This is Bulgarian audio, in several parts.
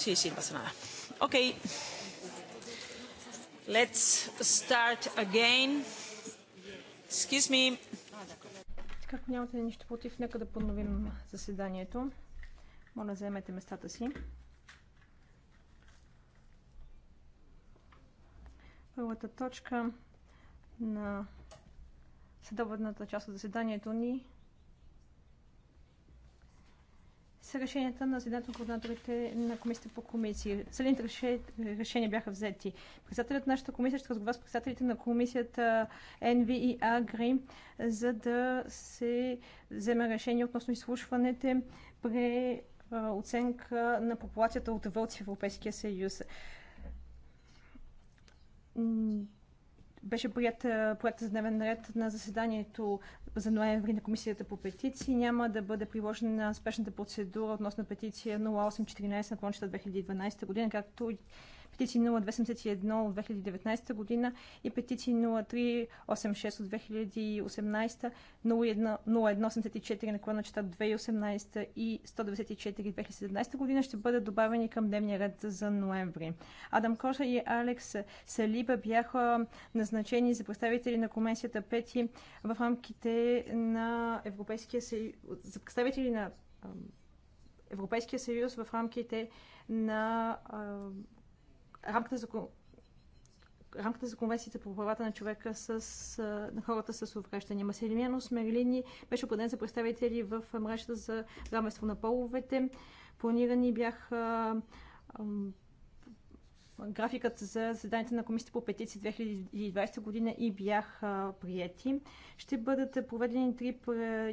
Sí, sí, pasa nada. Ok. Let's start again. Excuse me. Както нямате нищо против, нека да подновим заседанието. Моля, заемете местата си. Първата точка на съдобната част от заседанието ни С решенията на заседанието на координаторите на комисията по комисии. Следните решения бяха взети. Председателят на нашата комисия ще разговаря с председателите на комисията НВ и Агри, за да се вземе решение относно изслушваните при оценка на популацията от вълци в Европейския съюз беше прият проект за дневен ред на заседанието за ноември на Комисията по петиции. Няма да бъде приложена спешната процедура относно петиция 0814 на 2012 година, както петиции 0271 от 2019 година и петиции 0386 от 2018, 0184 наклона чета 2018 и 194 2017 година ще бъдат добавени към дневния ред за ноември. Адам Коша и Алекс Салиба бяха назначени за представители на Комисията Пети в рамките на Европейския съюз, за представители на Европейския съюз в рамките на рамката за рамката за конвенцията по правата на човека с, на хората с увреждания. Масилимяно Смерлини беше определен за представители в мрежата за равенство на половете. Планирани бяха графикът за заседанието на Комисията по петиции 2020 година и бяха прияти. Ще бъдат проведени три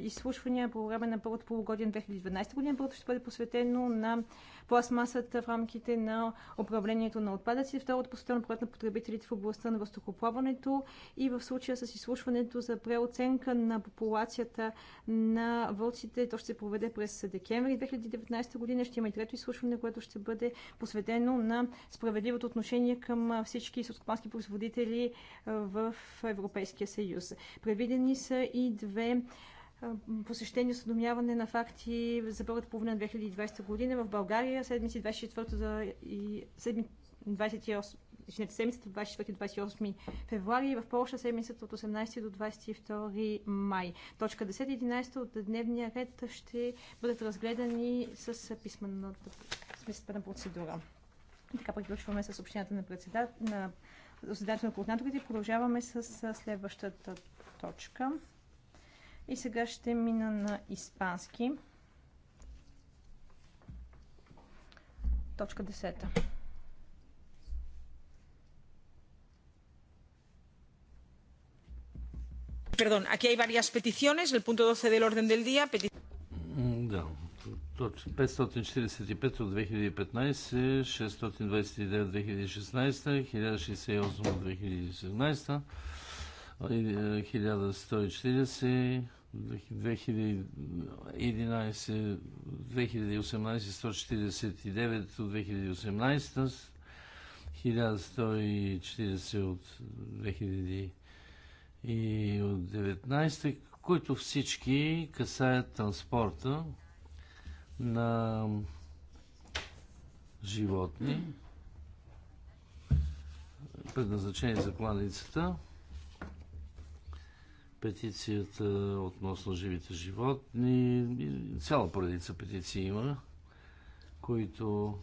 изслушвания по време на първото полугодие на 2012 година. Първото ще бъде посветено на пластмасата в рамките на управлението на отпадъци, второто постоянно проект на потребителите в областта на въздухоплаването и в случая с изслушването за преоценка на популацията на вълците. То ще се проведе през декември 2019 година. Ще има и трето изслушване, което ще бъде посветено на справедливото отношение към всички селскостопански производители в Европейския съюз. Предвидени са и две посещение и осъдомяване на факти за първата половина 2020 година в България, седмици 24 и 7, 28 извинете, седмицата 24-28 февруари и в Польша седмицата от 18 до 22 май. Точка 10 11 от дневния ред ще бъдат разгледани с писмената, смисъл писмената процедура. И така приключваме с общината на, председател, на заседанието на координаторите и продължаваме с следващата точка. И сега ще мина на испански. Точка 10. Perdón, aquí hay varias peticiones. El punto 12 del orden del día. Peti... Да, 545 от 2015, 629 от 2016, 1068 от 2017, 1140 2011, 2018 149 от 2018, 1140 от 2000 и от 19, които всички касаят транспорта на животни, предназначени за кланицата петицията относно живите животни. Цяла поредица петиции има, които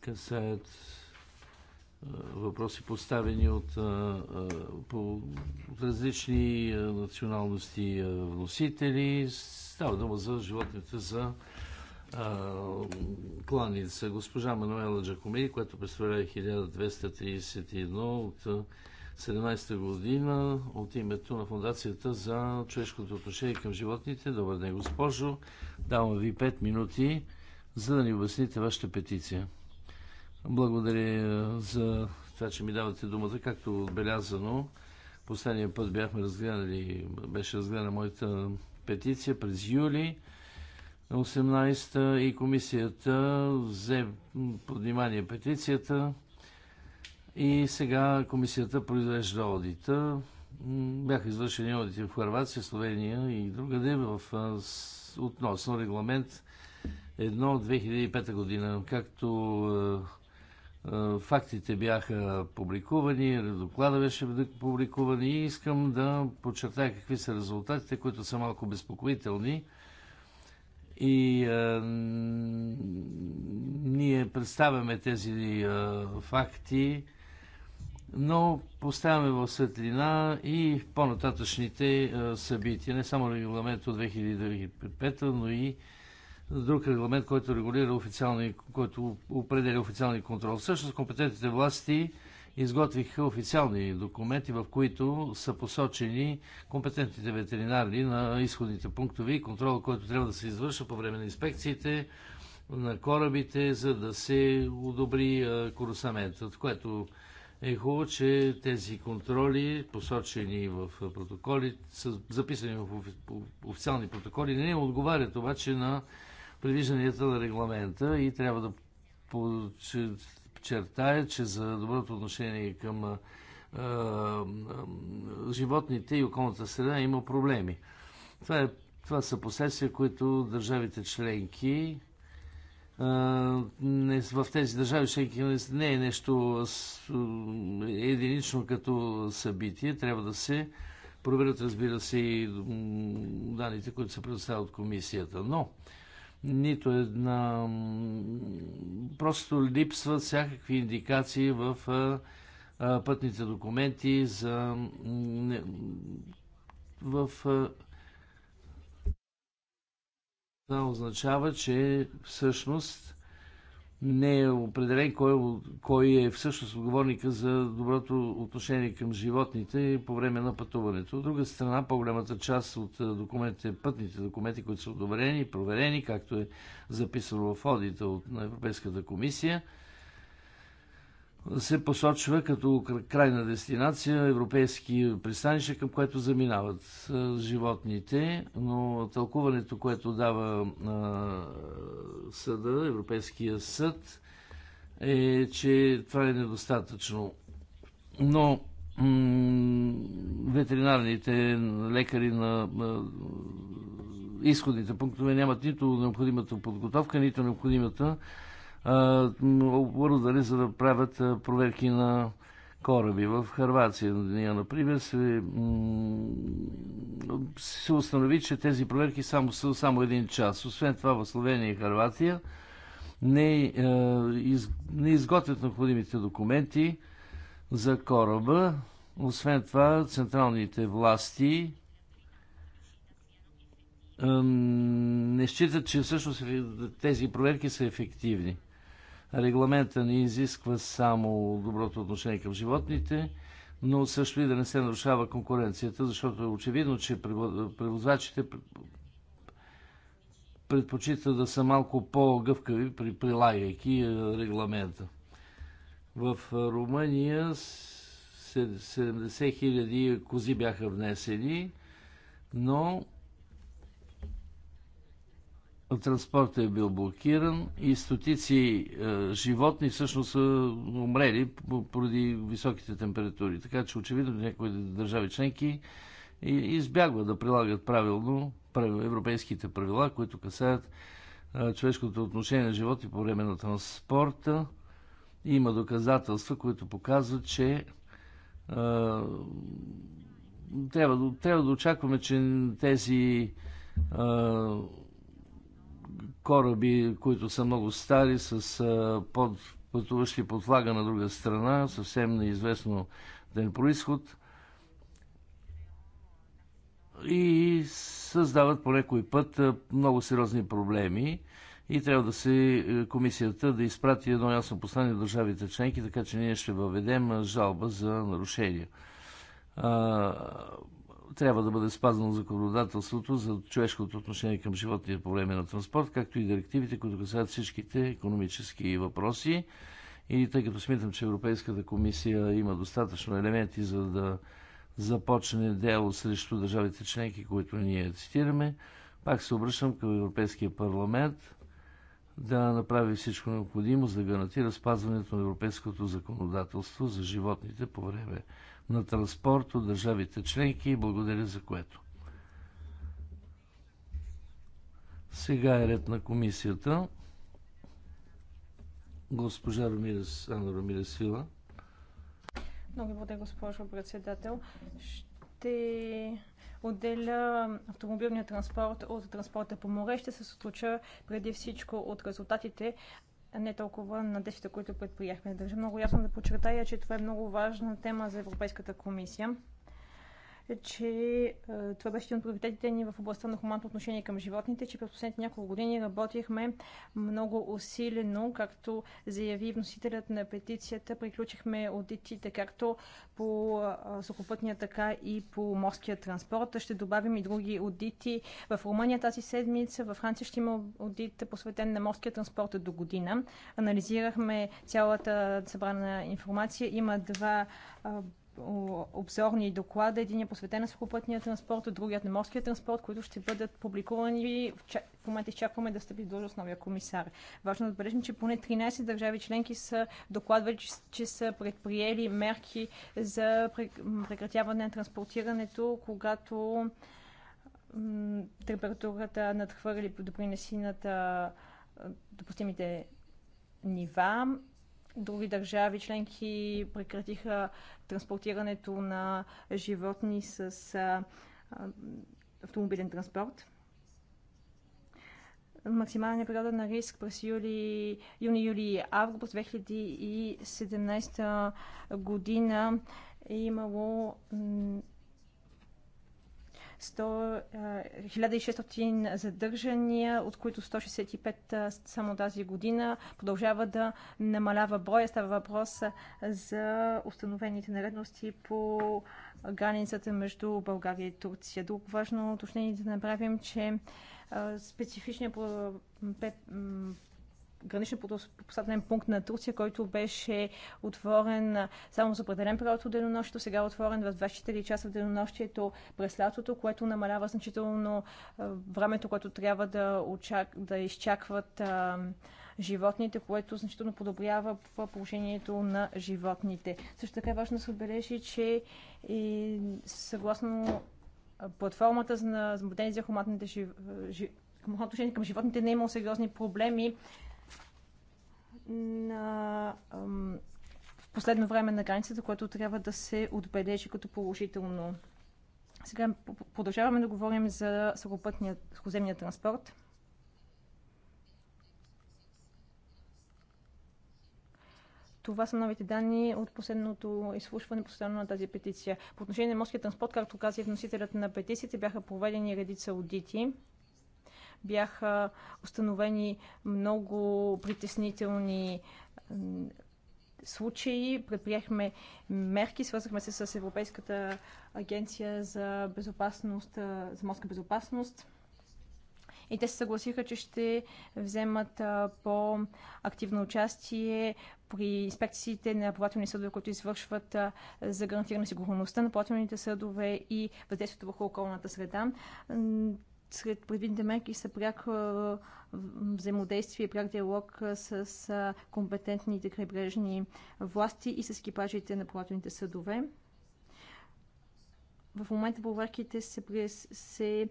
касаят въпроси поставени от, по, от различни националности вносители. Става дума за животните за а, кланица. Госпожа Мануела Джакомеди, която представлява 1231 от 2017 година от името на Фундацията за човешкото отношение към животните. Добър ден, госпожо. Давам ви 5 минути, за да ни обясните вашата петиция. Благодаря е, за това, че ми давате думата, както отбелязано. Последния път бяхме разгледали, беше разгледана моята петиция през юли 18 и комисията взе под внимание петицията и сега комисията произвежда одита. Бяха извършени одити в Харватия, Словения и другаде в, относно регламент 1 от 2005 година. Както фактите бяха публикувани, доклада беше публикуван и искам да подчертая какви са резултатите, които са малко безпокоителни. И а, ние представяме тези а, факти но поставяме в светлина и по-нататъчните събития, не само регламент от 2005, но и друг регламент, който регулира официални, който определя официални контрол. с компетентните власти изготвиха официални документи, в които са посочени компетентните ветеринари на изходните пунктове и контрола, който трябва да се извършва по време на инспекциите на корабите, за да се одобри коросаментът, което е хубаво, че тези контроли, посочени в протоколи, са записани в официални протоколи, не отговарят обаче на предвижданията на регламента и трябва да подчертая, че за доброто отношение към животните и околната среда има проблеми. Това, е, това са последствия, които държавите членки в тези държави всеки не е нещо единично като събитие. Трябва да се проверят, разбира се, и данните, които се предоставят от комисията. Но нито една... Просто липсват всякакви индикации в пътните документи за в това означава, че всъщност не е определен кой, кой е всъщност отговорника за доброто отношение към животните по време на пътуването. От друга страна, по-голямата част от документите, пътните документи, които са одобрени и проверени, както е записано в одита от, на Европейската комисия, се посочва като крайна дестинация европейски пристанища, към което заминават животните, но тълкуването, което дава съда, Европейския съд, е, че това е недостатъчно. Но ветеринарните лекари на изходните пунктове нямат нито необходимата подготовка, нито необходимата оборудвани за да правят проверки на кораби. В Харвация, например, се, се установи, че тези проверки само са само един час. Освен това в Словения и Харватия не, е, из, не изготвят необходимите документи за кораба. Освен това, централните власти не считат, че всъщност тези проверки са ефективни. Регламента не изисква само доброто отношение към животните, но също и да не се нарушава конкуренцията, защото е очевидно, че превозвачите предпочитат да са малко по-гъвкави при прилагайки е, регламента. В е, Румъния 70 000 кози бяха внесени, но транспортът е бил блокиран и стотици е, животни всъщност са умрели поради високите температури. Така че очевидно някои държави членки избягват да прилагат правилно европейските правила, които касаят е, човешкото отношение на животи по време на транспорта. И има доказателства, които показват, че е, трябва, трябва да очакваме, че тези е, кораби, които са много стари, с под, пътуващи под флага на друга страна, съвсем неизвестно ден происход. И създават по някой път много сериозни проблеми и трябва да се е, комисията да изпрати едно ясно послание до държавите членки, така че ние ще въведем жалба за нарушения трябва да бъде спазано законодателството за човешкото отношение към животния по време на транспорт, както и директивите, които касаят всичките економически въпроси. И тъй като смятам, че Европейската комисия има достатъчно елементи за да започне дело срещу държавите членки, които ние цитираме, пак се обръщам към Европейския парламент да направи всичко необходимо, за да гарантира спазването на европейското законодателство за животните по време на транспорт от държавите членки и благодаря за което. Сега е ред на комисията. Госпожа Ромирес, Анна Ромирес Фила. Много благодаря, госпожо председател. Ще отделя автомобилния транспорт от транспорта по море. Ще се случа преди всичко от резултатите, не толкова на действията, които предприяхме. Държа много ясно да подчертая, че това е много важна тема за Европейската комисия че това беше един от приоритетите ни в областта на хуманното отношение към животните, че през последните няколко години работихме много усилено, както заяви вносителят на петицията. Приключихме аудитите както по сухопътния, така и по морския транспорт. Ще добавим и други аудити в Румъния тази седмица. в Франция ще има аудит посветен на морския транспорт до година. Анализирахме цялата събрана информация. Има два обзорни доклада. Един е посветен на сухопътния транспорт, а другият на морския транспорт, които ще бъдат публикувани. В момента изчакваме да стъпи в длъжност новия комисар. Важно да отбележим, че поне 13 държави членки са докладвали, че, са предприели мерки за прекратяване на транспортирането, когато температурата надхвърли допринесената допустимите нива Други държави членки прекратиха транспортирането на животни с автомобилен транспорт максималния период на риск през юли, юни, юли и август 2017 година е имало 1600 задържания, от които 165 само тази година. Продължава да намалява броя. Става въпрос за установените наредности по границата между България и Турция. Друг важно уточнение да направим, че специфичният граничен пропускателен пункт на Турция, който беше отворен само за определен период от денонощието, сега е отворен в 24 часа в денонощието през лятото, което намалява значително времето, което трябва да, очак... да изчакват а, животните, което значително подобрява положението на животните. Също така е важно да се отбележи, че и, съгласно платформата за наблюдение за хуманните жив... Отношение към животните не е имало сериозни проблеми на в последно време на границата, което трябва да се отбележи като положително. Сега продължаваме да говорим за сухопътния, сухоземния транспорт. Това са новите данни от последното изслушване, последно на тази петиция. По отношение на морския транспорт, както каза и вносителят на петициите бяха проведени редица аудити бяха установени много притеснителни случаи. Предприехме мерки, свързахме се с Европейската агенция за, безопасност, за морска безопасност. И те се съгласиха, че ще вземат по-активно участие при инспекциите на плавателни съдове, които извършват за гарантиране сигурността на плавателните съдове и въздействието върху околната среда сред предвидните мерки са пряк взаимодействие и пряк диалог с компетентните крайбрежни власти и с екипажите на плавателните съдове в момента проверките се, се,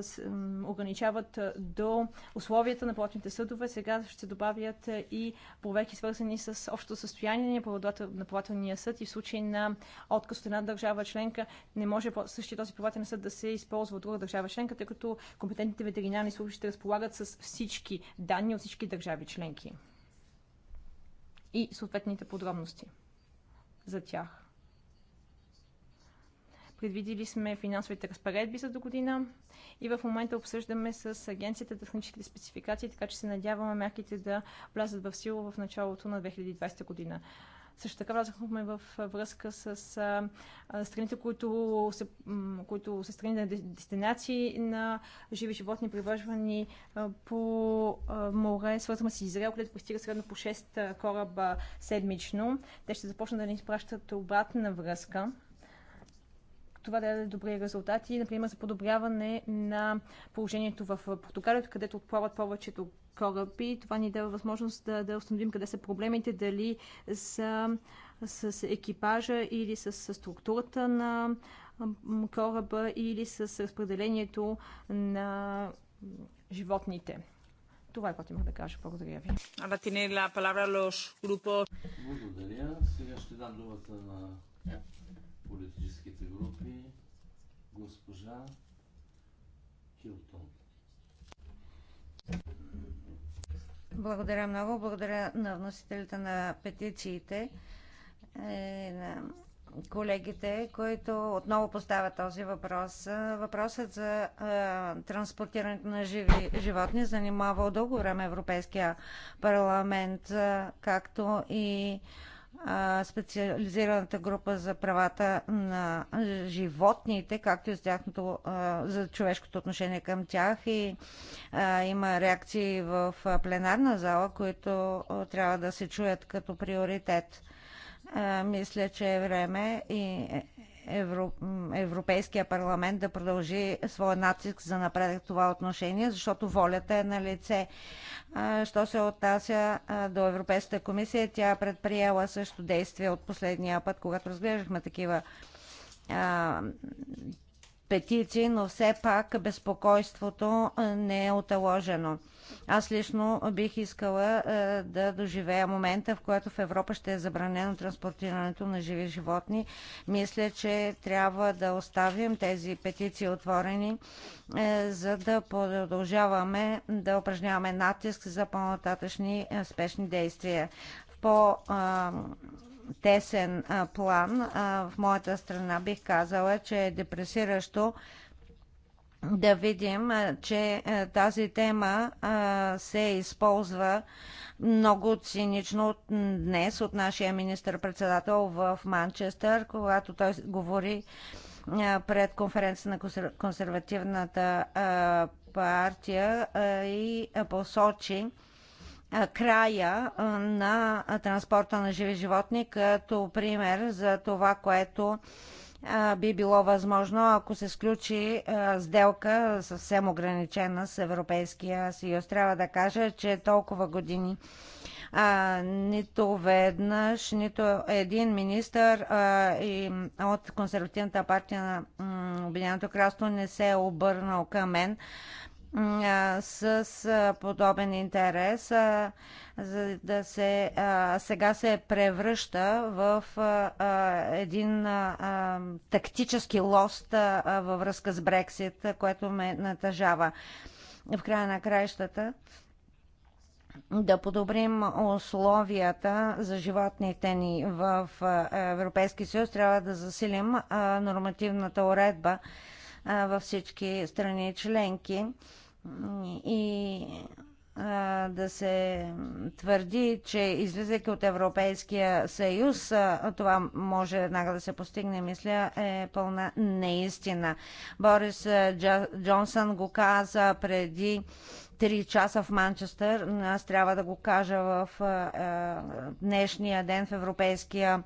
се, ограничават до условията на платните съдове. Сега ще се добавят и проверки, свързани с общото състояние на плавателния съд и в случай на отказ от една държава членка не може същия този платен съд да се използва от друга държава членка, тъй като компетентните ветеринарни служби ще разполагат с всички данни от всички държави членки и съответните подробности за тях. Предвидили сме финансовите разпоредби за до година и в момента обсъждаме с агенцията техническите спецификации, така че се надяваме мерките да влязат в сила в началото на 2020 година. Също така влязахме в връзка с а, страните, които са, които са страни на дестинации на живи животни, привържвани по а, море. Свързваме с Израел, където пристига средно по 6 кораба седмично. Те ще започнат да ни изпращат обратна връзка това да даде добри резултати, например за подобряване на положението в Португалия, където отплават повечето кораби. Това ни дава възможност да, да установим къде са проблемите, дали са с екипажа или с структурата на кораба или с разпределението на животните. Това е което имах да кажа. Благодаря ви. Благодаря. Сега ще дам думата на политическите групи. Госпожа Хилтон. Благодаря много. Благодаря на вносителите на петициите и е, на колегите, които отново поставят този въпрос. Въпросът за е, транспортирането на живи животни занимава дълго време Европейския парламент, е, както и специализираната група за правата на животните, както и за, тяхното, за човешкото отношение към тях. И а, има реакции в пленарна зала, които трябва да се чуят като приоритет. А, мисля, че е време и Евро... Европейския парламент да продължи своя натиск за напредък в това отношение, защото волята е на лице. Що се отнася до Европейската комисия, тя предприела също действия от последния път, когато разглеждахме такива петиции, но все пак безпокойството не е оталожено. Аз лично бих искала да доживея момента, в който в Европа ще е забранено транспортирането на живи животни. Мисля, че трябва да оставим тези петиции отворени, за да продължаваме да упражняваме натиск за по-нататъчни спешни действия. В по тесен а, план а, в моята страна бих казала, че е депресиращо да видим, че тази тема се използва много цинично днес от нашия министър-председател в Манчестър, когато той говори пред конференция на консервативната партия и посочи края на транспорта на живи животни, като пример за това, което би било възможно, ако се сключи сделка съвсем ограничена с Европейския съюз. Трябва да кажа, че толкова години а, нито веднъж, нито един министър а, и от консервативната партия на Обединеното кралство не се е обърнал към мен с подобен интерес, за да се сега се превръща в един тактически лост във връзка с Брексит, което ме натъжава. В края на краищата да подобрим условията за животните ни в Европейски съюз, трябва да засилим нормативната уредба във всички страни членки и да се твърди, че излизайки от Европейския съюз, това може веднага да се постигне, мисля, е пълна неистина. Борис Джонсън го каза преди 3 часа в Манчестър. Аз трябва да го кажа в е, е, днешния ден в Европейския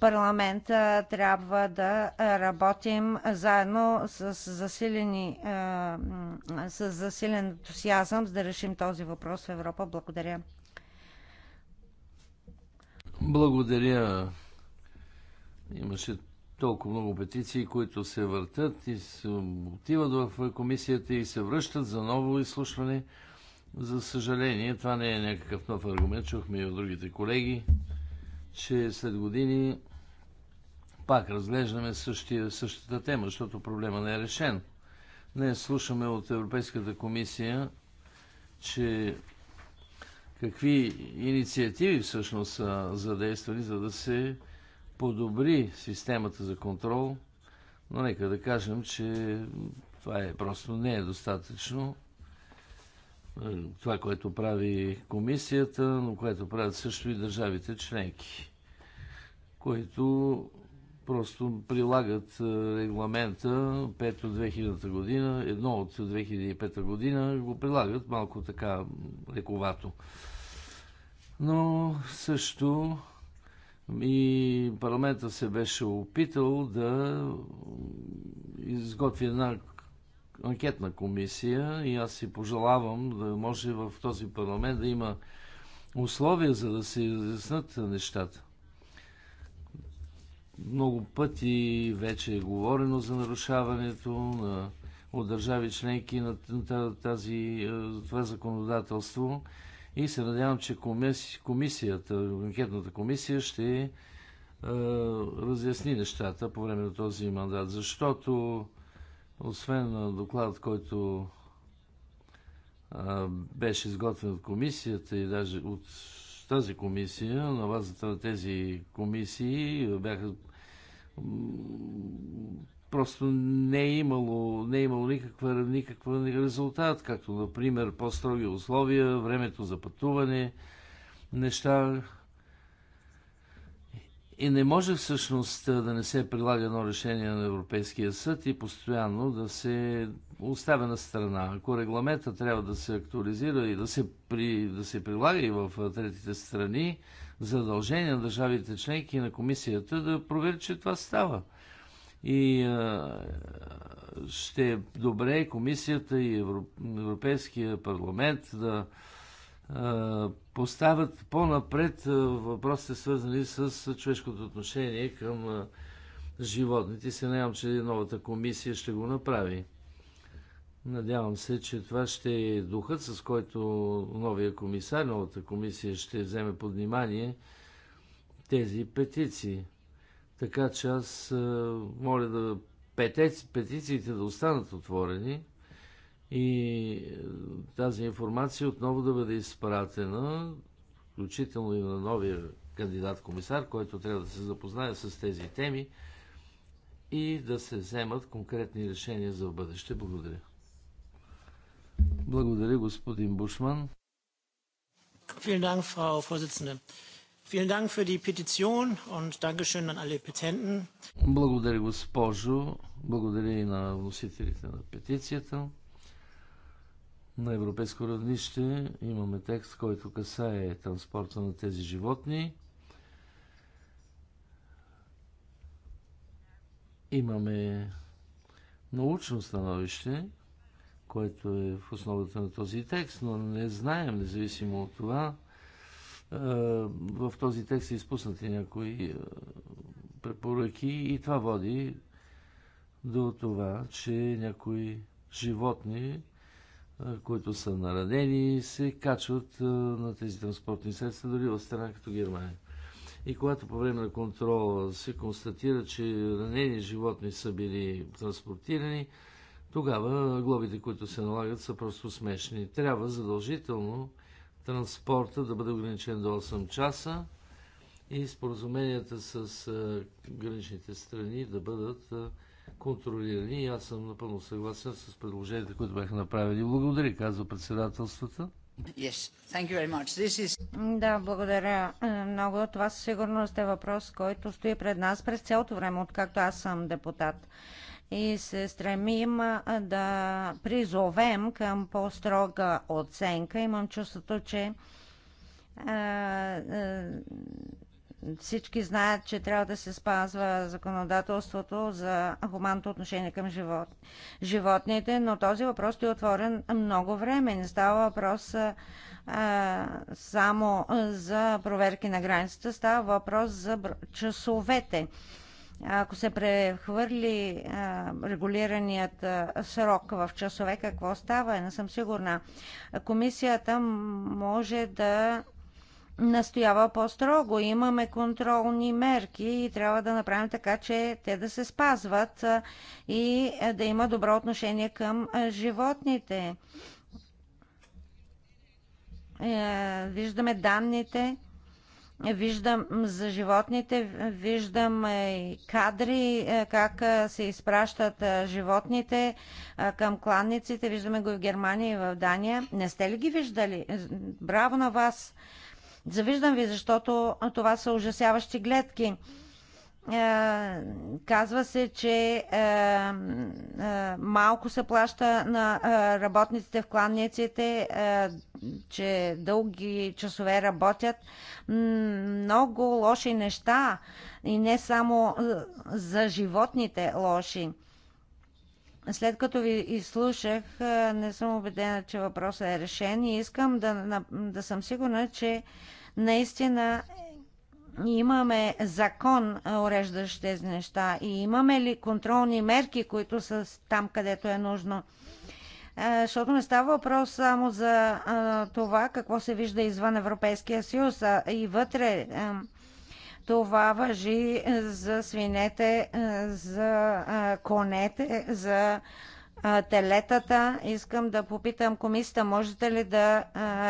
парламент. Е, трябва да работим заедно с, засилени, с засилен ентусиазъм, за да решим този въпрос в Европа. Благодаря. Благодаря. Имаше толкова много петиции, които се въртат и се отиват в комисията и се връщат за ново изслушване. За съжаление, това не е някакъв нов аргумент. Чухме и от другите колеги, че след години пак разглеждаме същия, същата тема, защото проблема не е решен. Не слушаме от Европейската комисия, че какви инициативи всъщност са задействани, за да се подобри системата за контрол, но нека да кажем, че това е просто не е достатъчно. Това, което прави комисията, но което правят също и държавите членки, които просто прилагат е, регламента 5 от 2000 година, едно от 2005 година, го прилагат малко така лековато. Но също и парламента се беше опитал да изготви една анкетна комисия и аз си пожелавам да може в този парламент да има условия, за да се изяснат нещата. Много пъти вече е говорено за нарушаването на, от държави членки на тази, е, това законодателство и се надявам, че комисията, анкетната комисия ще е, разясни нещата по време на този мандат, защото освен на доклад, който беше изготвен от комисията и даже от тази комисия, на базата на тези комисии бяха просто не е имало, не е имало никаква, никаква резултат, както, например, по-строги условия, времето за пътуване, неща. И не може всъщност да не се прилага едно решение на Европейския съд и постоянно да се оставя на страна. Ако регламента трябва да се актуализира и да се, при, да се прилага и в третите страни, задължение на държавите членки и на комисията да провери, че това става. И а, ще е добре комисията и Европейския парламент да а, поставят по-напред въпросите, свързани с човешкото отношение към а, животните. Се надявам, че новата комисия ще го направи. Надявам се, че това ще е духът, с който новия комисар, новата комисия ще вземе под внимание тези петиции. Така че аз е, моля да петици, петициите да останат отворени и е, тази информация отново да бъде изпратена, включително и на новия кандидат-комисар, който трябва да се запознае с тези теми и да се вземат конкретни решения за бъдеще. Благодаря. Благодаря, господин Бушман. Vielen Dank, Frau Vorsitzende. Благодаря, госпожо. Благодаря и на вносителите на петицията. На европейско равнище имаме текст, който касае транспорта на тези животни. Имаме научно становище, което е в основата на този текст, но не знаем, независимо от това, е, в този текст са изпуснати някои е, препоръки и това води до това, че някои животни, е, които са наранени, се качват на тези транспортни средства, дори в страна като Германия. И когато по време на контрола се констатира, че ранени животни са били транспортирани, тогава глобите, които се налагат, са просто смешни. Трябва задължително транспорта да бъде ограничен до 8 часа и споразуменията с граничните страни да бъдат контролирани. И аз съм напълно съгласен с предложенията, които бяха направени. Благодаря, казва председателствата. Yes. Is... Да, благодаря е, много. Това със сигурност е въпрос, който стои пред нас през цялото време, откакто аз съм депутат и се стремим да призовем към по-строга оценка. Имам чувството, че всички знаят, че трябва да се спазва законодателството за хуманното отношение към живот, животните, но този въпрос е отворен много време. Не става въпрос а, само за проверки на границата, става въпрос за часовете ако се прехвърли регулираният срок в часове, какво става? Не съм сигурна. Комисията може да настоява по-строго. Имаме контролни мерки и трябва да направим така, че те да се спазват и да има добро отношение към животните. Е, виждаме данните Виждам за животните, виждам е, и кадри е, как е, се изпращат животните към кланниците. Виждаме го и в Германия и в Дания. Не сте ли ги виждали? Браво на вас! Завиждам ви, защото това са ужасяващи гледки. Е, казва се, че е, е, малко се плаща на работниците в кланниците, че дълги часове работят. Много лоши неща и не само за животните лоши. След като ви изслушах, не съм убедена, че въпросът е решен и искам да, да съм сигурна, че наистина имаме закон, уреждащ тези неща и имаме ли контролни мерки, които са там, където е нужно? Защото не става въпрос само за това какво се вижда извън Европейския съюз, а и вътре. Това въжи за свинете, за конете, за телетата. Искам да попитам комисията, можете ли да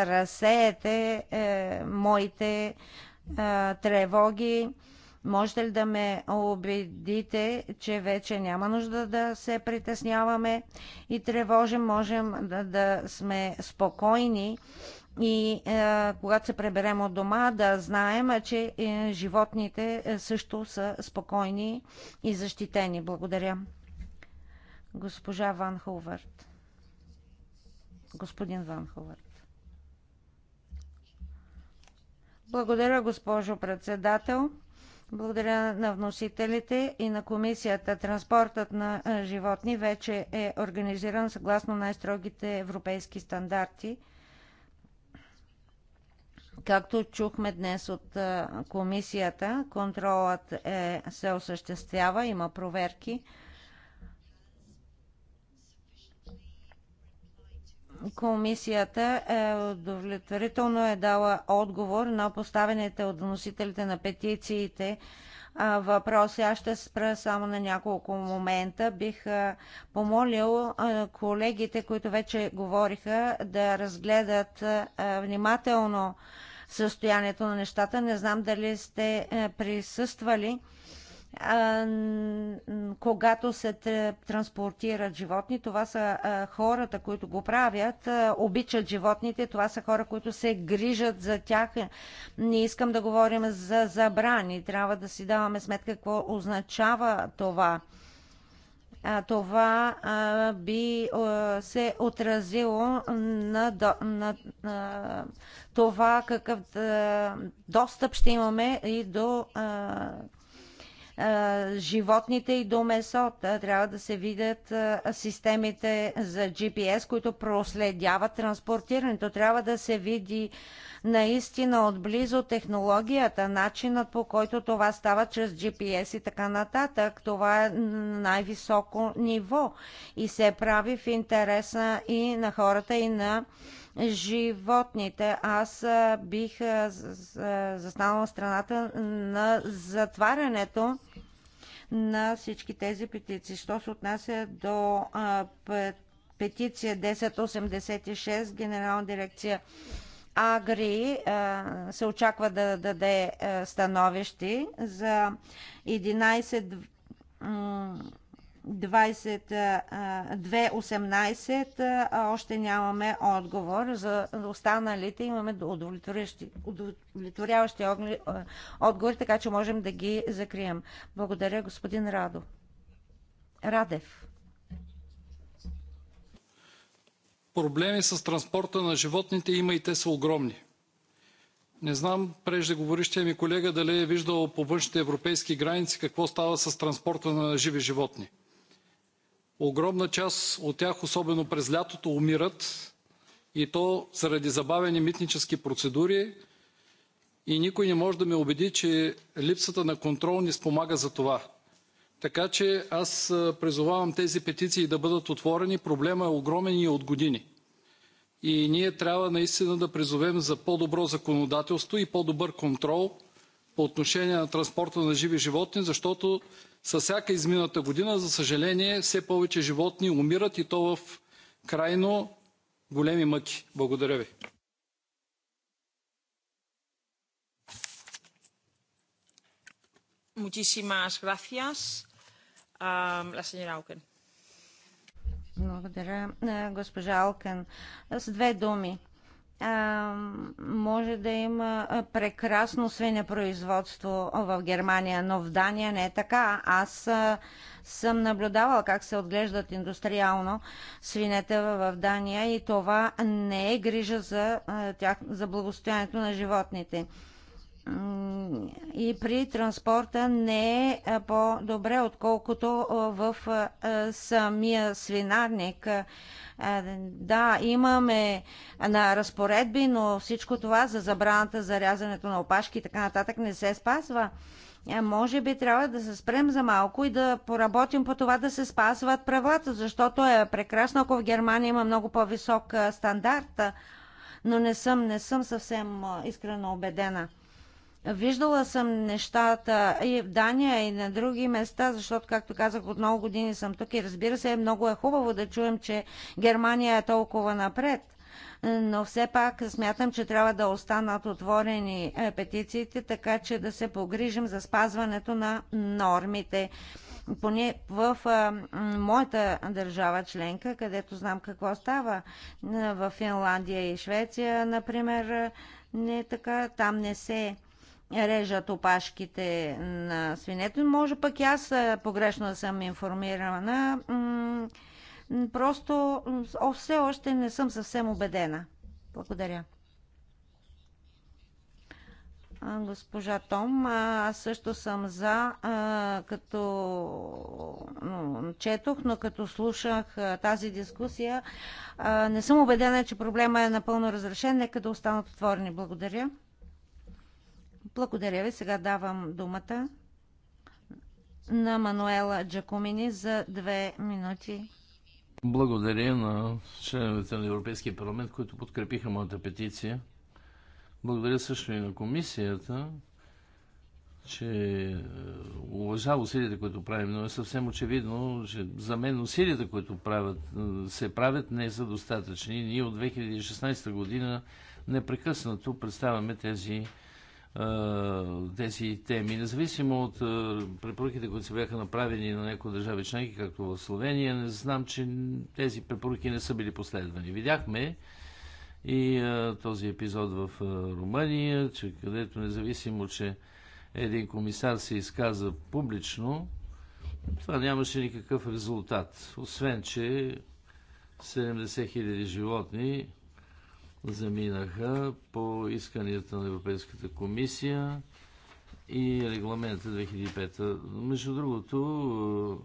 разсеете е, моите тревоги. Можете ли да ме убедите, че вече няма нужда да се притесняваме и тревожим? Можем да, да сме спокойни и е, когато се преберем от дома, да знаем, че е, животните е, също са спокойни и защитени. Благодаря. Госпожа Ван Хувърт. Господин Ван Хувърт. Благодаря, госпожо председател. Благодаря на вносителите и на комисията. Транспортът на е, животни вече е организиран съгласно най-строгите европейски стандарти. Както чухме днес от е, комисията, контролът е, се осъществява, има проверки Комисията е удовлетворително е дала отговор на поставените от вносителите на петициите въпроси. Аз ще спра само на няколко момента. Бих помолил колегите, които вече говориха, да разгледат внимателно състоянието на нещата. Не знам дали сте присъствали когато се транспортират животни. Това са хората, които го правят, обичат животните, това са хора, които се грижат за тях. Не искам да говорим за забрани, трябва да си даваме сметка какво означава това. А, това а, би а, се отразило на, до, на, на това какъв а, достъп ще имаме и до а, животните и до месота. Трябва да се видят системите за GPS, които проследяват транспортирането. Трябва да се види наистина отблизо технологията, начинът по който това става чрез GPS и така нататък. Това е най-високо ниво и се прави в интереса и на хората, и на животните. Аз бих застанала страната на затварянето на всички тези петиции. Що се отнася до петиция 1086, Генерална дирекция Агри се очаква да даде становище за 11 2.18 още нямаме отговор. За останалите имаме удовлетворяващи отговори, така че можем да ги закрием. Благодаря, господин Радо. Радев. проблеми с транспорта на животните има и те са огромни. Не знам преждеговорившият ми колега дали е виждал по външните европейски граници какво става с транспорта на живи животни. Огромна част от тях, особено през лятото, умират и то заради забавени митнически процедури и никой не може да ме убеди, че липсата на контрол не спомага за това. Така че аз призовавам тези петиции да бъдат отворени. Проблемът е огромен и е от години. И ние трябва наистина да призовем за по-добро законодателство и по-добър контрол по отношение на транспорта на живи животни, защото с всяка измината година, за съжаление, все повече животни умират и то в крайно големи мъки. Благодаря ви. Muchísimas gracias la señora Auken. Благодаря, е, госпожа Алкен, С две думи. А, е, може да има е, прекрасно свинепроизводство в Германия, но в Дания не е така. Аз а, съм наблюдавал как се отглеждат индустриално свинете в Дания и това не е грижа за, а, тях, за благостоянието на животните. А, и при транспорта не е по-добре, отколкото в самия свинарник. Да, имаме на разпоредби, но всичко това за забраната за рязането на опашки и така нататък не се спазва. Може би трябва да се спрем за малко и да поработим по това да се спазват правата, защото е прекрасно, ако в Германия има много по-висок стандарт, но не съм, не съм съвсем искрено убедена – Виждала съм нещата и в Дания, и на други места, защото, както казах, от много години съм тук и разбира се, е много е хубаво да чуем, че Германия е толкова напред. Но все пак смятам, че трябва да останат отворени е, петициите, така че да се погрижим за спазването на нормите поне в а, е, моята държава членка, където знам какво става, в Финландия и Швеция, например, не така, там не се режат опашките на свинето. Може пък и аз погрешно да съм информирана. Просто все още не съм съвсем убедена. Благодаря. Госпожа Том, аз също съм за, като четох, но като слушах тази дискусия, не съм убедена, че проблема е напълно разрешен. Нека да останат отворени. Благодаря. Благодаря ви. Сега давам думата на Мануела Джакумини за две минути. Благодаря на членовете на Европейския парламент, които подкрепиха моята петиция. Благодаря също и на комисията, че е, уважава усилията, които правим, но е съвсем очевидно, че за мен усилията, които правят, е, се правят, не са достатъчни. Ние от 2016 година непрекъснато представяме тези тези теми. Независимо от препоръките, които се бяха направени на някои държави членки, както в Словения, не знам, че тези препоръки не са били последвани. Видяхме и а, този епизод в а, Румъния, че където независимо, че един комисар се изказа публично, това нямаше никакъв резултат. Освен, че 70 000 животни заминаха по исканията на Европейската комисия и регламента 2005. Между другото,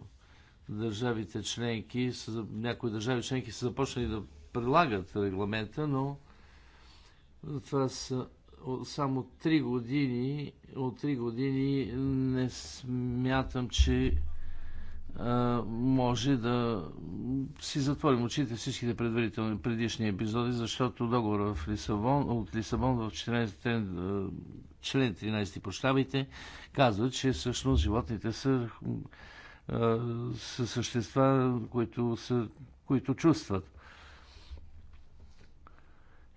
държавите членки, някои държави членки са започнали да прилагат регламента, но това са само 3 години. От 3 години не смятам, че може да си затворим очите всичките предварителни предишни епизоди, защото договор в Лисабон, от Лисабон в 14, член 13, прощавайте, казва, че всъщност животните са, са същества, които, са, които чувстват.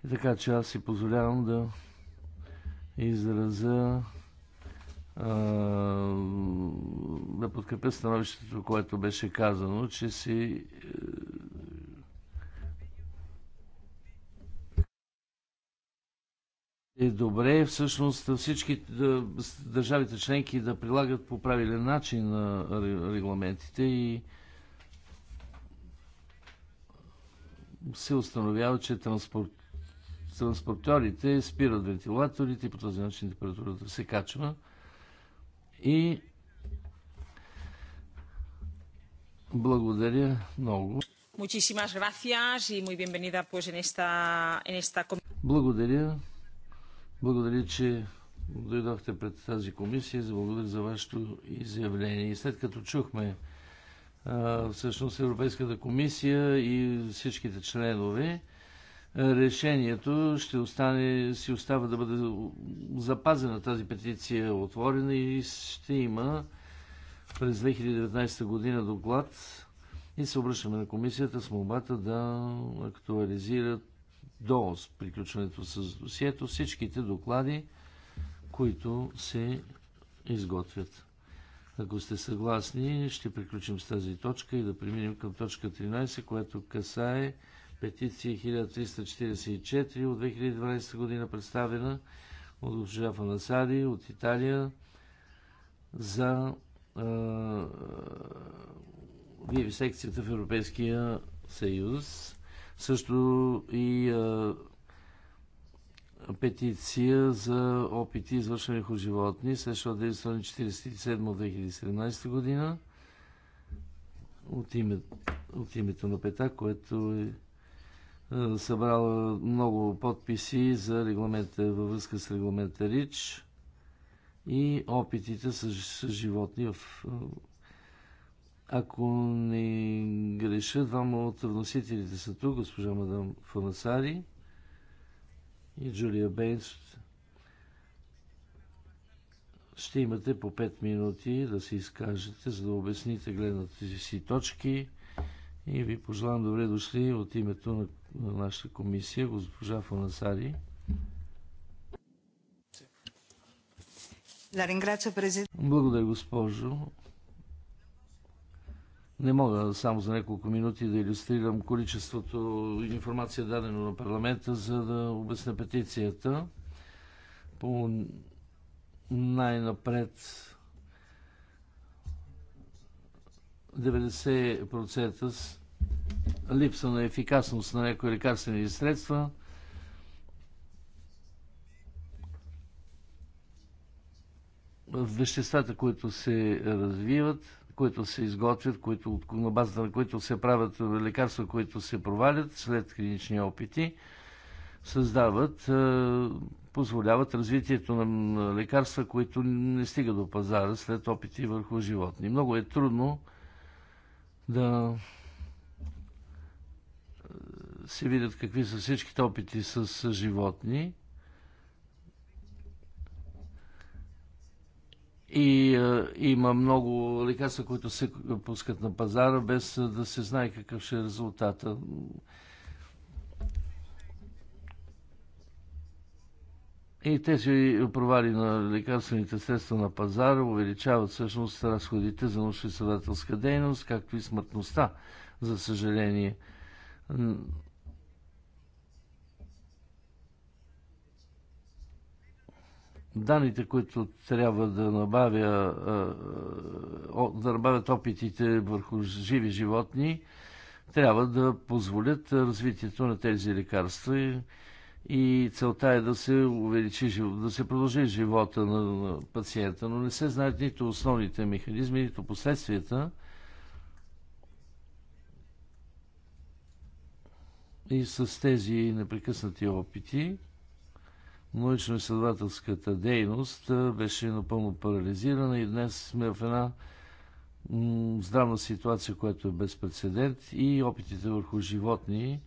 И така че аз си позволявам да израза да подкрепя становището, което беше казано, че си е, е добре всъщност всички държавите членки да прилагат по правилен начин на регламентите и се установява, че транспорт, транспортьорите спират вентилаторите и по този начин температурата се качва. И благодаря много. Muchísimas gracias y muy bienvenida pues en esta, en esta... Благодаря. Благодаря, че дойдохте пред тази комисия. Благодаря за вашето изявление. И след като чухме всъщност Европейската комисия и всичките членове, решението ще остане, си остава да бъде запазена тази петиция отворена и ще има през 2019 година доклад и се обръщаме на комисията с молбата да актуализира до приключването с досието всичките доклади, които се изготвят. Ако сте съгласни, ще приключим с тази точка и да преминем към точка 13, която касае петиция 1344 от 2012 година, представена от госпожа Фанасади от Италия за е, секцията в Европейския съюз. Също и а, петиция за опити, извършени върху животни, срещу 1947-2017 година от, име, от името на пета, което е е, събрал много подписи за регламента, във връзка с регламента РИЧ и опитите с, с животни в е, ако не греша, двама от вносителите са тук, госпожа Мадам Фанасари и Джулия Бейнс. Ще имате по 5 минути да се изкажете, за да обясните гледната си точки и ви пожелавам добре дошли от името на на нашата комисия, госпожа Фонасари. Благодаря, госпожо. Не мога само за няколко минути да иллюстрирам количеството информация дадено на парламента, за да обясня петицията. По най-напред 90% липса на ефикасност на някои лекарствени средства. Веществата, които се развиват, които се изготвят, които, на базата на които се правят лекарства, които се провалят след клинични опити, създават, е, позволяват развитието на лекарства, които не стигат до пазара след опити върху животни. Много е трудно да се видят какви са всичките опити с животни. И а, е, има много лекарства, които се пускат на пазара, без е, да се знае какъв ще е резултата. И тези провали на лекарствените средства на пазара увеличават всъщност разходите за научно-изследователска дейност, както и смъртността, за съжаление. данните, които трябва да набавя, да набавят опитите върху живи животни, трябва да позволят развитието на тези лекарства и, и целта е да се увеличи, да се продължи живота на, на пациента, но не се знаят нито основните механизми, нито последствията. И с тези непрекъснати опити научно-изследователската дейност беше напълно парализирана и днес сме в една здравна ситуация, която е без прецедент и опитите върху животни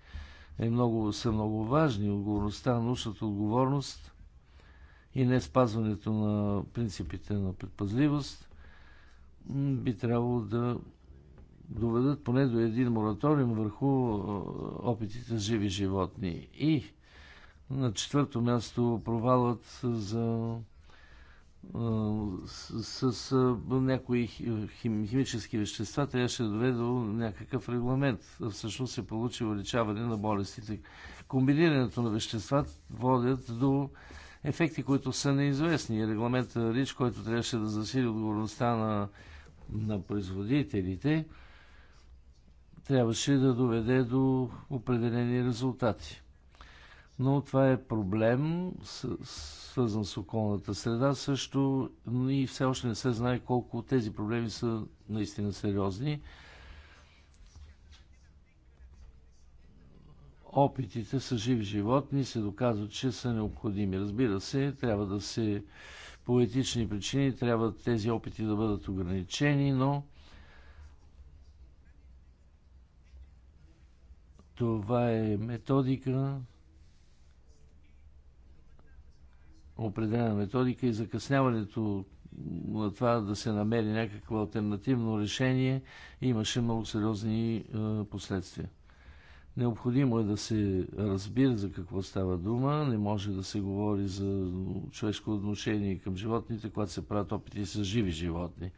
е много, са много важни. Отговорността, научната отговорност и не спазването на принципите на предпазливост би трябвало да доведат поне до един мораториум върху опитите с живи животни. И на четвърто място провалът за с, с някои хим, химически вещества трябваше да доведе до някакъв регламент. Всъщност се получи увеличаване на болестите. Комбинирането на вещества водят до ефекти, които са неизвестни. Регламент РИЧ, който трябваше да засили отговорността на, на производителите, трябваше да доведе до определени резултати но това е проблем, свързан с околната среда също, но и все още не се знае колко тези проблеми са наистина сериозни. Опитите с живи животни се доказват, че са необходими. Разбира се, трябва да се по етични причини трябва тези опити да бъдат ограничени, но това е методика, определена методика и закъсняването на това да се намери някакво альтернативно решение имаше много сериозни е, последствия. Необходимо е да се разбира за какво става дума. Не може да се говори за човешко отношение към животните, когато се правят опити с живи животни.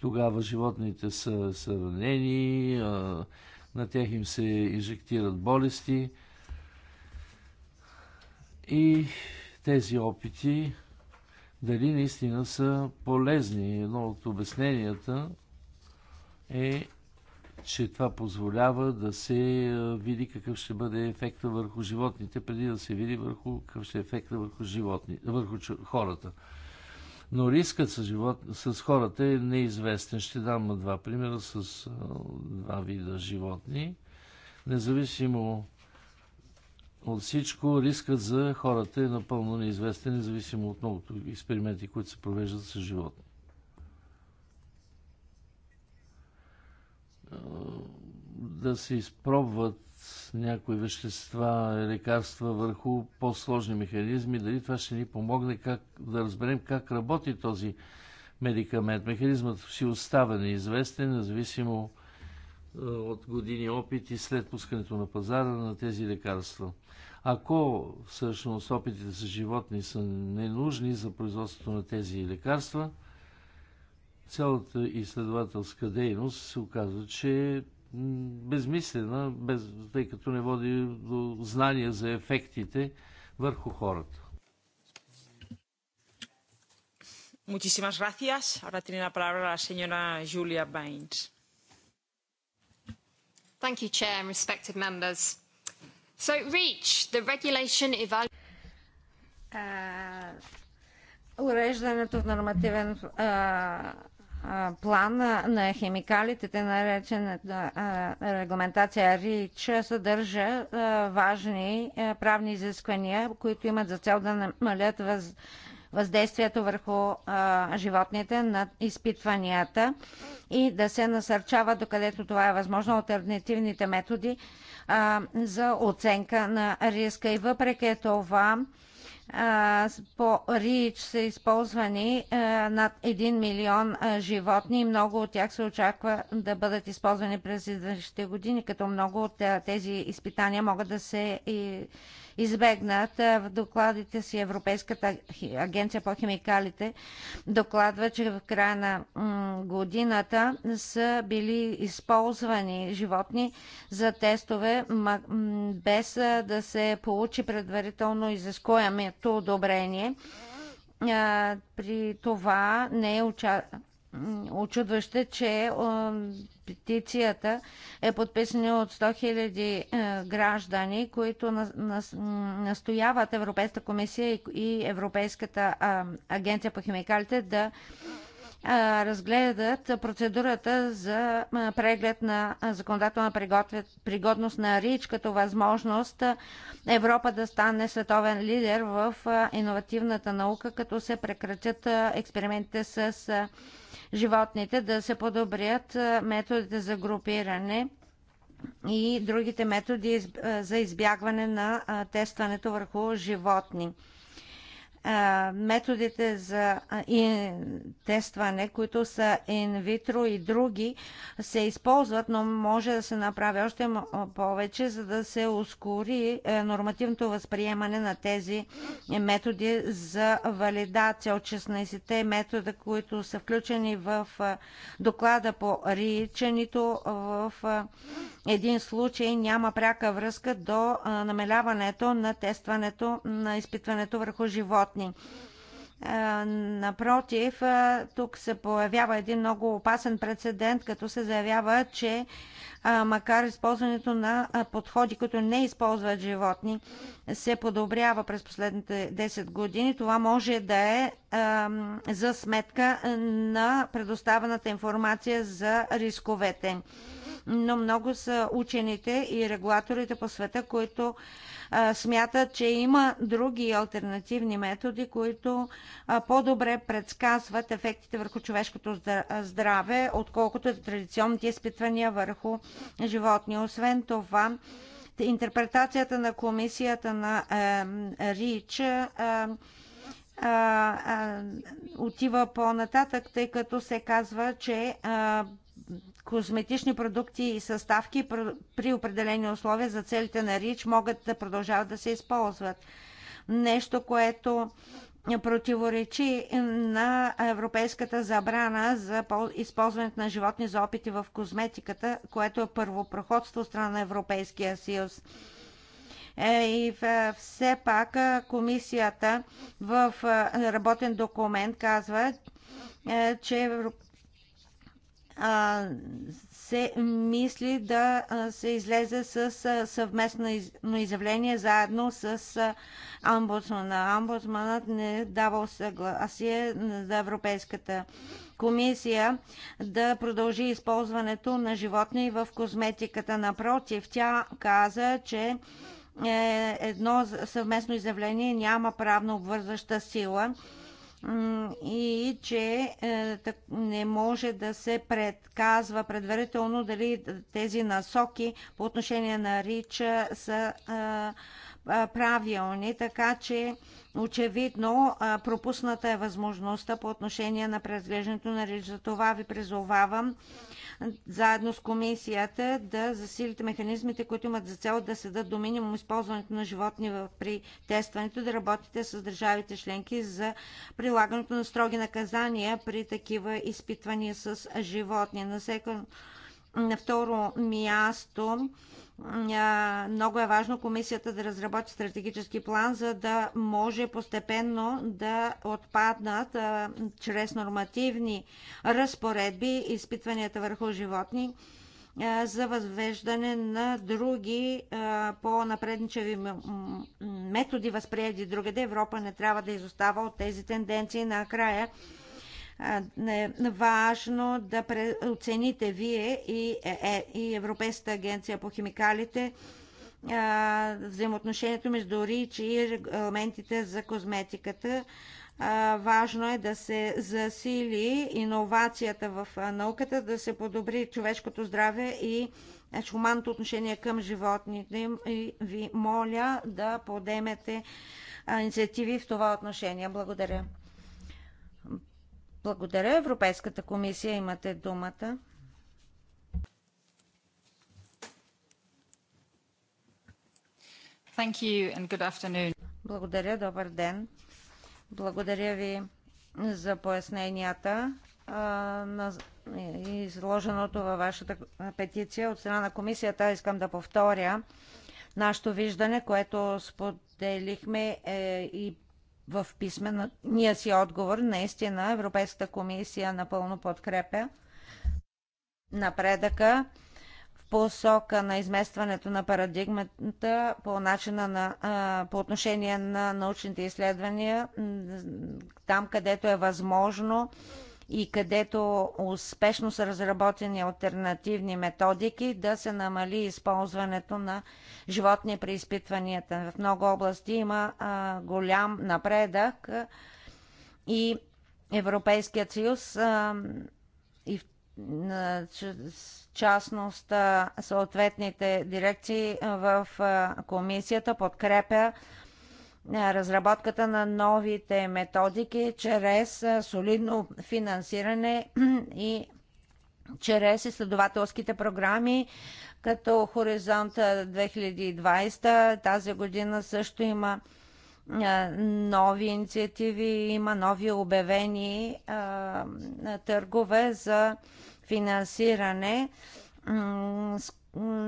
Тогава животните са, са ранени, на тях им се инжектират болести и тези опити дали наистина са полезни. Едно от обясненията е, че това позволява да се види какъв ще бъде ефекта върху животните, преди да се види върху какъв ще е ефекта върху, животни, върху хората. Но рискът с, живот, с хората е неизвестен. Ще дам два примера с два вида животни. Независимо от всичко рискът за хората е напълно неизвестен, независимо от многото експерименти, които се провеждат с животни. Да се изпробват някои вещества, лекарства върху по-сложни механизми, дали това ще ни помогне как, да разберем как работи този медикамент. Механизмът си остава неизвестен, независимо от години опит и след пускането на пазара на тези лекарства. Ако всъщност опитите с животни са ненужни за производството на тези лекарства, цялата изследователска дейност се оказва, че е безмислена, без, тъй като не води до знания за ефектите върху хората. Muchísimas gracias. Ahora tiene la palabra la señora Julia Baines. Thank you, Chair and respected members. So reach, the regulation е, уреждането в нормативен е, е, план на химикалите, те наречената регламентация РИЧ, съдържа важни правни изисквания, които имат за цел да намалят въз, въздействието върху а, животните на изпитванията и да се насърчава докъдето това е възможно альтернативните методи а, за оценка на риска. И въпреки това, по РИЧ са използвани над 1 милион животни и много от тях се очаква да бъдат използвани през следващите години, като много от тези изпитания могат да се избегнат. В докладите си Европейската агенция по химикалите докладва, че в края на годината са били използвани животни за тестове, без да се получи предварително изискуемето одобрение. При това не е участвало очудваще, че петицията е подписана от 100 000 е, граждани, които настояват Европейската комисия и Европейската агенция по химикалите да разгледат процедурата за преглед на законодателна пригодност на РИЧ като възможност Европа да стане световен лидер в иновативната наука, като се прекратят експериментите с животните, да се подобрят методите за групиране и другите методи за избягване на тестването върху животни методите за тестване, които са инвитро и други, се използват, но може да се направи още повече, за да се ускори е, нормативното възприемане на тези методи за валидация от 16-те метода, които са включени в доклада по РИЧ, нито в един случай няма пряка връзка до намаляването на тестването на изпитването върху животни. Напротив, тук се появява един много опасен прецедент, като се заявява, че макар използването на подходи, които не използват животни, се подобрява през последните 10 години, това може да е за сметка на предоставената информация за рисковете но много са учените и регулаторите по света, които а, смятат, че има други альтернативни методи, които по-добре предсказват ефектите върху човешкото здраве, отколкото традиционните изпитвания върху животни. Освен това, интерпретацията на комисията на РИЧ а, е, а, е, е, отива по-нататък, тъй като се казва, че а, козметични продукти и съставки при определени условия за целите на РИЧ могат да продължават да се използват. Нещо, което противоречи на европейската забрана за използването на животни за опити в козметиката, което е първопроходство от страна на Европейския съюз. Е, и все пак комисията в работен документ казва, е, че се мисли да се излезе с съвместно изявление заедно с амбудсмана. Амбудсманът не е дава съгласие за Европейската комисия да продължи използването на животни в козметиката. Напротив, тя каза, че е, едно съвместно изявление няма правно обвързваща сила и че е, не може да се предказва предварително дали тези насоки по отношение на Рича са е, правилни, така че очевидно пропусната е възможността по отношение на преразглеждането на Рич. За това ви призовавам заедно с комисията да засилите механизмите, които имат за цел да седат до минимум използването на животни при тестването, да работите с държавите членки за прилагането на строги наказания при такива изпитвания с животни. На всеки на второ място, много е важно комисията да разработи стратегически план, за да може постепенно да отпаднат чрез нормативни разпоредби изпитванията върху животни за възвеждане на други по-напредничеви методи, възприяти другаде. Европа не трябва да изостава от тези тенденции. Накрая, е важно да оцените вие и, е, е, и Европейската агенция по химикалите взаимоотношението между РИЧ и регламентите за козметиката. Важно е да се засили иновацията в науката, да се подобри човешкото здраве и хуманното отношение към животните. И ви моля да подемете инициативи в това отношение. Благодаря. Благодаря. Европейската комисия имате думата. Thank you and good afternoon. Благодаря, добър ден. Благодаря ви за поясненията на изложеното във вашата петиция от страна на комисията. Искам да повторя нашето виждане, което споделихме е, и в писмения си отговор. Наистина Европейската комисия напълно подкрепя напредъка в посока на изместването на парадигмата по, начина на, а, по отношение на научните изследвания там, където е възможно и където успешно са разработени альтернативни методики, да се намали използването на животни при изпитванията. В много области има а, голям напредък и Европейският съюз а, и в частност съответните дирекции в комисията подкрепя е, разработката на новите методики чрез е, солидно финансиране и чрез изследователските програми, като Хоризонт 2020. Е, Тази година също има нови инициативи, има нови обявени търгове за финансиране, с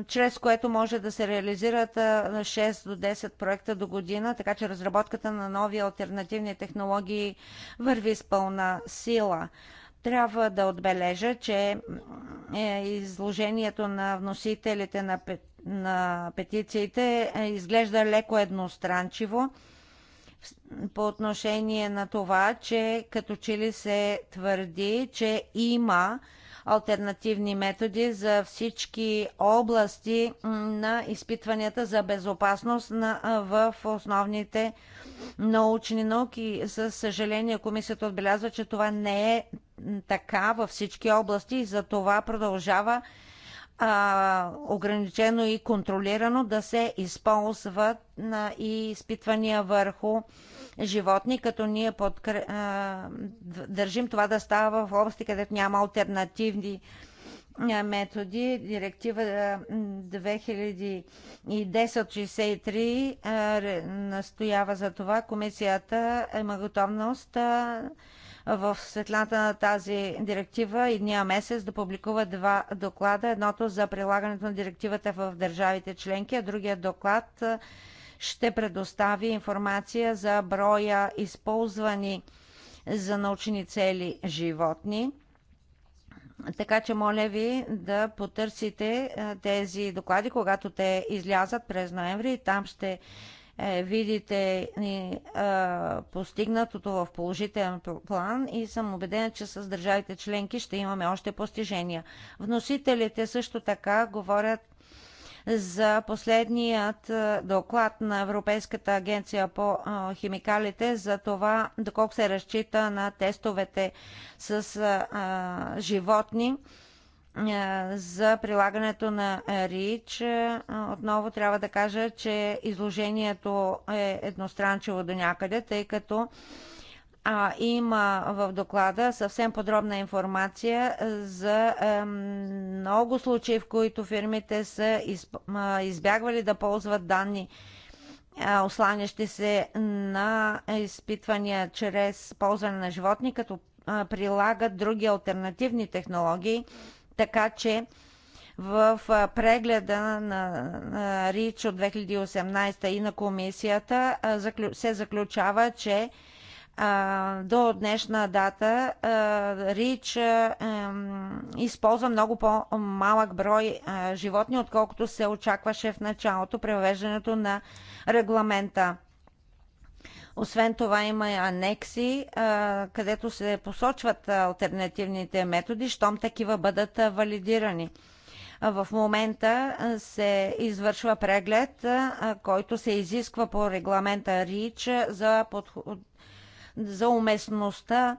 чрез което може да се реализират 6 до 10 проекта до година, така че разработката на нови альтернативни технологии върви с пълна сила. Трябва да отбележа, че е, изложението на вносителите на, на петициите е, изглежда леко едностранчиво по отношение на това, че като че ли се твърди, че има альтернативни методи за всички области на изпитванията за безопасност в основните научни науки. Със съжаление комисията отбелязва, че това не е така във всички области и за това продължава а, ограничено и контролирано да се използват на, и изпитвания върху животни, като ние подкр... държим това да става в области, където няма альтернативни методи. Директива 2010-63 настоява за това. Комисията има готовност в светлината на тази директива и дния месец да публикува два доклада. Едното за прилагането на директивата в държавите членки, а другия доклад ще предостави информация за броя използвани за научни цели животни. Така че моля ви да потърсите е, тези доклади, когато те излязат през ноември. Там ще е, видите е, постигнатото в положителен план и съм убедена, че с държавите членки ще имаме още постижения. Вносителите също така говорят за последният е, доклад на Европейската агенция по е, химикалите за това доколко се разчита на тестовете с е, животни за прилагането на РИЧ. Отново трябва да кажа, че изложението е едностранчиво до някъде, тъй като а, има в доклада съвсем подробна информация за а, много случаи, в които фирмите са из, а, избягвали да ползват данни, а, осланящи се на изпитвания чрез ползване на животни, като а, прилагат други альтернативни технологии, така че в прегледа на РИЧ от 2018 и на комисията се заключава, че до днешна дата Рич използва много по-малък брой животни, отколкото се очакваше в началото при въвеждането на регламента. Освен това има анекси, където се посочват альтернативните методи, щом такива бъдат валидирани. В момента се извършва преглед, който се изисква по регламента РИЧ за подход за уместността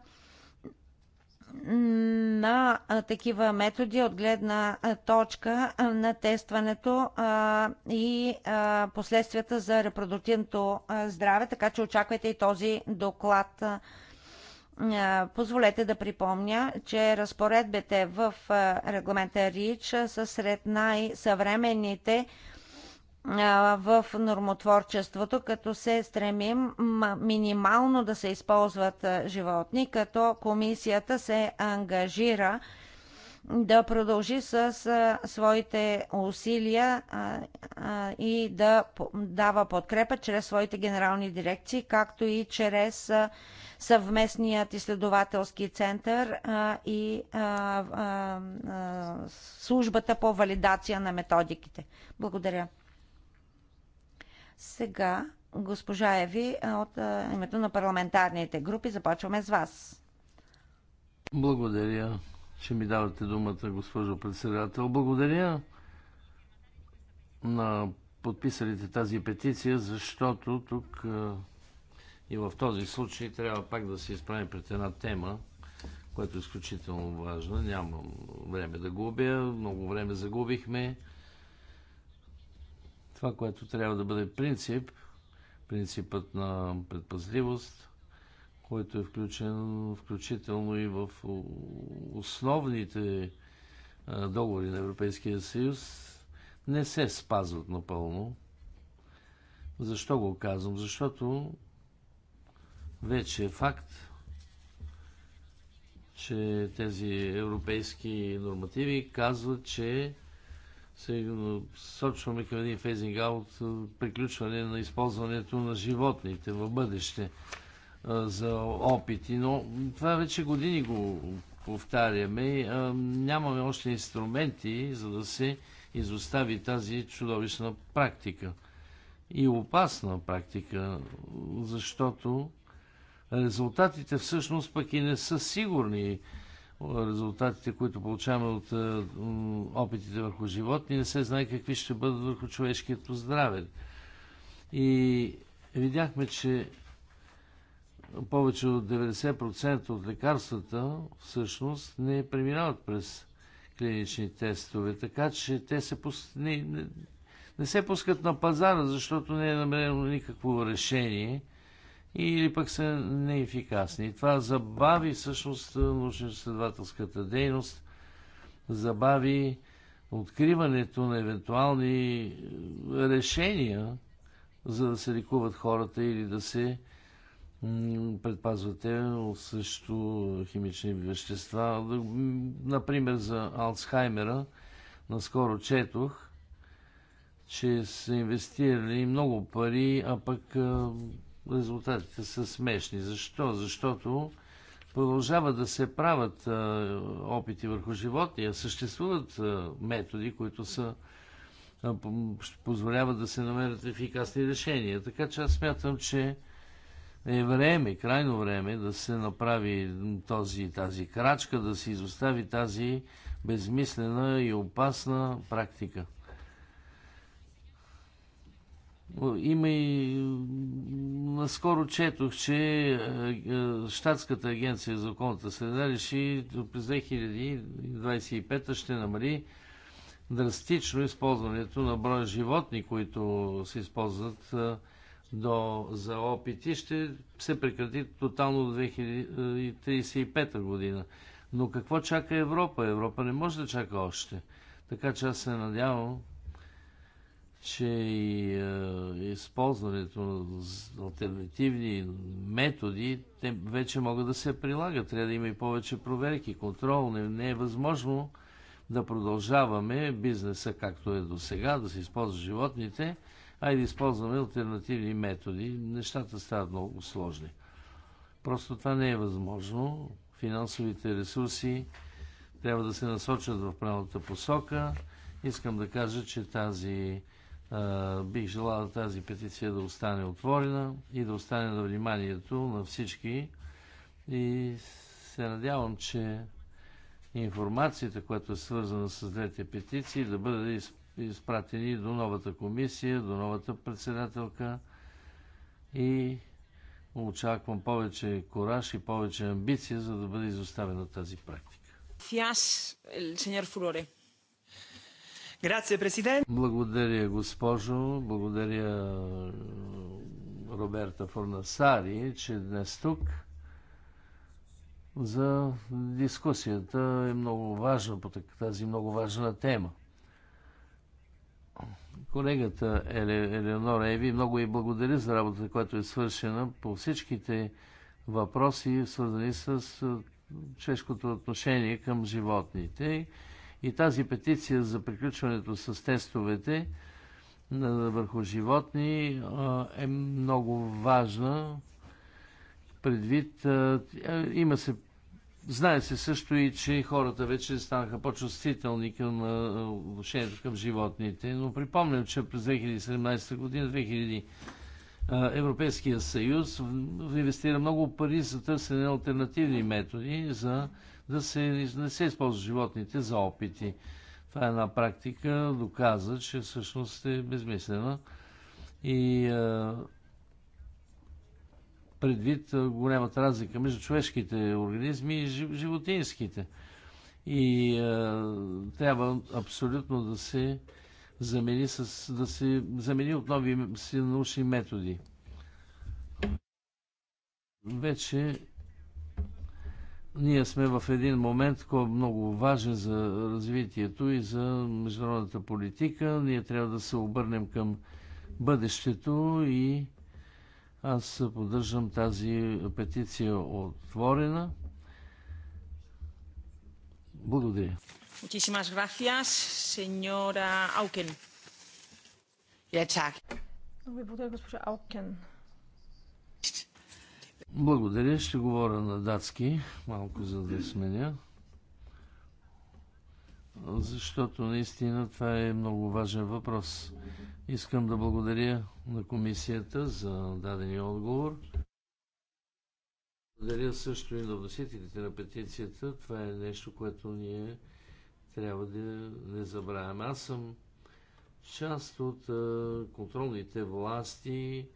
на такива методи от гледна точка на тестването и последствията за репродуктивното здраве, така че очаквайте и този доклад. Позволете да припомня, че разпоредбите в регламента РИЧ са сред най-съвременните в нормотворчеството, като се стремим минимално да се използват животни, като комисията се ангажира да продължи с своите усилия и да дава подкрепа чрез своите генерални дирекции, както и чрез съвместният изследователски център и службата по валидация на методиките. Благодаря. Сега, госпожа Еви, е, от е, името на парламентарните групи, започваме с вас. Благодаря, че ми давате думата, госпожо председател. Благодаря на подписалите тази петиция, защото тук е, и в този случай трябва пак да се изправим пред една тема, която е изключително важна. Нямам време да губя, много време загубихме. Това, което трябва да бъде принцип, принципът на предпазливост, който е включен включително и в основните договори на Европейския съюз, не се спазват напълно. Защо го казвам? Защото вече е факт, че тези европейски нормативи казват, че се сочваме към един фейзинг аут, приключване на използването на животните в бъдеще за опити, но това вече години го повтаряме. Нямаме още инструменти, за да се изостави тази чудовищна практика. И опасна практика, защото резултатите всъщност пък и не са сигурни резултатите, които получаваме от е, опитите върху животни, не се знае какви ще бъдат върху човешкието здраве. И видяхме, че повече от 90% от лекарствата всъщност не преминават през клинични тестове, така че те се пус... не, не, не се пускат на пазара, защото не е намерено никакво решение – или пък са неефикасни. Това забави всъщност е, научно-изследователската дейност, забави откриването на евентуални е, решения, за да се ликуват хората или да се предпазват те също химични вещества. Например, за Алцхаймера наскоро четох, че са инвестирали много пари, а пък резултатите са смешни. Защо? Защото продължават да се правят а, опити върху животни, а съществуват а, методи, които са а, позволяват да се намерят ефикасни решения. Така че аз смятам, че е време, крайно време да се направи този, тази крачка, да се изостави тази безмислена и опасна практика. Има и... Наскоро четох, че Штатската е, е, агенция за околната среда реши през 2025 ще намали драстично използването на броя животни, които се използват е, до, за опити, ще се прекрати тотално до 2035 година. Но какво чака Европа? Европа не може да чака още. Така че аз се надявам че и е, използването на альтернативни методи, те вече могат да се прилагат. Трябва да има и повече проверки, контрол. Не, не е възможно да продължаваме бизнеса както е до сега, да се използва животните, а и да използваме альтернативни методи. Нещата стават много сложни. Просто това не е възможно. Финансовите ресурси трябва да се насочат в правилната посока. Искам да кажа, че тази бих желала тази петиция да остане отворена и да остане на вниманието на всички. И се надявам, че информацията, която е свързана с двете петиции, да бъде изпратени до новата комисия, до новата председателка и очаквам повече кораж и повече амбиция, за да бъде изоставена тази практика. Gracias, сеньор Фуроре. Благодаря, госпожо. Благодаря, Роберта Форнасари, че днес тук за дискусията е много важна по тази много важна тема. Колегата Еле, Елеонора Еви, много и благодаря за работата, която е свършена по всичките въпроси, свързани с човешкото отношение към животните и тази петиция за приключването с тестовете върху животни е много важна. Предвид, има се Знае се също и, че хората вече станаха по-чувствителни към отношението към животните, но припомням, че през 2017 година 2000 Европейския съюз инвестира много пари за търсене на альтернативни методи за да се, не се използват животните за опити. Това е една практика, доказа, че всъщност е безмислена и а, предвид голямата разлика между човешките организми и животинските. И а, трябва абсолютно да се замени, с, да се замени от нови научни методи. Вече ние сме в един момент, който е много важен за развитието и за международната политика. Ние трябва да се обърнем към бъдещето и аз поддържам тази петиция отворена. Благодаря. Muchísimas gracias, señora Auken. Ja, tak. Благодаря, госпожа Аукен. Благодаря, ще говоря на датски, малко за да сменя. Защото наистина това е много важен въпрос. Искам да благодаря на комисията за дадения отговор. Благодаря също и на вносителите на петицията. Това е нещо, което ние трябва да не забравяме. Аз съм част от контролните власти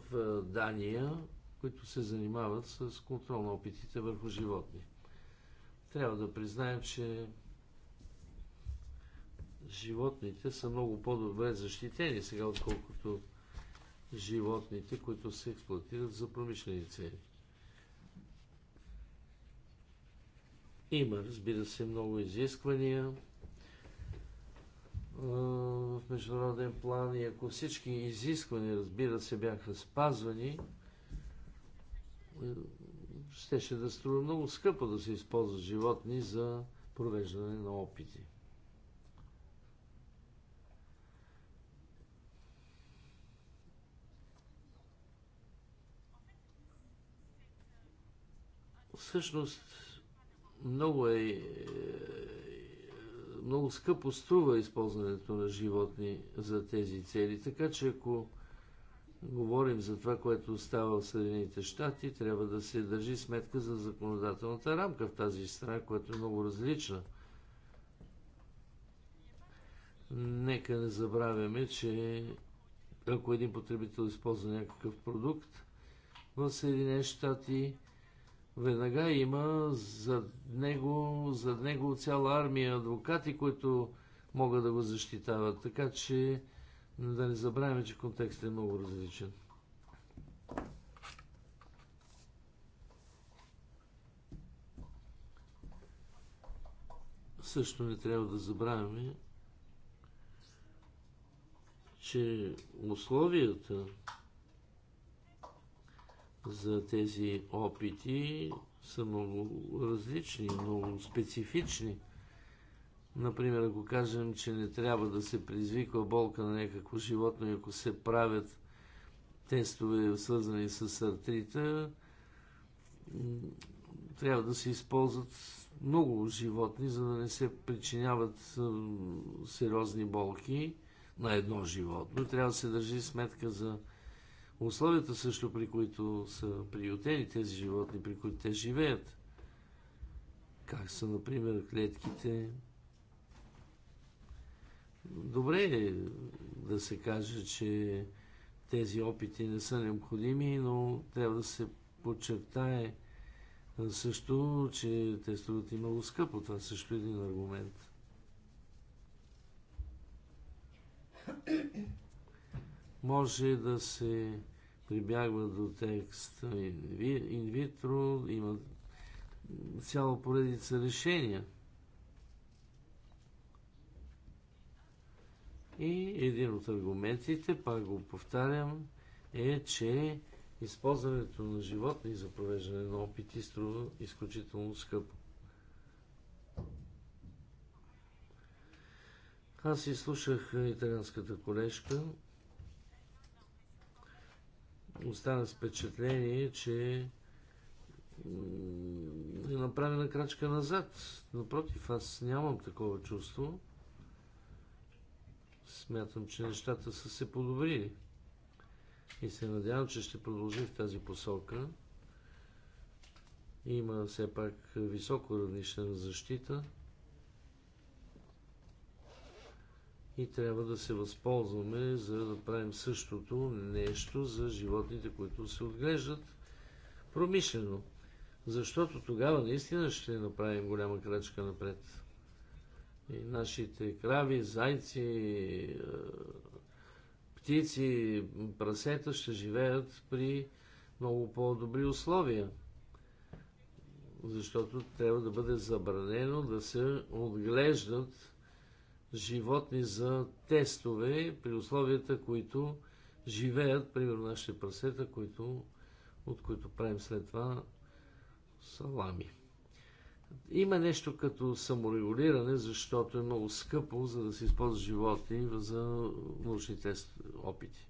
в е, Дания, които се занимават с контрол на опитите върху животни. Трябва да признаем, че животните са много по-добре защитени сега, отколкото животните, които се експлуатират за промишлени цели. Има, разбира се, много изисквания, в международен план и ако всички изисквания, разбира се, бяха спазвани, е, щеше да струва много скъпо да се използват животни за провеждане на опити. Всъщност, много е, е много скъпо струва използването на животни за тези цели. Така че ако говорим за това, което става в Съединените щати, трябва да се държи сметка за законодателната рамка в тази страна, която е много различна. Нека не забравяме, че ако един потребител използва някакъв продукт в Съединените щати, веднага има зад него, зад него цяла армия адвокати, които могат да го защитават. Така че да не забравяме, че контекстът е много различен. Също не трябва да забравяме, че условията, за тези опити са много различни, много специфични. Например, ако кажем, че не трябва да се предизвиква болка на някакво животно и ако се правят тестове, свързани с артрита, трябва да се използват много животни, за да не се причиняват сериозни болки на едно животно. Трябва да се държи сметка за условията също, при които са приютени тези животни, при които те живеят. Как са, например, клетките. Добре е да се каже, че тези опити не са необходими, но трябва да се подчертае също, че те струват и много скъпо. Това е също е един аргумент. Може да се прибягва до текста инвитро, има цяла поредица решения. И един от аргументите, пак го повтарям, е, че използването на животни за провеждане на опити струва изключително скъпо. Аз изслушах италианската колежка, остана с впечатление, че е направена крачка назад. Напротив, аз нямам такова чувство. Смятам, че нещата са се подобрили. И се надявам, че ще продължи в тази посока. Има все пак високо равнище на защита. и трябва да се възползваме, за да правим същото нещо за животните, които се отглеждат промишлено. Защото тогава наистина ще направим голяма крачка напред. И нашите крави, зайци, е, птици, прасета ще живеят при много по-добри условия. Защото трябва да бъде забранено да се отглеждат животни за тестове при условията, които живеят, примерно нашите прасета, които, от които правим след това салами. Има нещо като саморегулиране, защото е много скъпо, за да се използва животни за научни тест опити.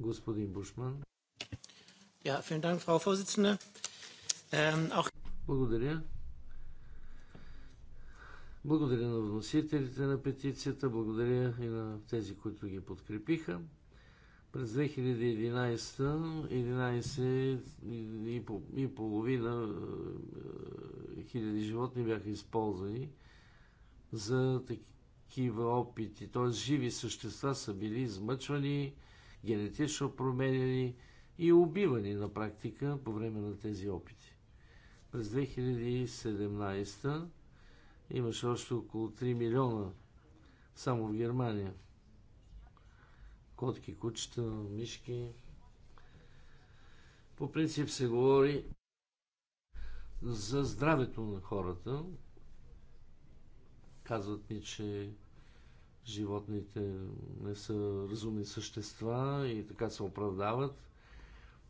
Господин Бушман. Yeah, Dank, Frau Ähm, auch... Благодаря. Благодаря на вносителите на петицията, благодаря и на тези, които ги подкрепиха. През 2011 11 и, и половина е, хиляди животни бяха използвани за такива опити. Т.е. живи същества са били измъчвани, генетично променени и убивани на практика по време на тези опити. През 2017 Имаше още около 3 милиона само в Германия. Котки, кучета, мишки. По принцип се говори за здравето на хората. Казват ни, че животните не са разумни същества и така се оправдават.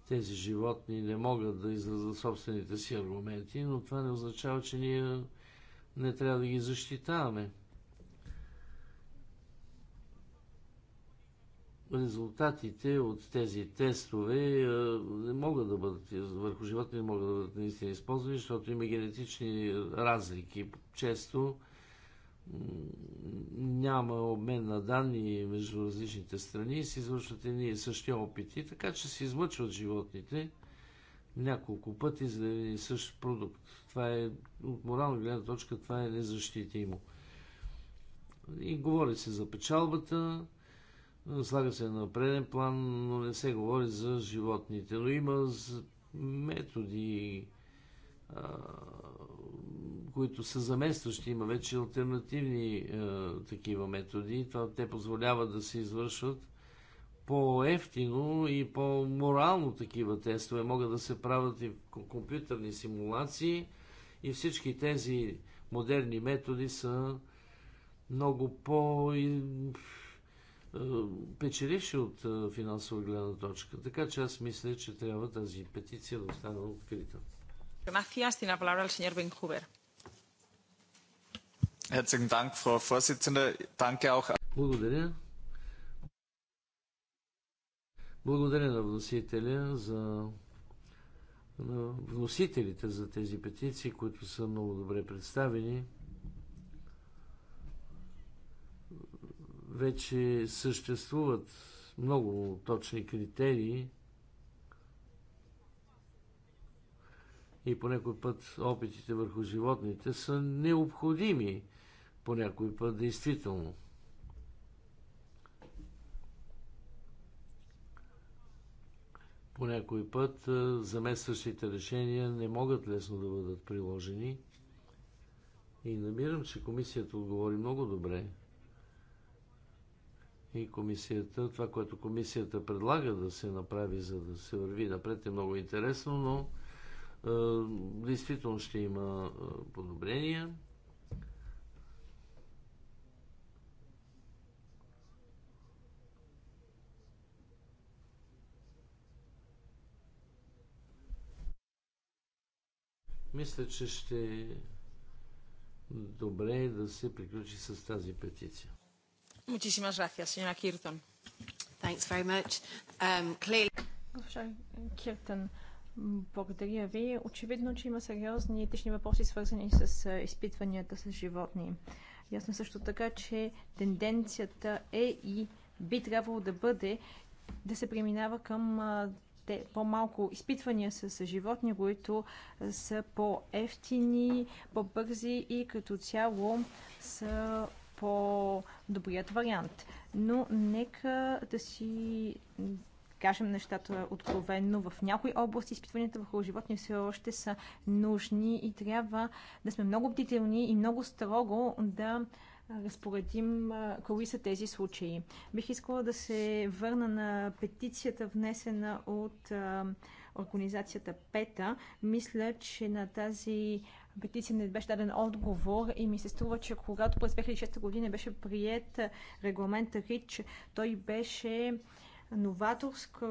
Тези животни не могат да изразят собствените си аргументи, но това не означава, че ние не трябва да ги защитаваме. резултатите от тези тестове е, не могат да бъдат, върху живота не могат да бъдат наистина използвани, защото има генетични разлики. Често няма обмен на данни между различните страни и се извършват едни същи опити, така че се излъчват животните няколко пъти за един и същ продукт. Това е, от морална гледна точка, това е незащитимо. И говори се за печалбата, слага се на преден план, но не се говори за животните. Но има методи, които са заместващи. Има вече альтернативни такива методи. Това те позволяват да се извършват по-ефтино и по-морално такива тестове. Могат да се правят и компютърни симулации и всички тези модерни методи са много по е, печеливши от е, финансова гледна точка. Така че аз мисля, че трябва тази петиция да остане открита. Благодаря. Благодаря на вносителя за на вносителите за тези петиции, които са много добре представени. Вече съществуват много точни критерии и по някой път опитите върху животните са необходими по някой път действително. По някой път заместващите решения не могат лесно да бъдат приложени. И намирам, че комисията отговори много добре. И комисията, това, което комисията предлага да се направи, за да се върви напред, е много интересно, но е, действително ще има е, подобрения. Мисля, че ще е добре да се приключи с тази петиция. Muchísimas gracias, señora Kirton. Thanks very much. Um, clearly... Госпожа Киртън, благодаря ви. Очевидно, че има сериозни етични въпроси, свързани с изпитванията с животни. Ясно също така, че тенденцията е и би трябвало да бъде да се преминава към те по-малко изпитвания с животни, които са по-ефтини, по-бързи и като цяло са по-добрият вариант. Но нека да си кажем нещата откровенно, в някои области изпитванията върху животни все още са нужни и трябва да сме много бдителни и много строго да разпоредим кои са тези случаи. Бих искала да се върна на петицията, внесена от организацията ПЕТА. Мисля, че на тази петиция не беше даден отговор и ми се струва, че когато през 2006 година беше прият регламент РИЧ, той беше новаторско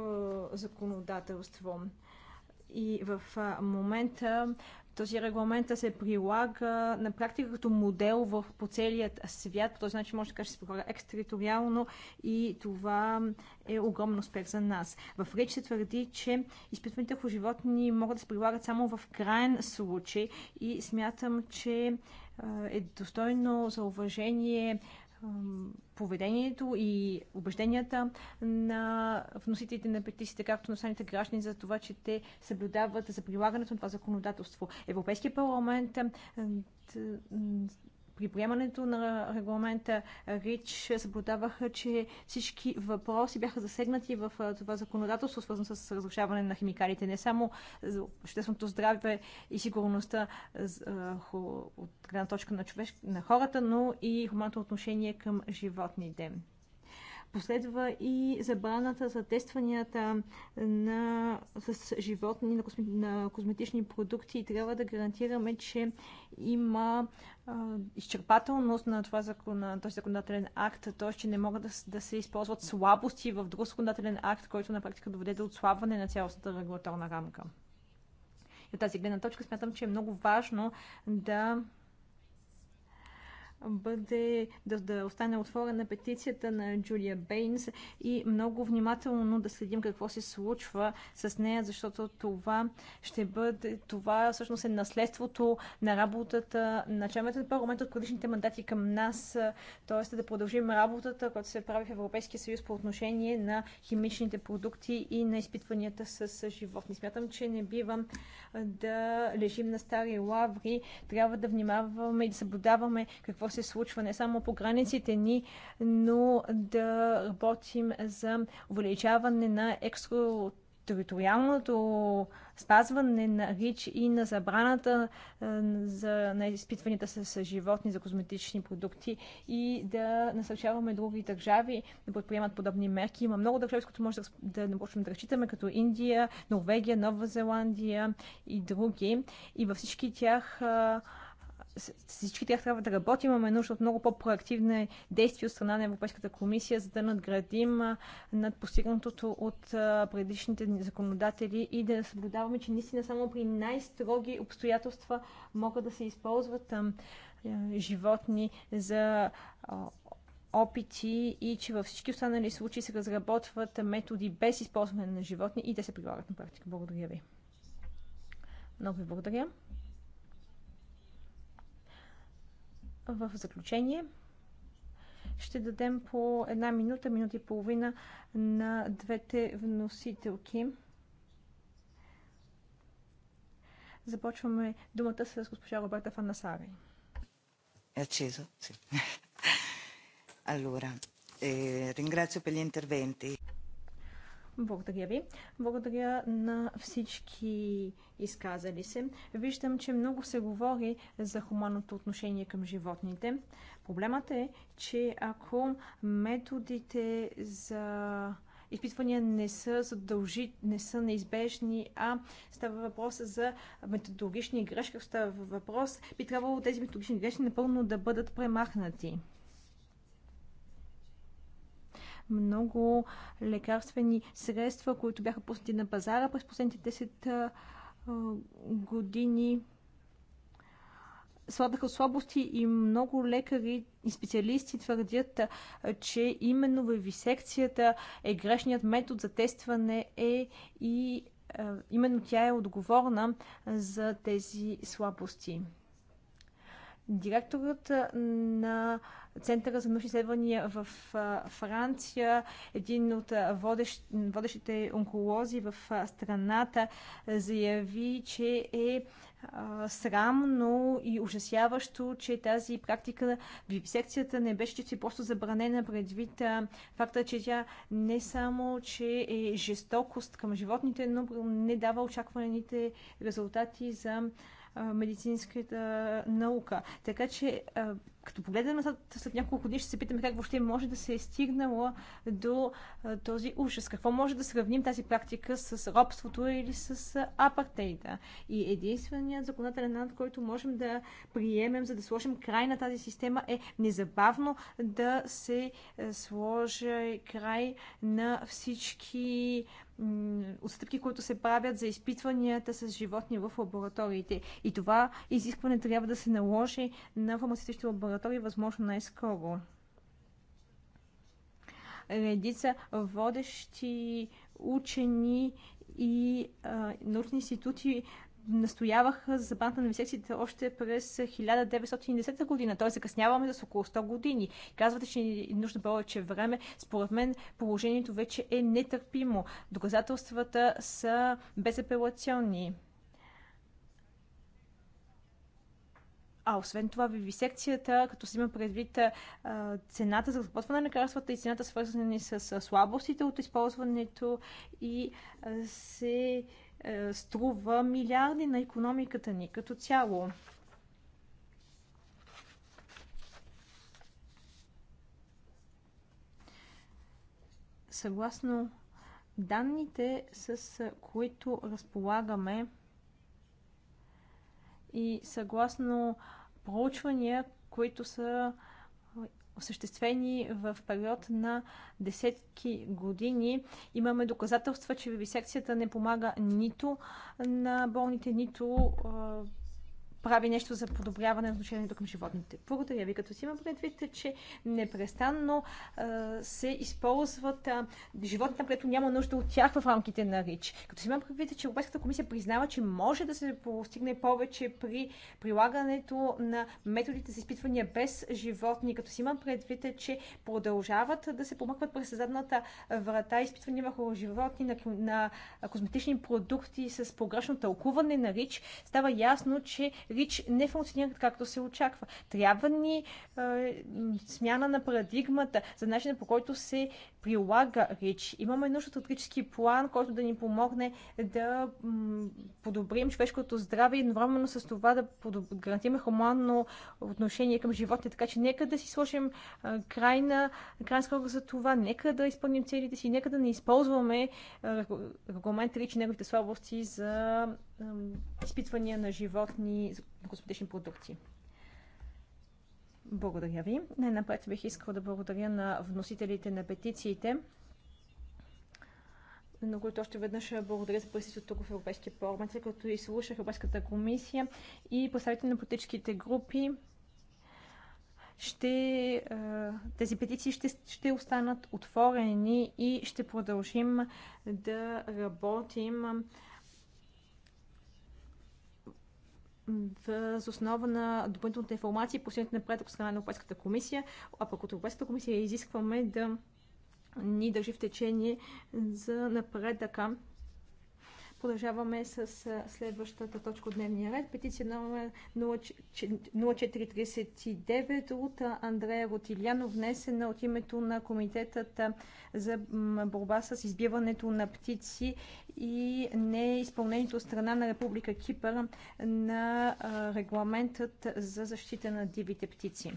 законодателство. И в момента този регламент се прилага на практика като модел в, по целият свят. По този начин може да кажа, се прилага екстериториално и това е огромен успех за нас. В реч се твърди, че изпитваните върху животни могат да се прилагат само в крайен случай и смятам, че е достойно за уважение поведението и убежденията на вносителите на петициите, както на останалите граждани, за това, че те съблюдават за прилагането на това законодателство. Европейския парламент при приемането на регламента РИЧ съблюдаваха, че всички въпроси бяха засегнати в това законодателство, свързано с разрушаване на химикалите. Не само за общественото здраве и сигурността от гледна точка на, човеш... на хората, но и хуманното отношение към животните. Последва и забраната за тестванията на, с животни на, косме, на козметични продукти и трябва да гарантираме, че има а, изчерпателност на, това закон, на този законодателен акт, т.е. че не могат да, да се използват слабости в друг законодателен акт, който на практика доведе до отслабване на цялостната регулаторна рамка. И от тази гледна точка смятам, че е много важно да бъде да, да остане отворена петицията на Джулия Бейнс и много внимателно да следим какво се случва с нея, защото това ще бъде, това всъщност е наследството на работата на членовете на парламента от предишните мандати към нас, т.е. да продължим работата, която се прави в Европейския съюз по отношение на химичните продукти и на изпитванията с животни. Смятам, че не бивам да лежим на стари лаври, трябва да внимаваме и да съблюдаваме какво какво се случва не само по границите ни, но да работим за увеличаване на екстротериториалното спазване на РИЧ и на забраната е, за, на изпитванията с животни за козметични продукти и да насърчаваме други държави да предприемат подобни мерки. Има много държави, с които може да започнем да разчитаме, като Индия, Норвегия, Нова Зеландия и други. И във всички тях е, всички тях трябва да работим. Имаме нужда от много по-проактивни действия от страна на Европейската комисия, за да надградим над постигнатото от предишните законодатели и да съблюдаваме, че наистина само при най-строги обстоятелства могат да се използват е, животни за опити и че във всички останали случаи се разработват методи без използване на животни и те се прилагат на практика. Благодаря ви. Много ви благодаря. В заключение ще дадем по една минута, минута и половина на двете вносителки. Започваме думата с госпожа Роберта Фанасари. Acceso, си. Allora, eh, ringrazio per gli interventi. Благодаря ви. Благодаря на всички изказали се. Виждам, че много се говори за хуманното отношение към животните. Проблемът е, че ако методите за изпитвания не са задължи, не са неизбежни, а става въпрос за методологични грешки, става въпрос, би трябвало тези методологични грешки напълно да бъдат премахнати много лекарствени средства, които бяха пуснати на пазара през последните 10 години сладаха слабости и много лекари и специалисти твърдят, че именно в висекцията е грешният метод за тестване е и именно тя е отговорна за тези слабости. Директорът на Центъра за научни изследвания в Франция, един от водещ, водещите онколози в страната, заяви, че е срамно и ужасяващо, че тази практика в секцията не беше, че си просто забранена предвид факта, че тя не само, че е жестокост към животните, но не дава очакваните резултати за медицинската наука. Така че като погледнем назад след няколко дни, ще се питаме как въобще може да се е стигнала до този ужас. Какво може да сравним тази практика с робството или с апартейда? И единственият законодателен над, който можем да приемем, за да сложим край на тази система, е незабавно да се сложи край на всички отстъпки, които се правят за изпитванията с животни в лабораториите. И това изискване трябва да се наложи на фармацевтичните лаборатории мораторий е възможно най-скоро. Редица водещи учени и а, научни институти настояваха за забраната на висекциите още през 1910 година. Тоест закъсняваме с около 100 години. Казвате, че ни е нужно повече време. Според мен положението вече е нетърпимо. Доказателствата са безапелационни. А освен това, вивисекцията, като се има предвид цената за разработване на лекарствата и цената свързани с слабостите от използването и се струва милиарди на економиката ни като цяло. Съгласно данните, с които разполагаме, и съгласно проучвания, които са осъществени в период на десетки години. Имаме доказателства, че вивисекцията не помага нито на болните, нито прави нещо за подобряване на отношението към животните. Благодаря ви, като си има предвид, че непрестанно а, се използват а, животните, където няма нужда от тях в рамките на РИЧ. Като си има предвид, че Европейската комисия признава, че може да се постигне повече при прилагането на методите за изпитвания без животни, като си има предвид, че продължават да се помъкват през задната врата изпитвания върху животни на, на козметични продукти с погрешно тълкуване на РИЧ, става ясно, че РИЧ не функционират както се очаква. Трябва ни е, смяна на парадигмата за начина по който се прилага РИЧ. Имаме нужда от стратегически план, който да ни помогне да подобрим човешкото здраве и едновременно с това да гарантираме хуманно отношение към животните. Така че нека да си сложим е, край на крайна срок за това, нека да изпълним целите си, нека да не използваме е, регламент рич неговите слабости за изпитвания на животни косметични продукти. Благодаря ви. Най-напред бих искала да благодаря на вносителите на петициите, на които още веднъж благодаря за присъствието тук в Европейския парламент, след като изслушах Европейската комисия и представители на политическите групи. Ще, тези петиции ще, ще останат отворени и ще продължим да работим въз основа на допълнителната информация и последните напредък от страна на Европейската комисия, а пък от Европейската комисия изискваме да ни държи в течение за напредъка Продължаваме с следващата точка от дневния ред. Петиция номер 0439 от Андрея Ротиляно, внесена от името на Комитетът за борба с избиването на птици и неизпълнението страна на Република Кипър на регламентът за защита на дивите птици.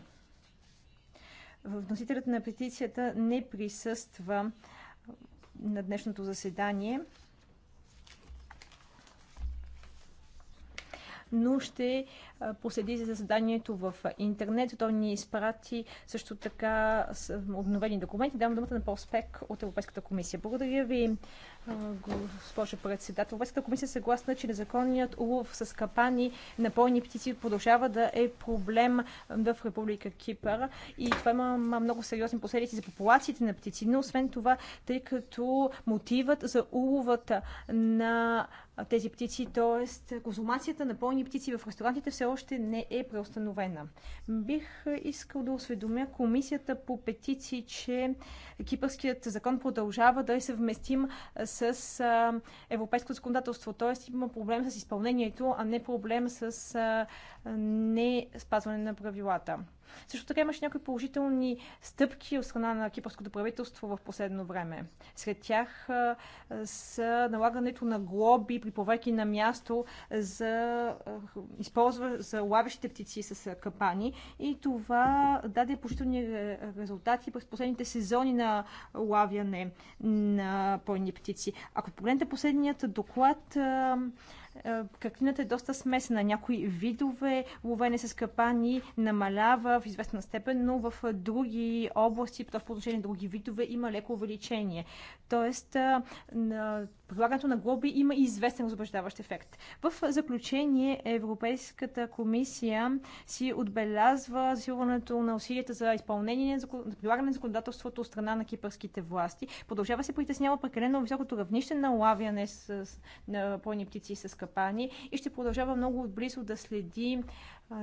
Вносителят на петицията не присъства на днешното заседание. но ще проследи за заседанието в интернет. Той ни изпрати също така с обновени документи. Дам думата на Пол Спек от Европейската комисия. Благодаря ви, госпожо председател. Европейската комисия е съгласна, че незаконният улов с капани на бойни птици продължава да е проблем в Република Кипър и това има много сериозни последици за популациите на птици. Но освен това, тъй като мотивът за уловата на тези птици, т.е. консумацията на пълни птици в ресторантите все още не е преустановена. Бих искал да осведомя комисията по петиции, че кипърският закон продължава да е съвместим с европейското законодателство, т.е. има проблем с изпълнението, а не проблем с не спазване на правилата. Също така имаше някои положителни стъпки от страна на кипърското правителство в последно време. Сред тях са налагането на глоби при повеки на място за, използва, за лавещите птици с капани и това даде положителни е, резултати през последните сезони на лавяне на пойни птици. Ако погледнете последният доклад, е, картината е доста смесена. Някои видове ловене с капани намалява в известна степен, но в е, други области, в по отношение на други видове, има леко увеличение. Тоест, е, Подлагането на глоби има и известен освобождаващ ефект. В заключение Европейската комисия си отбелязва засилването на усилията за изпълнение, на прилагане на законодателството от страна на кипърските власти. Продължава се притеснява прекалено високото равнище на лавяне с, на пълни птици с капани и ще продължава много близо да следи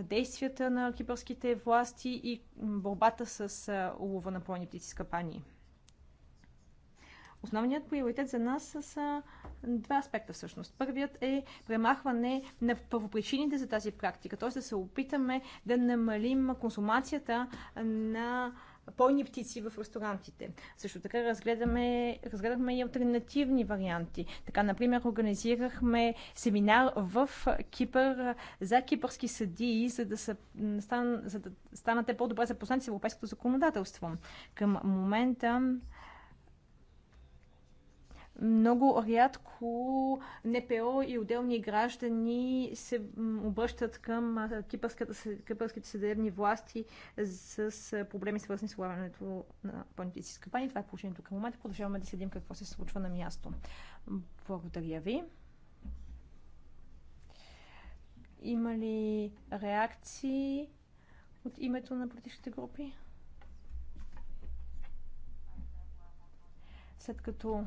действията на кипърските власти и борбата с улова на пълни птици с капани. Основният приоритет за нас са два аспекта всъщност. Първият е премахване на първопричините за тази практика, т.е. да се опитаме да намалим консумацията на пойни птици в ресторантите. Също така разгледаме, разгледахме и альтернативни варианти. Така, например, организирахме семинар в Кипър за кипърски съдии, за да, са, стан, за да станате по-добре запознати с европейското законодателство. Към момента много рядко НПО и отделни граждани се обръщат към кипърските съдебни власти с проблеми, свързани с улавянето на политически кампании. Това е положението към момента. Продължаваме да следим какво се случва на място. Благодаря ви. Има ли реакции от името на политическите групи? След като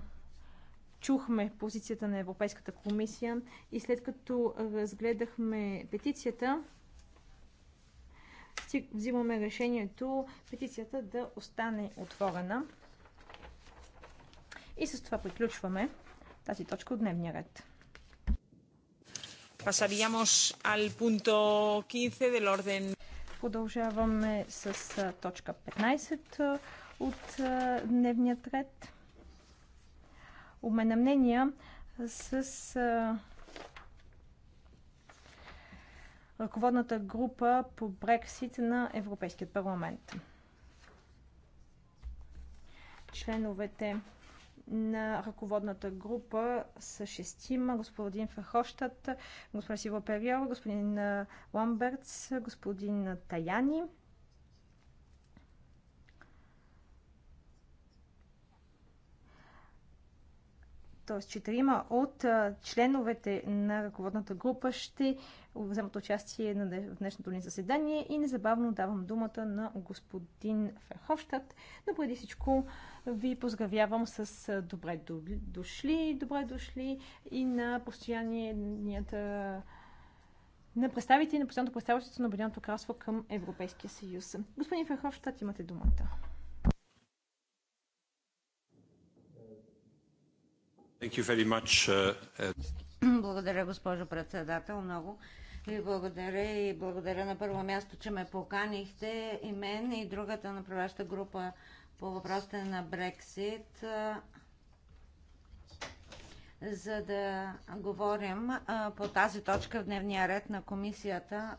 чухме позицията на Европейската комисия и след като разгледахме петицията, взимаме решението петицията да остане отворена. И с това приключваме тази точка от дневния ред. Продължаваме с точка 15 от дневния ред обмена на мнения с а, ръководната група по Брексит на Европейския парламент. Членовете на ръководната група са шестима. Господин Фахощат, господин Сиво Периор, господин Ламбертс, господин Таяни – т.е. четирима от членовете на ръководната група ще вземат участие на днешното ни заседание и незабавно давам думата на господин Ферховщад. Но преди всичко ви поздравявам с добре дошли, добре дошли и на постоянният на представите на постоянното представителство на Обединеното кралство към Европейския съюз. Господин Ферховщат, имате думата. Uh, uh, благодаря, госпожо председател, много. И благодаря и благодаря на първо място, че ме поканихте и мен и другата направляваща група по въпросите на Брексит, за да говорим по тази точка в дневния ред на комисията,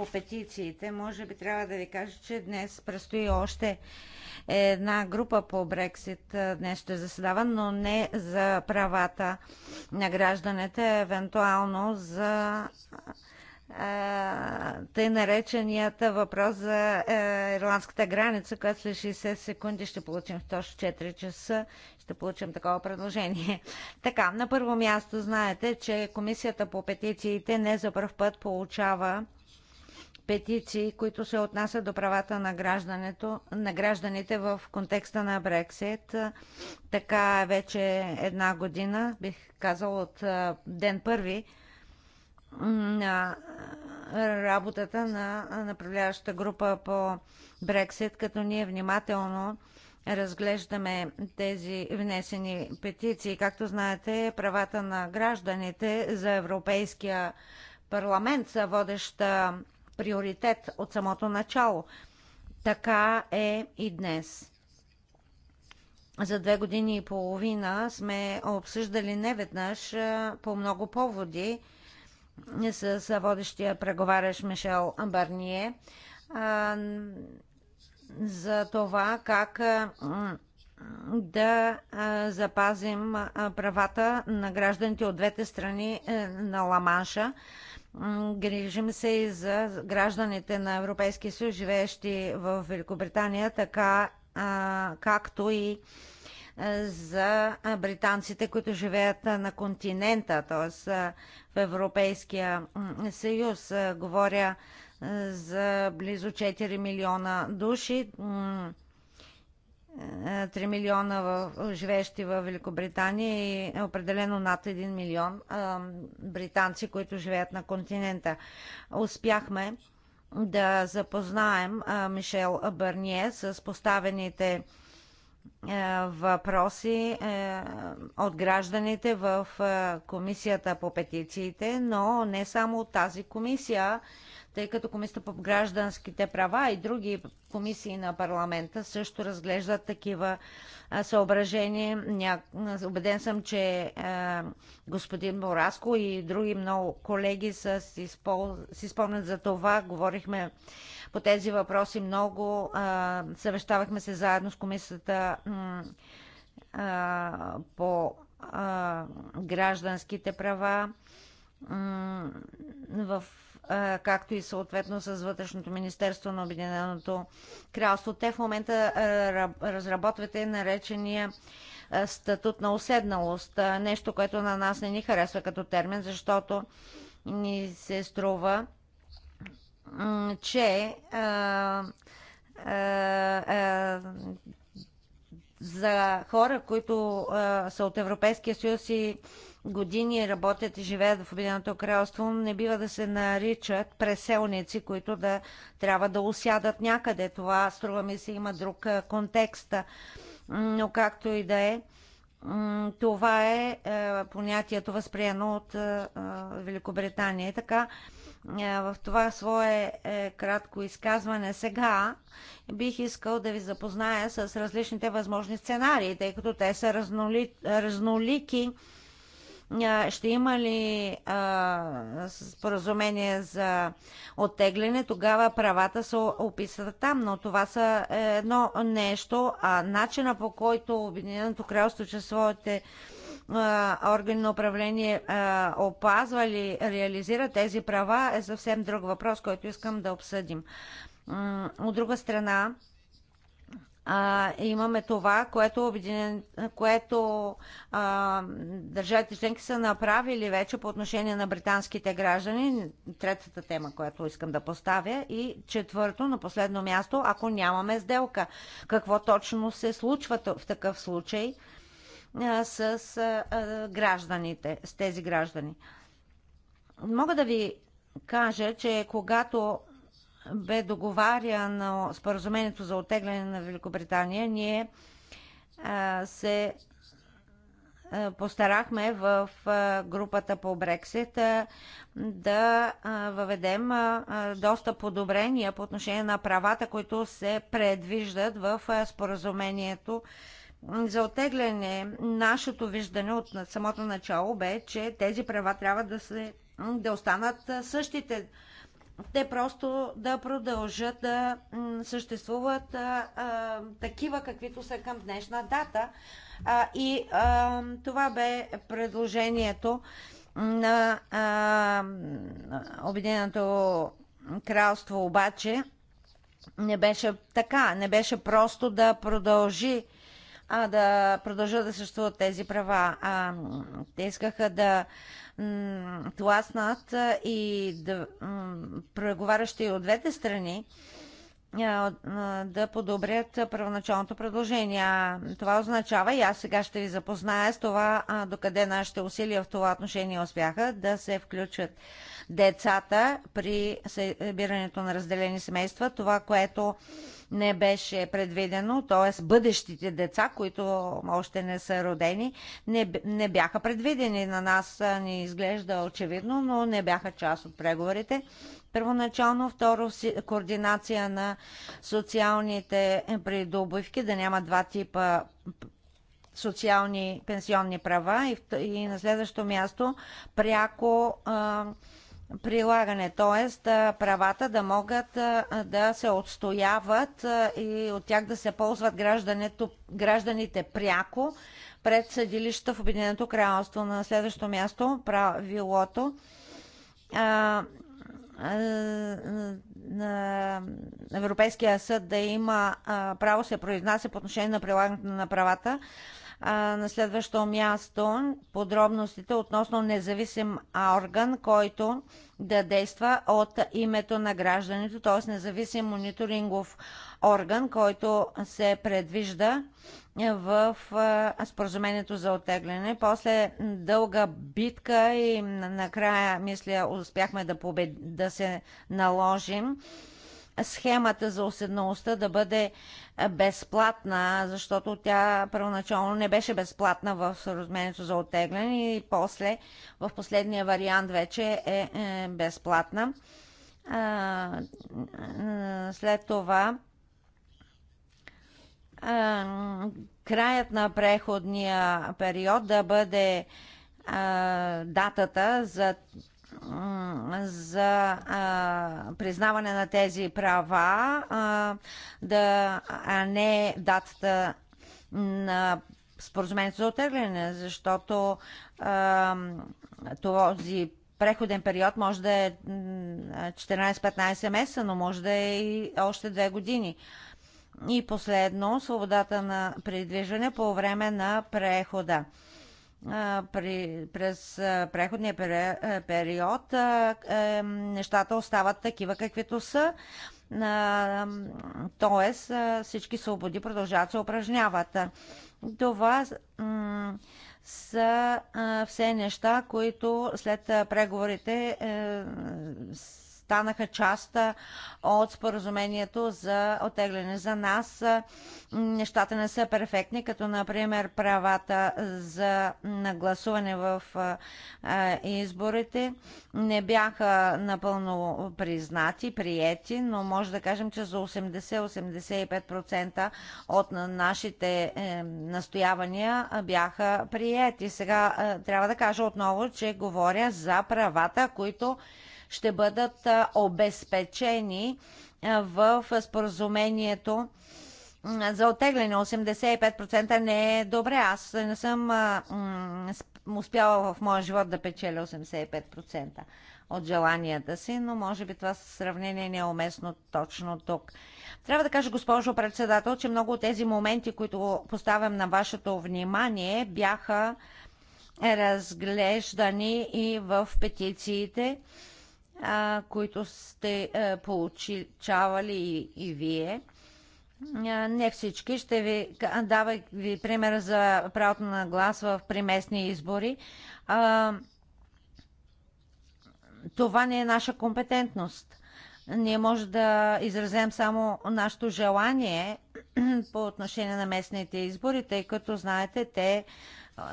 по петициите. Може би трябва да ви кажа, че днес предстои още една група по Брексит. Днес ще заседава, но не за правата на гражданите, евентуално за тъй нареченията въпрос за е, ирландската граница, която след 60 секунди ще получим в точно 4 часа. Ще получим такова предложение. Така, на първо място знаете, че Комисията по петициите не за първ път получава петиции, които се отнасят до правата на, на гражданите в контекста на Брексит. Така е вече една година, бих казал от ден първи, на работата на направляваща група по Брексит, като ние внимателно разглеждаме тези внесени петиции. Както знаете, правата на гражданите за Европейския парламент са водеща приоритет от самото начало. Така е и днес. За две години и половина сме обсъждали неведнъж по много поводи с водещия преговарящ Мишел Барние за това как да запазим правата на гражданите от двете страни е, на Ламанша Грижим се и за гражданите на Европейския съюз, живеещи в Великобритания, така а, както и за британците, които живеят на континента, т.е. в Европейския съюз. Говоря за близо 4 милиона души. 3 е, милиона в, живеещи в Великобритания и определено над 1 милион а, е, британци, които живеят на континента. Успяхме да запознаем а, е, Мишел Бърние с поставените а, въпроси от гражданите в Комисията по петициите, но не само от тази комисия, тъй като Комисията по гражданските права и други комисии на парламента също разглеждат такива съображения. Обеден съм, че е, господин Бораско и други много колеги са си, си спомнят за това. Говорихме по тези въпроси много. Съвещавахме се заедно с комисията по гражданските права в както и съответно с Вътрешното министерство на Обединеното кралство. Те в момента разработват и наречения статут на уседналост. Нещо, което на нас не ни харесва като термин, защото ни се струва, че а, а, а, за хора, които са от Европейския съюз и години работят и живеят в Обединеното кралство, не бива да се наричат преселници, които да трябва да осядат някъде. Това, струва ми се, има друг контекст. Но както и да е, това е понятието възприено от Великобритания. И така, в това свое е, кратко изказване сега бих искал да ви запозная с различните възможни сценарии, тъй като те са разнолики ще има ли споразумение за оттегляне, тогава правата се описват там, но това са е, едно нещо, а начина по който Обединеното кралство че своите органи на управление опазва или реализира тези права е съвсем друг въпрос, който искам да обсъдим. От друга страна, а, имаме това, което, обединен, което а, държавите членки са направили вече по отношение на британските граждани. Третата тема, която искам да поставя. И четвърто, на последно място, ако нямаме сделка. Какво точно се случва в такъв случай а, с а, гражданите, с тези граждани? Мога да ви кажа, че когато бе договаряно споразумението за отегляне на Великобритания, ние а, се а, постарахме в а, групата по Брексит да въведем доста подобрения по отношение на правата, които се предвиждат в споразумението за отегляне. Нашето виждане от самото начало бе, че тези права трябва да, се, да останат същите те просто да продължат да съществуват а, а, такива, каквито са към днешна дата. А, и а, това бе предложението на а, Обединеното кралство, обаче не беше така. Не беше просто да продължи а, да продължат да съществуват тези права. А, те искаха да тласнат и да, преговарящи от двете страни да подобрят първоначалното предложение. Това означава, и аз сега ще ви запозная с това, докъде нашите усилия в това отношение успяха, да се включат децата при събирането на разделени семейства, това, което не беше предвидено, т.е. бъдещите деца, които още не са родени, не, не бяха предвидени. На нас ни изглежда очевидно, но не бяха част от преговорите първоначално, второ координация на социалните придобивки, да няма два типа социални пенсионни права и, на следващо място пряко прилагане, т.е. правата да могат да се отстояват и от тях да се ползват гражданите пряко пред съдилища в Обединеното кралство. На следващо място правилото на Европейския съд да има право се произнася по отношение на прилагането на правата. На следващо място подробностите относно независим орган, който да действа от името на гражданите, т.е. независим мониторингов орган, който се предвижда в споразумението за оттегляне. После дълга битка и накрая, мисля, успяхме да, побед... да се наложим схемата за уседналостта да бъде безплатна, защото тя първоначално не беше безплатна в споразумението за оттегляне и после, в последния вариант вече е, е безплатна. след това краят на преходния период да бъде датата за за а, признаване на тези права, а, да, а не датата на споразумението за отегляне, защото а, този преходен период може да е 14-15 месеца, но може да е и още две години. А, и последно, свободата на придвижване по време на прехода. При, през преходния период нещата остават такива каквито са т.е. всички свободи продължават се упражняват. Това са все неща, които след преговорите е, станаха част от споразумението за отегляне. За нас нещата не са перфектни, като например правата за нагласуване в изборите не бяха напълно признати, приети, но може да кажем, че за 80-85% от нашите е, настоявания бяха приети. Сега е, трябва да кажа отново, че говоря за правата, които ще бъдат обезпечени в споразумението за отегляне 85% не е добре. Аз не съм успяла в моя живот да печеля 85% от желанията си, но може би това сравнение не е уместно точно тук. Трябва да кажа, госпожо председател, че много от тези моменти, които поставям на вашето внимание, бяха разглеждани и в петициите а, които сте а, получавали и, и вие. А, не всички. Ще ви давай ви пример за правото на глас в приместни избори. А, това не е наша компетентност. Ние може да изразем само нашето желание по отношение на местните избори, тъй като, знаете, те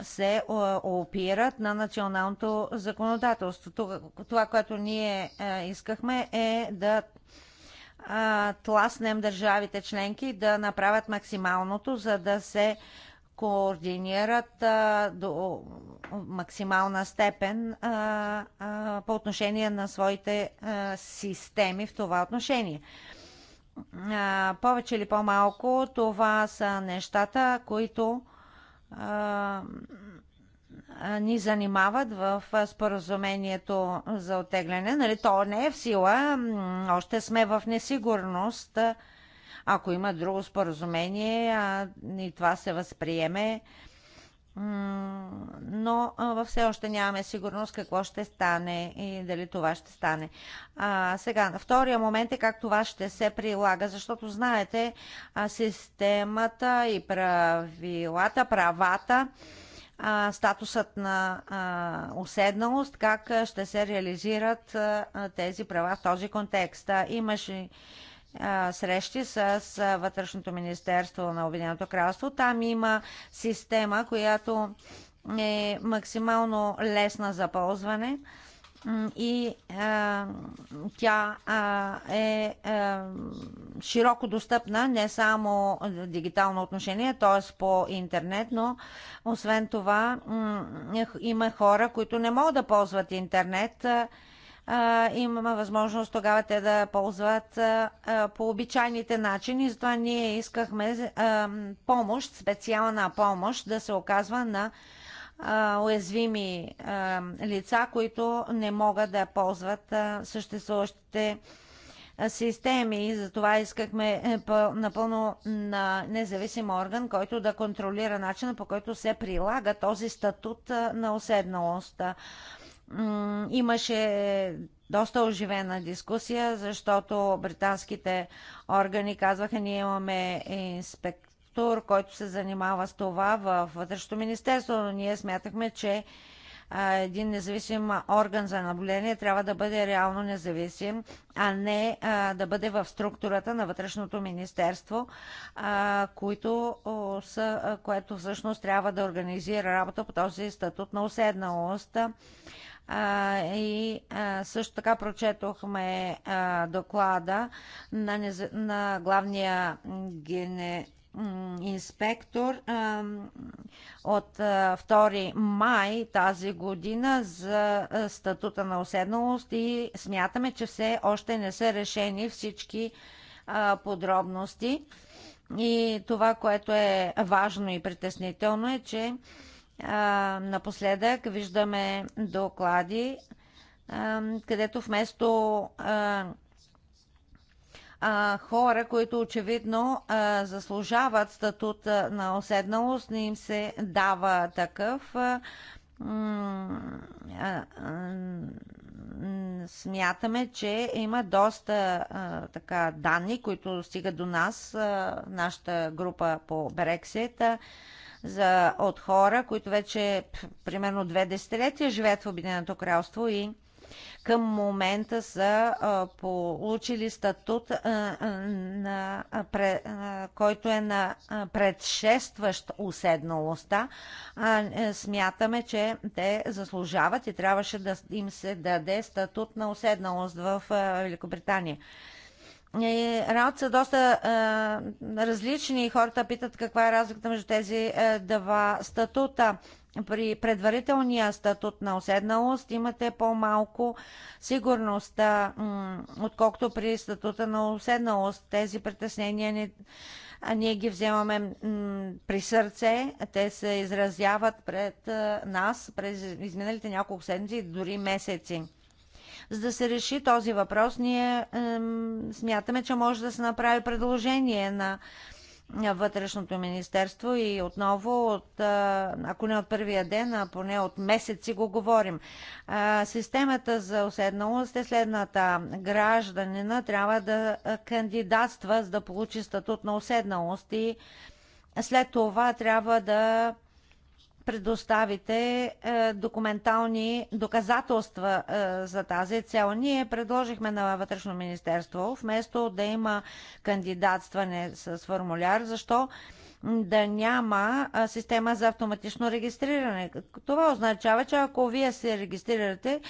се опират на националното законодателство. Това, което ние искахме е да тласнем държавите членки да направят максималното, за да се координират а, до максимална степен а, а, по отношение на своите а, системи в това отношение. А, повече или по-малко това са нещата, които а, ни занимават в споразумението за оттегляне. Нали, то не е в сила, още сме в несигурност. Ако има друго споразумение а, и това се възприеме, но все още нямаме сигурност какво ще стане и дали това ще стане. А, сега, втория момент е как това ще се прилага, защото знаете, системата и правилата, правата, а, статусът на а, уседналост, как ще се реализират а, тези права в този контекст. А, имаше срещи с Вътрешното министерство на Обединеното кралство. Там има система, която е максимално лесна за ползване и а, тя а, е а, широко достъпна, не само дигитално отношение, т.е. по интернет, но освен това има хора, които не могат да ползват интернет. А, имаме възможност тогава те да ползват по обичайните начини. Затова ние искахме помощ, специална помощ да се оказва на уязвими лица, които не могат да ползват съществуващите системи. Затова искахме е, напълно на независим орган, който да контролира начина по който се прилага този статут на уседналост имаше доста оживена дискусия, защото британските органи казваха, ние имаме инспектор, който се занимава с това в Вътрешното министерство, но ние смятахме, че един независим орган за наблюдение трябва да бъде реално независим, а не а, да бъде в структурата на Вътрешното министерство, а, които, о, са, което всъщност трябва да организира работа по този статут на уседналост. А, и а, също така прочетохме а, доклада на, нез... на главния гене инспектор от 2 май тази година за статута на уседналост и смятаме, че все още не са решени всички подробности. И това, което е важно и притеснително е, че Напоследък виждаме доклади, където вместо хора, които очевидно заслужават статут на оседналост, не им се дава такъв. Смятаме, че има доста така данни, които стигат до нас, нашата група по Брексита за, от хора, които вече примерно две десетилетия живеят в Обединеното кралство и към момента са а, получили статут, а, на, пре, а, който е на предшестващ уседналостта. Е, смятаме, че те заслужават и трябваше да им се даде статут на уседналост в Великобритания. Е, работа са доста е, различни и хората питат каква е разликата между тези е, два статута. При предварителния статут на уседналост имате по-малко сигурност, отколкото при статута на уседналост. Тези притеснения ни, а ние ги вземаме при сърце, те се изразяват пред е, нас през изминалите няколко седмици, дори месеци. За да се реши този въпрос, ние е, смятаме, че може да се направи предложение на вътрешното министерство и отново, от, е, ако не от първия ден, а поне от месеци го говорим. Е, системата за уседналост е следната. Гражданина трябва да кандидатства, за да получи статут на уседналост и след това трябва да предоставите е, документални доказателства е, за тази цел. Ние предложихме на Вътрешно министерство, вместо да има кандидатстване с формуляр, защо да няма е, система за автоматично регистриране. Това означава, че ако вие се регистрирате,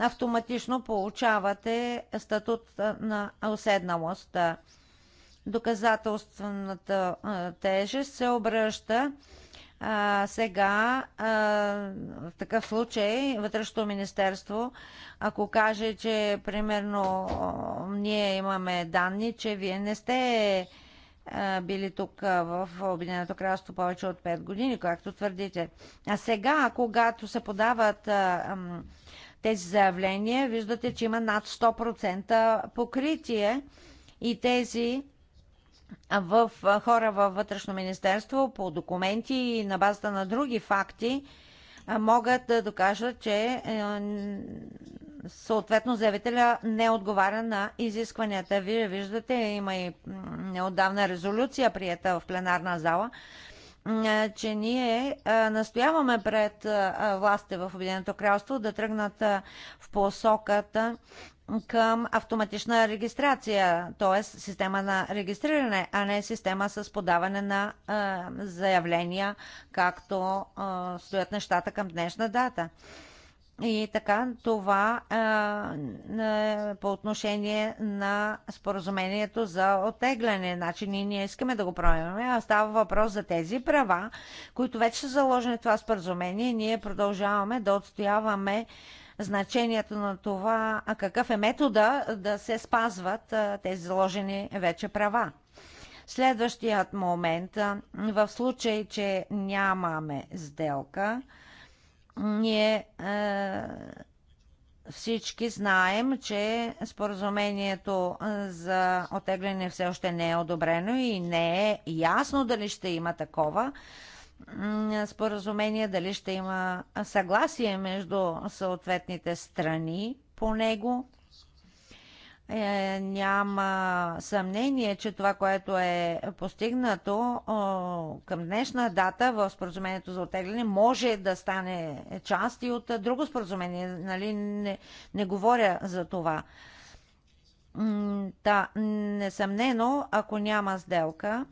автоматично получавате статут е, на уседналост. Доказателствената е, тежест се обръща а, сега, а, в такъв случай, Вътрешното министерство, ако каже, че примерно ние имаме данни, че вие не сте били тук в Обединеното кралство повече от 5 години, както твърдите. А сега, когато се подават а, тези заявления, виждате, че има над 100% покритие и тези в хора във вътрешно министерство по документи и на базата на други факти могат да докажат, че е, съответно заявителя не отговаря на изискванията. Вие виждате, има и неодавна резолюция, прията в пленарна зала, че ние настояваме пред властите в Обединеното кралство да тръгнат в посоката към автоматична регистрация, т.е. система на регистриране, а не система с подаване на е, заявления, както е, стоят нещата към днешна дата. И така, това е, по отношение на споразумението за оттегляне. Значи ние не искаме да го променяме, а става въпрос за тези права, които вече са заложени в това споразумение. Ние продължаваме да отстояваме значението на това какъв е метода да се спазват тези заложени вече права. Следващият момент, в случай, че нямаме сделка, ние е, всички знаем, че споразумението за отегляне все още не е одобрено и не е ясно дали ще има такова споразумение, дали ще има съгласие между съответните страни по него. Е, няма съмнение, че това, което е постигнато е, към днешна дата в споразумението за отегляне, може да стане част и от друго споразумение. Нали? Не, не говоря за това. Та, несъмнено, ако няма сделка,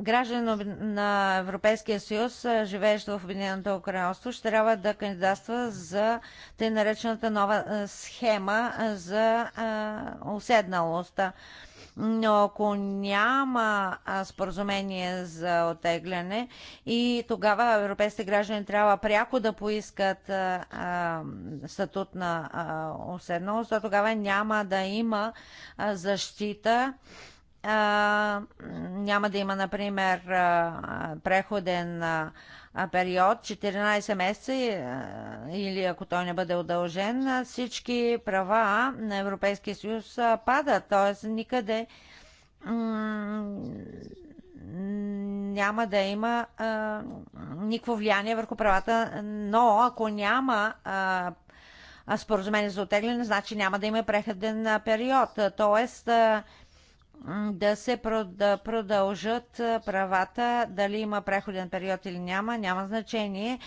гражданин на Европейския съюз, живеещ в Обединеното кралство, ще трябва да кандидатства за тъй наречената нова схема за уседналост. Но ако няма споразумение за отегляне и тогава европейските граждани трябва пряко да поискат статут на уседналост, то тогава няма да има защита няма да има, например, преходен период 14 месеца или ако той не бъде удължен, всички права на Европейския съюз падат. Т.е. никъде няма да има никакво влияние върху правата, но ако няма споразумение за отегляне, значи няма да има преходен период. Тоест, да се продължат правата, дали има преходен период или няма, няма значение.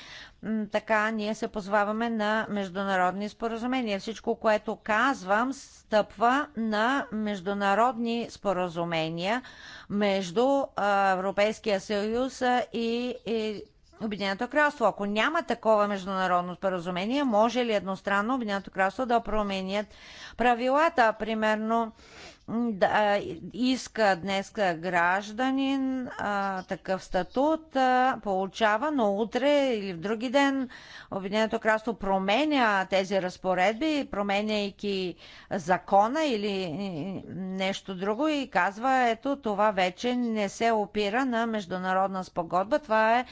Така ние се позваваме на международни споразумения. Всичко, което казвам, стъпва на международни споразумения между Европейския съюз и Обединеното кралство. Ако няма такова международно споразумение, може ли едностранно Обединеното кралство да променят правилата? Примерно, да, иска днес гражданин а, такъв статут, а, получава, но утре или в други ден Обединеното кралство променя тези разпоредби, променяйки закона или нещо друго и казва, ето това вече не се опира на международна спогодба, това е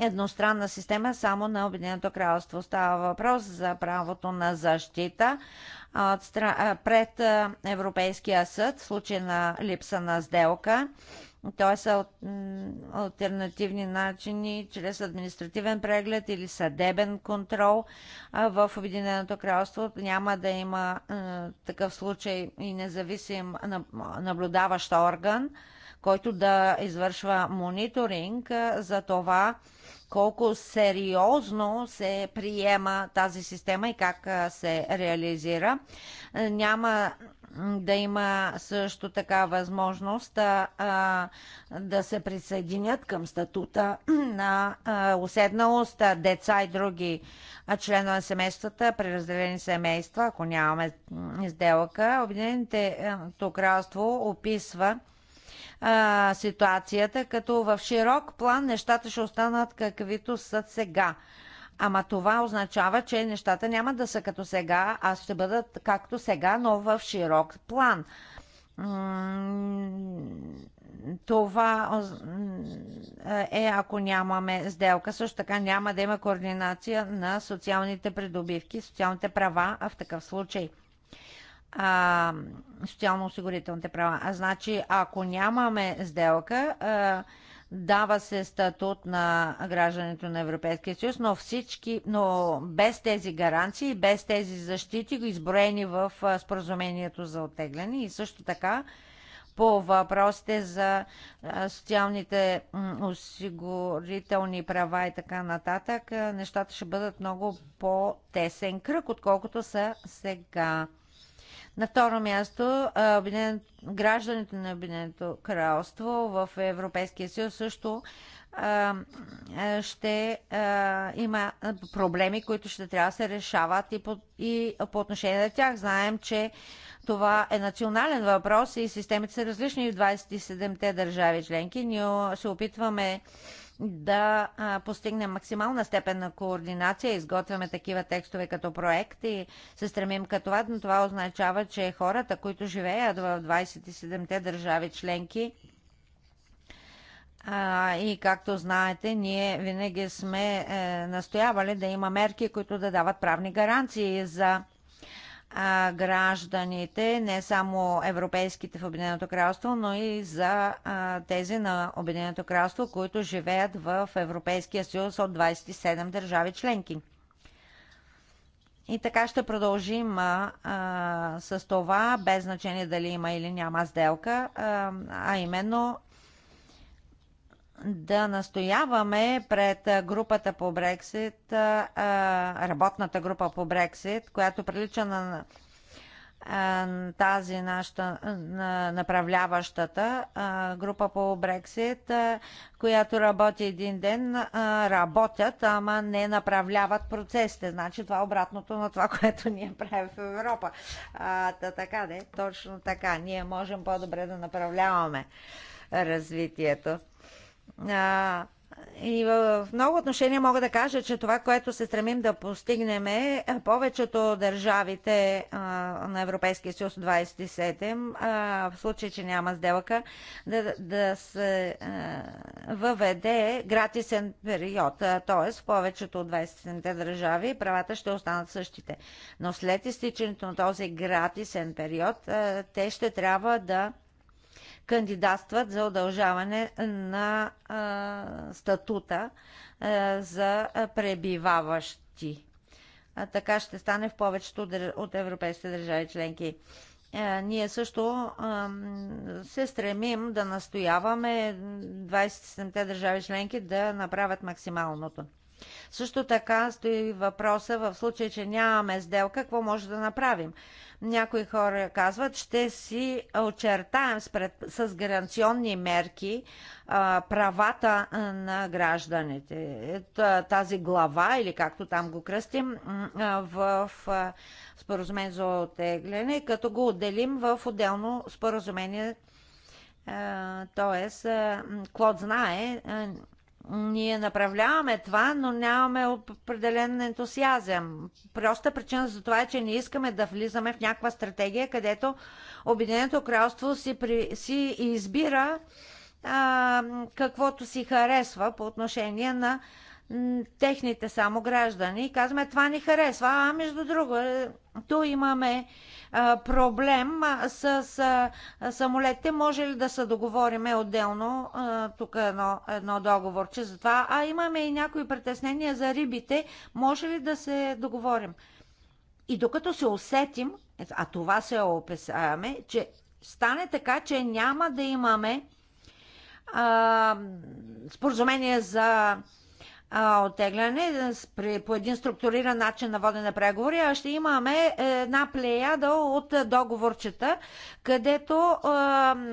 едностранна система само на Обединеното кралство. Става въпрос за правото на защита пред Европейския съд в случай на липса на сделка т.е. альтернативни начини, чрез административен преглед или съдебен контрол в Обединеното кралство. Няма да има такъв случай и независим наблюдаващ орган който да извършва мониторинг за това колко сериозно се приема тази система и как се реализира. Няма да има също така възможност а, а, да се присъединят към статута на а, уседналост деца и други членове на семействата, преразделени семейства, ако нямаме сделка. Обединените кралство описва а, ситуацията, като в широк план нещата ще останат каквито са сега. Ама това означава, че нещата няма да са като сега, а ще бъдат както сега, но в широк план. Това е ако нямаме сделка. Също така няма да има координация на социалните придобивки, социалните права в такъв случай социално-осигурителните права. А значи, ако нямаме сделка, а, дава се статут на гражданите на Европейския съюз, но всички, но без тези гаранции, без тези защити, изброени в споразумението за оттегляне и също така по въпросите за социалните осигурителни права и така нататък, нещата ще бъдат много по-тесен кръг, отколкото са сега. На второ място, гражданите на Обединеното кралство в Европейския съюз също ще има проблеми, които ще трябва да се решават и по, и по отношение на тях. Знаем, че това е национален въпрос и системите са различни в 27-те държави членки. Ние се опитваме да постигнем максимална степен на координация. Изготвяме такива текстове като проект и се стремим към това, но това означава, че хората, които живеят в 27-те държави членки, и както знаете, ние винаги сме е, настоявали да има мерки, които да дават правни гаранции за а, гражданите, не само европейските в Обединеното кралство, но и за а, тези на Обединеното кралство, които живеят в Европейския съюз от 27 държави членки. И така ще продължим а, а, с това, без значение дали има или няма сделка, а, а именно да настояваме пред групата по Брексит, работната група по Брексит, която прилича на тази нашата направляващата група по Брексит, която работи един ден, работят, ама не направляват процесите. Значи това е обратното на това, което ние правим в Европа. А, та така, не? Точно така. Ние можем по-добре да направляваме развитието. И в много отношения мога да кажа, че това, което се стремим да постигнем е, е повечето държавите а, на Европейския съюз 27, а, в случай, че няма сделка, да, да се а, въведе гратисен период. Т.е. в повечето от 27-те държави правата ще останат същите. Но след изтичането на този гратисен период, те ще трябва да кандидатстват за удължаване на а, статута а, за пребиваващи. А, така ще стане в повечето от европейските държави членки ние също се стремим да настояваме 27-те държави членки да направят максималното. Също така стои въпроса в случай, че нямаме сделка, какво може да направим? Някои хора казват, ще си очертаем с, с гаранционни мерки а, правата на гражданите. Тази глава, или както там го кръстим, в споразумение за отегляне, като го отделим в отделно споразумение. Тоест, Клод знае, ние направляваме това, но нямаме определен ентусиазъм. Проста причина за това е, че не искаме да влизаме в някаква стратегия, където Обединеното кралство си, при, си избира а, каквото си харесва по отношение на техните само граждани. И казваме, това ни харесва. А между другото, е, имаме проблем с самолетите. Може ли да се договориме отделно тук е едно, едно договорче за това? А имаме и някои притеснения за рибите. Може ли да се договорим? И докато се усетим, а това се описаваме, че стане така, че няма да имаме а, споразумение за отегляне при, по един структуриран начин на водене на преговори, а ще имаме е, една плеяда от договорчета, където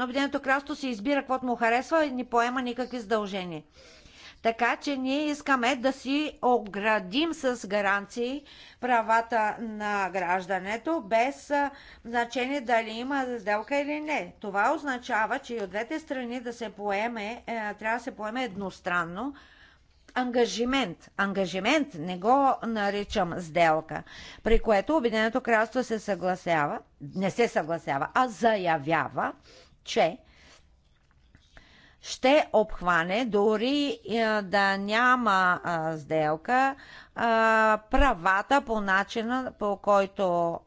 Обединеното кралство се избира каквото му харесва и не поема никакви задължения. Така че ние искаме да си оградим с гаранции правата на граждането, без значение дали има сделка или не. Това означава, че и от двете страни да се поеме, е, трябва да се поеме едностранно ангажимент. Ангажимент не го наричам сделка, при което Обединеното кралство се съгласява, не се съгласява, а заявява, че ще обхване, дори е, да няма сделка, правата по начина, по който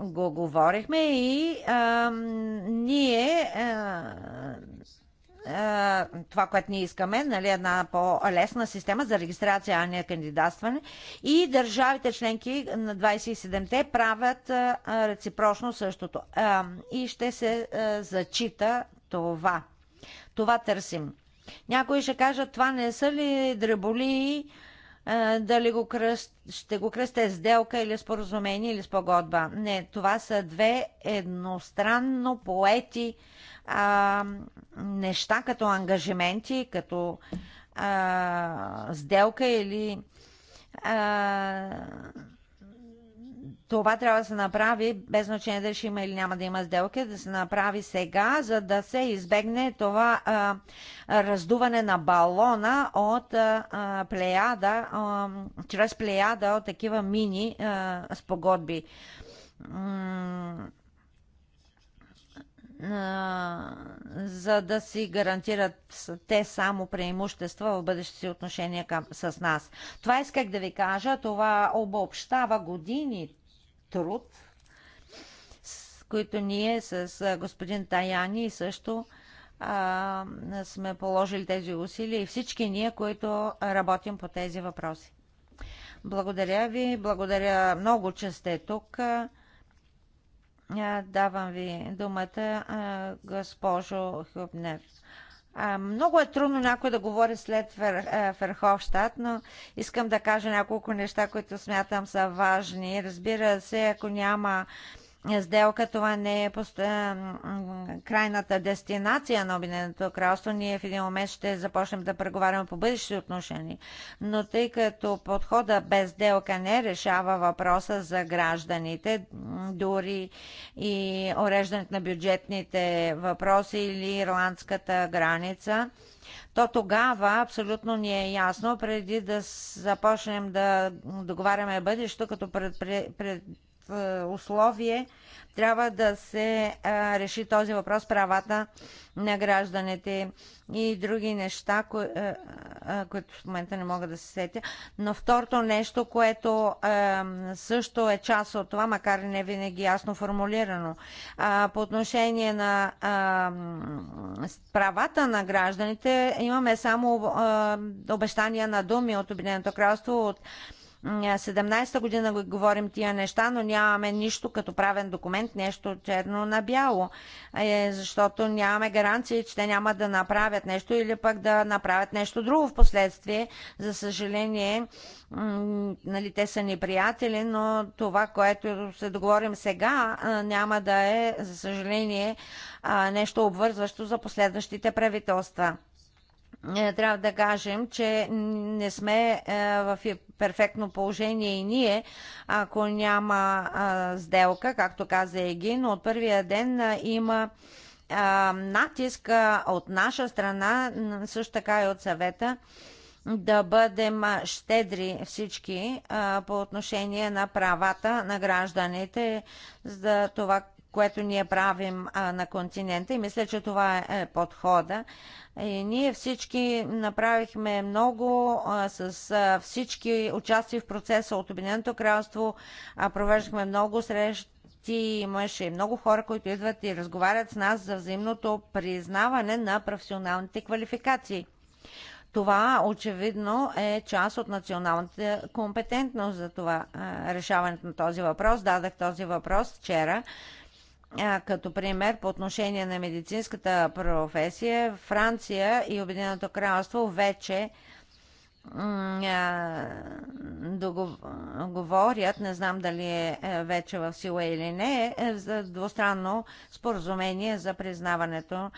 го говорихме и ние е, това, което ние искаме, нали, една по-лесна система за регистрация, а не кандидатстване. И държавите членки на 27-те правят е, реципрочно същото. Е, и ще се зачита това. Това търсим. Някои ще кажат, това не са ли дреболии, дали го кръст, ще го кръсте сделка или споразумение или спогодба. Не, това са две едностранно поети а, неща като ангажименти, като а, сделка или а, това трябва да се направи, без значение дали ще има или няма да има сделки, да се направи сега, за да се избегне това а, раздуване на балона от а, плеяда, а, чрез плеяда от такива мини а, спогодби за да си гарантират те само преимущества в бъдещите си отношения към, с нас. Това исках да ви кажа. Това обобщава години труд, с които ние с господин Таяни също а, сме положили тези усилия и всички ние, които работим по тези въпроси. Благодаря ви, благодаря много, че сте тук. Давам ви думата, госпожо Хюбнер. Много е трудно някой да говори след Фер, Ферховщад, но искам да кажа няколко неща, които смятам са важни. Разбира се, ако няма сделка. Това не е пост... крайната дестинация на Обединеното кралство. Ние в един момент ще започнем да преговаряме по бъдещи отношения. Но тъй като подхода без сделка не решава въпроса за гражданите, дори и уреждането на бюджетните въпроси или ирландската граница, то тогава абсолютно ни е ясно, преди да започнем да договаряме бъдещето, като пред, пред, е, условие трябва да се а, е, реши този въпрос правата на гражданите и други неща, а, е, които в момента не мога да се сетя. Но второто нещо, което а, също е част от това, макар и не винаги ясно формулирано, по отношение на правата на гражданите имаме само обещания на думи от Обединеното кралство, от 2017 година го говорим тия неща, но нямаме нищо като правен документ, нещо черно на бяло, е, защото нямаме гаранции, че те няма да направят нещо или пък да направят нещо друго в последствие. За съжаление, нали, те са ни приятели, но това, което се договорим сега, няма да е, за съжаление, нещо обвързващо за последващите правителства. Е, трябва да кажем, че не сме е, в перфектно положение и ние, ако няма сделка, както каза Егин, от първия ден има натиск от наша страна, също така и от съвета, да бъдем щедри всички по отношение на правата на гражданите. За това което ние правим а, на континента и мисля, че това е, е подхода. И ние всички направихме много а, с а, всички участие в процеса от Обединеното кралство, а, провеждахме много срещи имаше много хора, които идват и разговарят с нас за взаимното признаване на професионалните квалификации. Това очевидно е част от националната компетентност за това решаването на този въпрос. Дадах този въпрос вчера като пример по отношение на медицинската професия, Франция и Обединеното кралство вече договорят, не знам дали е, е вече в сила или не, е, за двустранно споразумение за признаването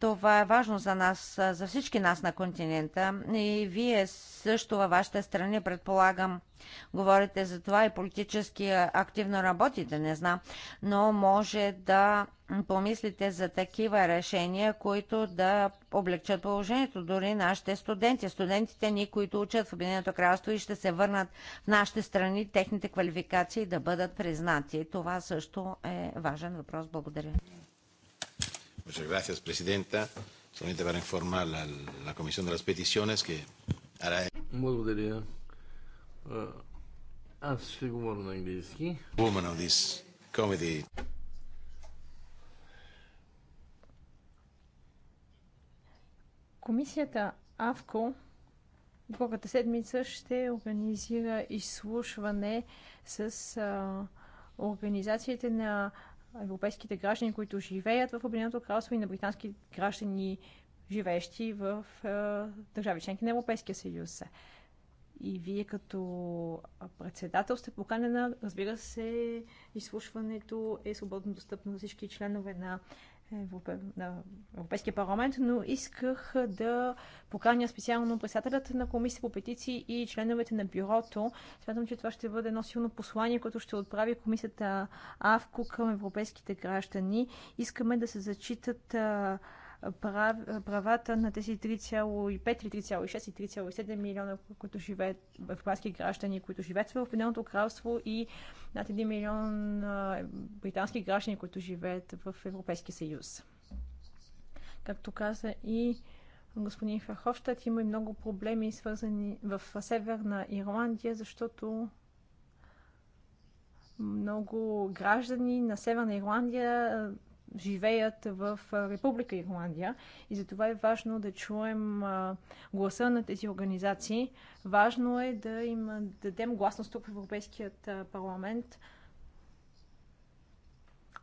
това е важно за нас, за всички нас на континента. И вие също във вашите страни, предполагам, говорите за това и политически активно работите, не знам, но може да помислите за такива решения, които да облегчат положението. Дори нашите студенти, студентите ни, които учат в Обединеното кралство и ще се върнат в нашите страни, техните квалификации да бъдат признати. Това също е важен въпрос. Благодаря. Muchas gracias, Presidenta. Solamente para informar la, la Comisión de las Peticiones que hará... Благодаря. Аз ще говоря на английски. Woman of this comedy. Комисията АВКО другата седмица ще организира изслушване с а, организациите на европейските граждани, които живеят в Обединеното кралство и на британски граждани, живеещи в е, държави членки на Европейския съюз. И вие като председател сте поканена. Разбира се, изслушването е свободно достъпно за всички членове на на Европейския парламент, но исках да поканя специално председателят на комисия по петиции и членовете на бюрото. Смятам, че това ще бъде едно силно послание, което ще отправи комисията АВКО към европейските граждани. Искаме да се зачитат прав, правата на тези 3,5 3,6 и 3,7 милиона, които живеят, европейски граждани, които живеят в Обединеното кралство и над 1 милион британски граждани, които живеят в Европейския съюз. Както каза и господин Ферховщад, има и много проблеми свързани в Северна Ирландия, защото много граждани на Северна Ирландия живеят в Република Ирландия и затова е важно да чуем гласа на тези организации. Важно е да им дадем гласност тук в Европейският парламент.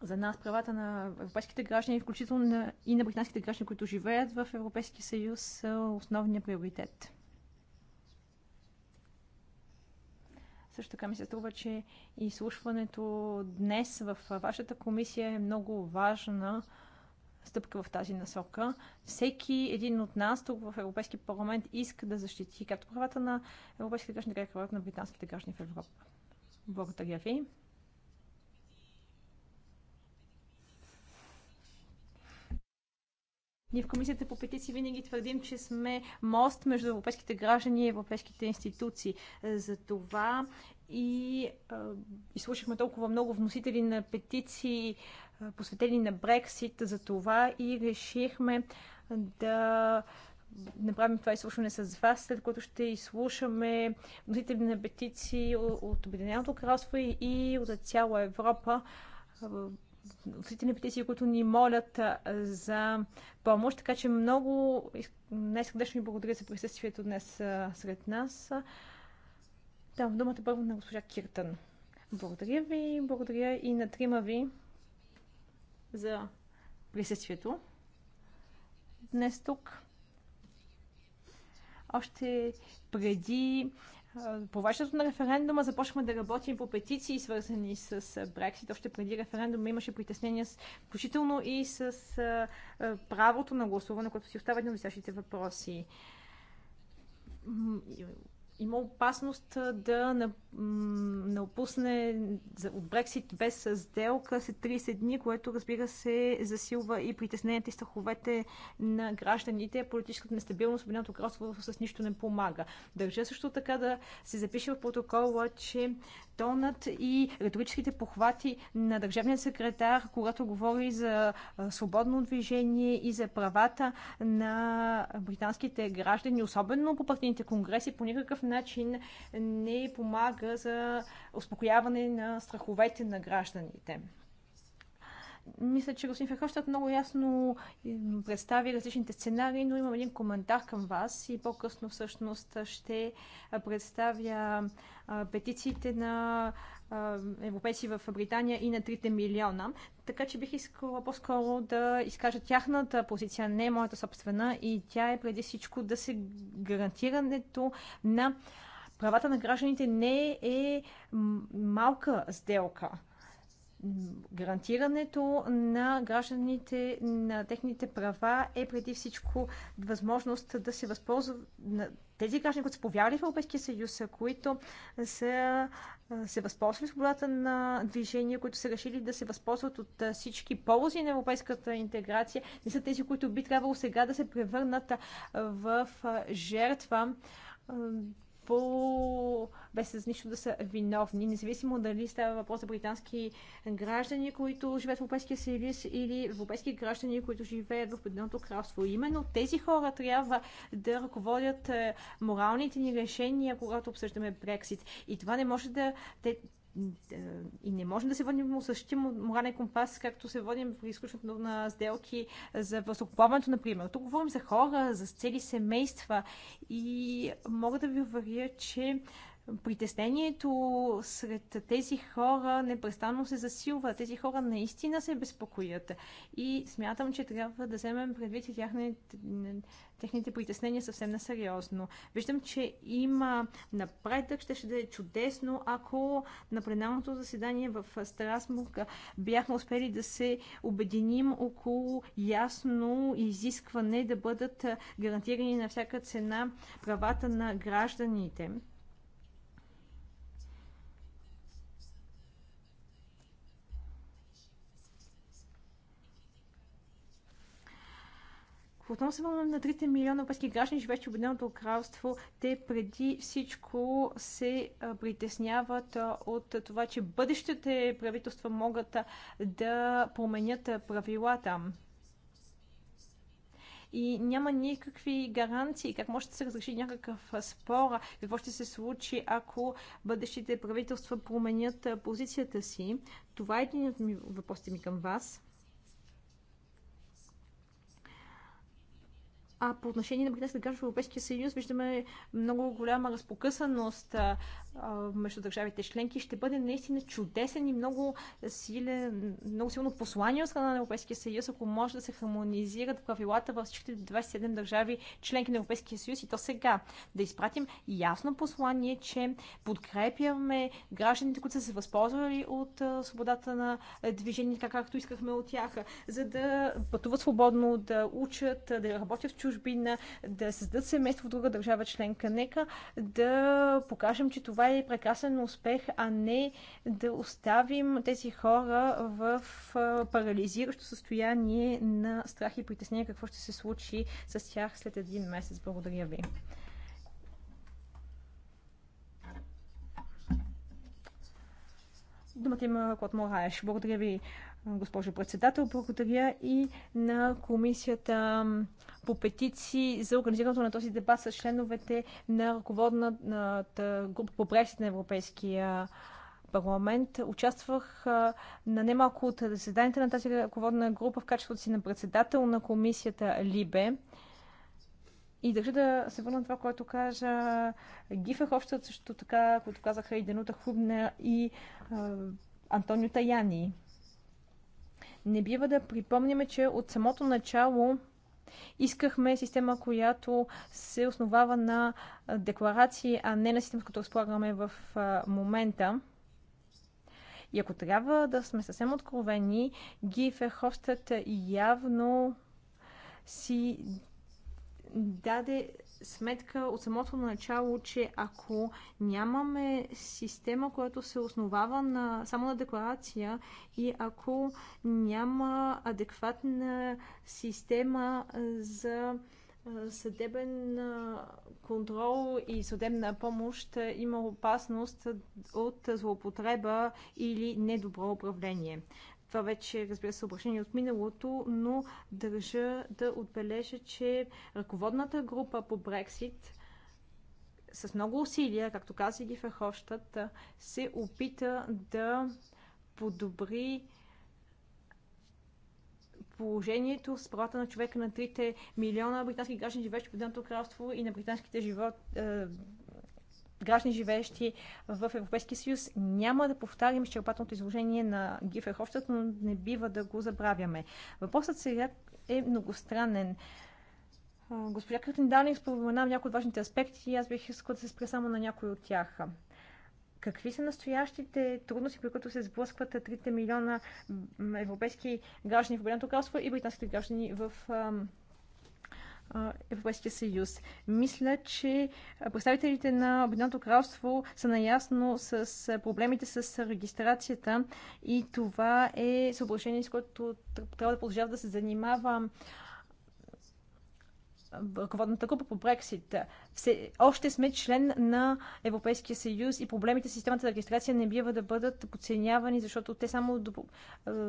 За нас правата на европейските граждани, включително и на британските граждани, които живеят в Европейския съюз, са основния приоритет. Също така ми се струва, че изслушването днес в вашата комисия е много важна стъпка в тази насока. Всеки един от нас тук в Европейски парламент иска да защити както правата на европейските граждани, така и правата на британските граждани в Европа. Благодаря ви. Ние в Комисията по петиции винаги твърдим, че сме мост между европейските граждани и европейските институции. За това и изслушахме толкова много вносители на петиции, посветени на Брексит, за това и решихме да направим това изслушване с вас, след което ще изслушаме вносители на петиции от Обединеното кралство и от цяла Европа относители петиции, които ни молят за помощ. Така че много най-сърдечно ви благодаря за присъствието днес сред нас. Там в думата първо на госпожа Киртън. Благодаря ви, благодаря и на трима ви за присъствието днес тук. Още преди по вашето на референдума започнахме да работим по петиции, свързани с Брексит. Още преди референдума имаше притеснения, включително и с правото на гласуване, което си остава един от висящите въпроси има опасност да напусне от Брексит без сделка след 30 дни, което разбира се засилва и притесненията и страховете на гражданите. Политическата нестабилност Обединеното кралство с нищо не помага. Държа също така да се запише в протокола, че тонът и риторическите похвати на държавния секретар, когато говори за свободно движение и за правата на британските граждани, особено по партийните конгреси, по никакъв начин не помага за успокояване на страховете на гражданите. Мисля, че господин Ферховщад много ясно е, представи различните сценарии, но имам един коментар към вас и по-късно всъщност ще представя петициите на европейци в Британия и на 3 милиона. Така че бих искала по-скоро да изкажа тяхната позиция, не моята собствена. И тя е преди всичко да се гарантирането на правата на гражданите не е малка сделка гарантирането на гражданите на техните права е преди всичко възможност да се възползват тези граждани, които са повярвали в Европейския съюз, които са се възползвали с свободата на движение, които са решили да се възползват от всички ползи на европейската интеграция, не са тези, които би трябвало сега да се превърнат в жертва напълно без с нищо да са виновни, независимо дали става въпрос за британски граждани, които живеят в Европейския съюз или европейски граждани, които живеят в Обединеното кралство. именно тези хора трябва да ръководят е, моралните ни решения, когато обсъждаме Брексит. И това не може да... Е, и не можем да се водим в същия морален компас, както се водим при изключването на сделки за възокупаването, например. Тук говорим за хора, за цели семейства и мога да ви уверя, че Притеснението сред тези хора непрестанно се засилва. Тези хора наистина се безпокоят. И смятам, че трябва да вземем предвид и тяхните, техните притеснения съвсем насериозно. Виждам, че има напредък. Ще, ще да е чудесно, ако на пленарното заседание в Страсбург бяхме успели да се обединим около ясно изискване да бъдат гарантирани на всяка цена правата на гражданите Относно на 3 милиона европейски граждани, живещи в Обединеното кралство. Те преди всичко се притесняват от това, че бъдещите правителства могат да променят правилата и няма никакви гаранции как може да се разреши някакъв спор, какво ще се случи, ако бъдещите правителства променят позицията си. Това е един от въпросите ми към вас. А по отношение на Британската граждани в Европейския съюз виждаме много голяма разпокъсаност между държавите членки ще бъде наистина чудесен и много, силен, много силно послание от страна на Европейския съюз, ако може да се хармонизират правилата във всичките 27 държави членки на Европейския съюз и то сега. Да изпратим ясно послание, че подкрепяме гражданите, които са се възползвали от свободата на движение, така както искахме от тях, за да пътуват свободно, да учат, да работят в чужбина, да създадат семейство в друга държава членка. Нека да покажем, че това това е прекрасен успех, а не да оставим тези хора в парализиращо състояние на страх и притеснение какво ще се случи с тях след един месец. Благодаря ви. Думата има Кот Мораеш. Благодаря ви, госпожо председател. Благодаря и на комисията по петиции за организирането на този дебат с членовете на ръководната група по Брексит на Европейския парламент. Участвах на немалко от заседанията на тази ръководна група в качеството си на председател на комисията Либе. И държа да се върна това, което кажа Гифех още също така, което казаха и Денута Хубна и Антонио Таяни. Не бива да припомняме, че от самото начало искахме система, която се основава на декларации, а не на система, с която разполагаме в момента. И ако трябва да сме съвсем откровени, Ги Ферховстът явно си даде сметка от самото начало, че ако нямаме система, която се основава на, само на декларация и ако няма адекватна система за съдебен контрол и съдебна помощ има опасност от злоупотреба или недобро управление. Това вече, разбира се, е обращение от миналото, но държа да отбележа, че ръководната група по Брексит с много усилия, както каза ги Ферховщат, се опита да подобри положението с правата на човека на трите милиона британски граждани, живеещи в Обединеното кралство и на британските живот, е, граждани, живеещи в Европейския съюз. Няма да повтарям изчерпателното изложение на Гифер Хофстът, но не бива да го забравяме. Въпросът сега е многостранен. Госпожа Кратин Далин споменава някои от важните аспекти и аз бих искал да се спре само на някои от тях. Какви са настоящите трудности, при които се сблъскват 3 милиона европейски граждани в Обединеното кралство и британските граждани в Европейския съюз. Мисля, че представителите на Обединеното кралство са наясно с проблемите с регистрацията и това е съображение, с което трябва да продължава да се занимава ръководната група по Брексит все още сме член на Европейския съюз и проблемите с системата за регистрация не бива да бъдат подценявани, защото те само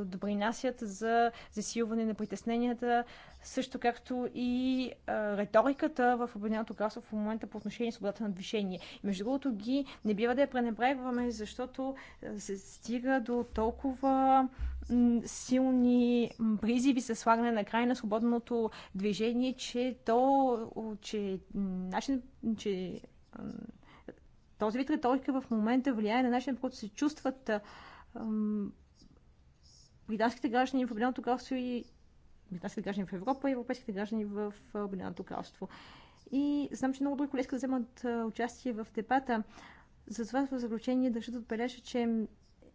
допринасят за засилване на притесненията, също както и риториката в Обединеното кралство в момента по отношение на свободата на движение. И между другото ги не бива да я пренебрегваме, защото се стига до толкова силни призиви за слагане на край на свободното движение, че то, че начин начин, че този вид риторика в момента влияе на начинът, по който се чувстват британските граждани в Обединеното кралство и британските граждани в Европа и европейските граждани в Обединеното кралство. И знам, че много други колеги да вземат участие в дебата. Затова в заключение държа да отбележа, че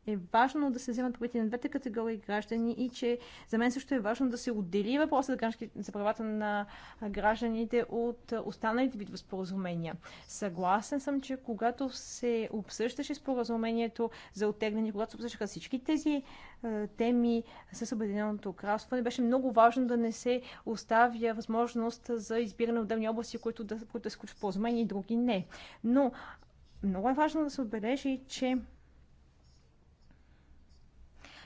е важно да се вземат правите на двете категории граждани и че за мен също е важно да се отдели въпроса за правата на гражданите от останалите видове споразумения. Съгласен съм, че когато се обсъждаше споразумението за оттегляне, когато се обсъждаха всички тези е, теми с Обединеното кралство, не беше много важно да не се оставя възможност за избиране от дъвни области, които да, които да включат споразумение и други не. Но много е важно да се отбележи, че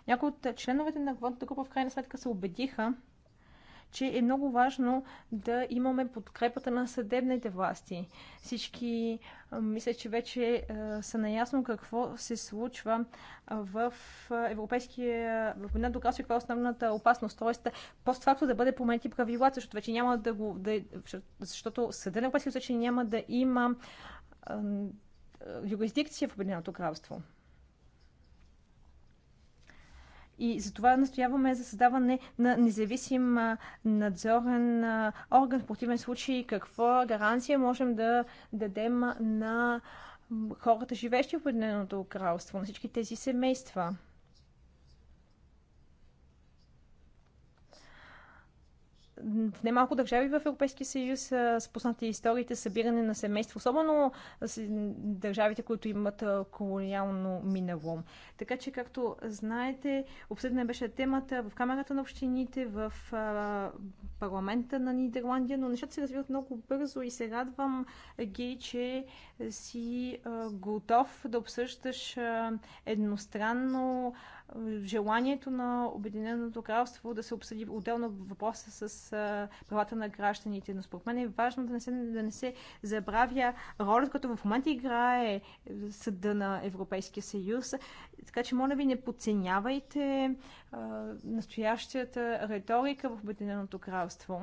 някои от членовете на работната група в крайна сметка се убедиха, че е много важно да имаме подкрепата на съдебните власти. Всички, мисля, че вече са наясно какво се случва в Европейския в една доказва каква е основната опасност. Тоест, постфакто да бъде поменяти правилата, защото вече няма да го. Да, защото съда на Европейския съюз няма да има юрисдикция в Обединеното кралство. И затова настояваме за създаване на независим надзорен орган. В противен случай, какво гаранция можем да дадем на хората, живещи в Обединеното кралство, на всички тези семейства? в немалко държави в Европейския съюз са спуснати историите събиране на семейство, особено държавите, които имат колониално минало. Така че, както знаете, обсъдена беше темата в Камерата на общините, в парламента на Нидерландия, но нещата се развиват много бързо и се радвам, Гей, че си готов да обсъждаш едностранно желанието на Обединеното кралство да се обсъди отделно въпроса с правата на гражданите. Но според мен е важно да не се, да не се забравя ролята, като в момента играе съда на Европейския съюз. Така че, моля ви, не подценявайте настоящата риторика в Обединеното кралство.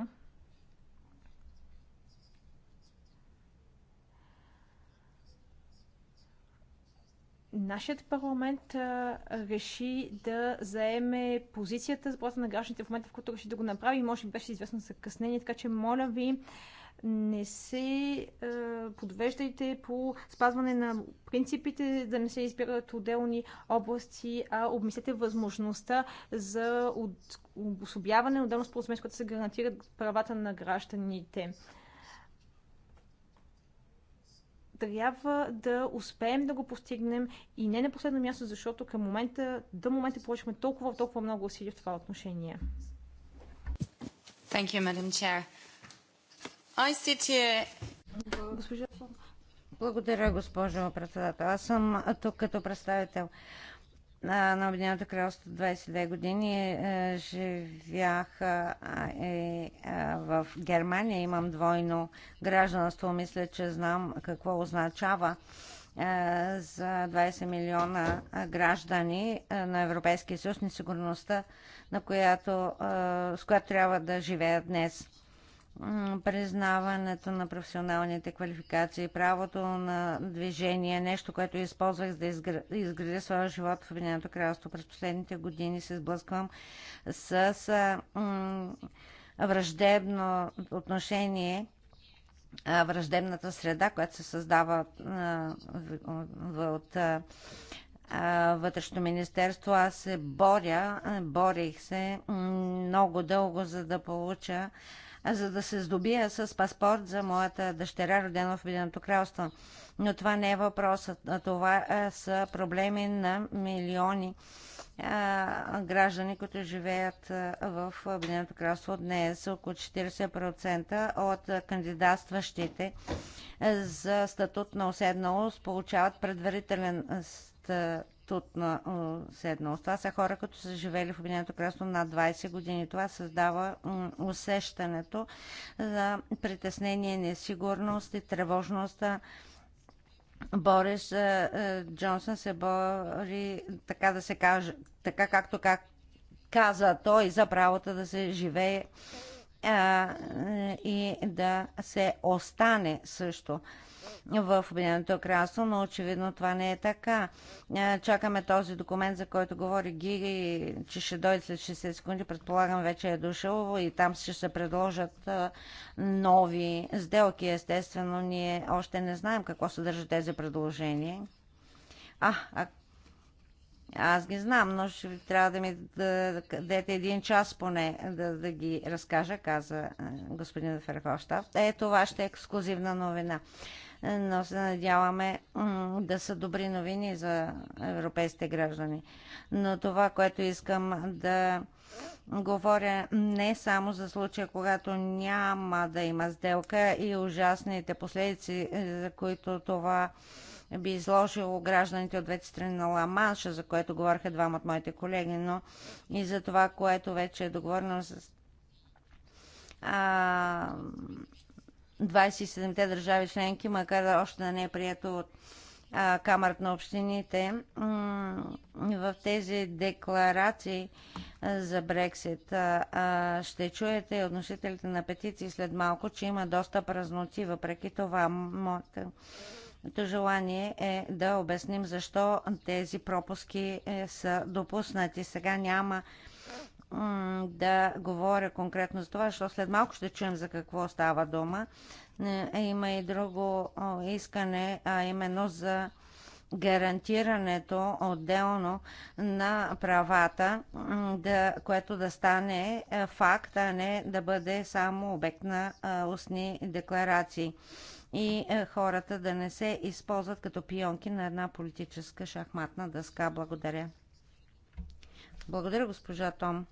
Нашият парламент а, реши да заеме позицията за плата на гражданите в момента, в който реши да го направи. Може би беше известно закъснение, така че моля ви, не се а, подвеждайте по спазване на принципите, да не се избират отделни области, а обмислете възможността за обособяване, отделно споразумение, което се гарантират правата на гражданите трябва да успеем да го постигнем и не на последно място, защото към момента, до момента получихме толкова, толкова много усилия в това отношение. Thank you, Madam Chair. I sit here... Благодаря, госпожо председател. Аз съм тук като представител на Обединеното кралство 22 години живях живях е, е в Германия. Имам двойно гражданство. Мисля, че знам какво означава а, е, за 20 милиона граждани е, на Европейския съюз несигурността, на която, с която трябва да живеят днес признаването на професионалните квалификации, правото на движение, е нещо, което използвах за да изградя своя живот в Обединеното кралство. През последните години се сблъсквам с враждебно отношение враждебната среда, която се създава от вътрешно министерство. Аз се боря, борих се много дълго, за да получа за да се здобия с паспорт за моята дъщеря, родена в Обединеното кралство. Но това не е въпросът. Това са проблеми на милиони граждани, които живеят в Обединеното кралство днес. Около 40% от кандидатстващите за статут на уседналост получават предварителен статут е, на е, седно. Това са хора, които са живели в Обединеното кралство над 20 години. Това създава усещането за притеснение, несигурност и тревожност Борис е, Джонсън се бори, така да се каже, така както как каза той, за правото да се живее а, и да се остане също в Обединеното кралство, но очевидно това не е така. Чакаме този документ, за който говори Гири, че ще дойде след 60 секунди, предполагам вече е дошъл и там ще се предложат нови сделки. Естествено, ние още не знаем какво съдържа тези предложения. А, а аз ги знам, но ще ви трябва да ми дадете да, един час поне да, да ги разкажа, каза господин Ферховщав. Е, това ще е ексклюзивна новина но се надяваме да са добри новини за европейските граждани. Но това, което искам да говоря не само за случая, когато няма да има сделка и ужасните последици, е, за които това би изложило гражданите от двете страни на Ла-Манша, за което говориха двама от моите колеги, но и за това, което вече е договорено с а, 27-те държави членки, макар да още да не е прието от а, Камерата на общините, в тези декларации за Брексит ще чуете и относителите на петиции след малко, че има доста празноти, въпреки това моето желание е да обясним защо тези пропуски е, са допуснати. Сега няма да говоря конкретно за това, защото след малко ще чуем за какво става дума. Има и друго искане, а именно за гарантирането отделно на правата, да, което да стане е, факт, а не да бъде само обект на устни декларации и е, хората да не се използват като пионки на една политическа шахматна дъска. Благодаря. Благодаря, госпожа Том.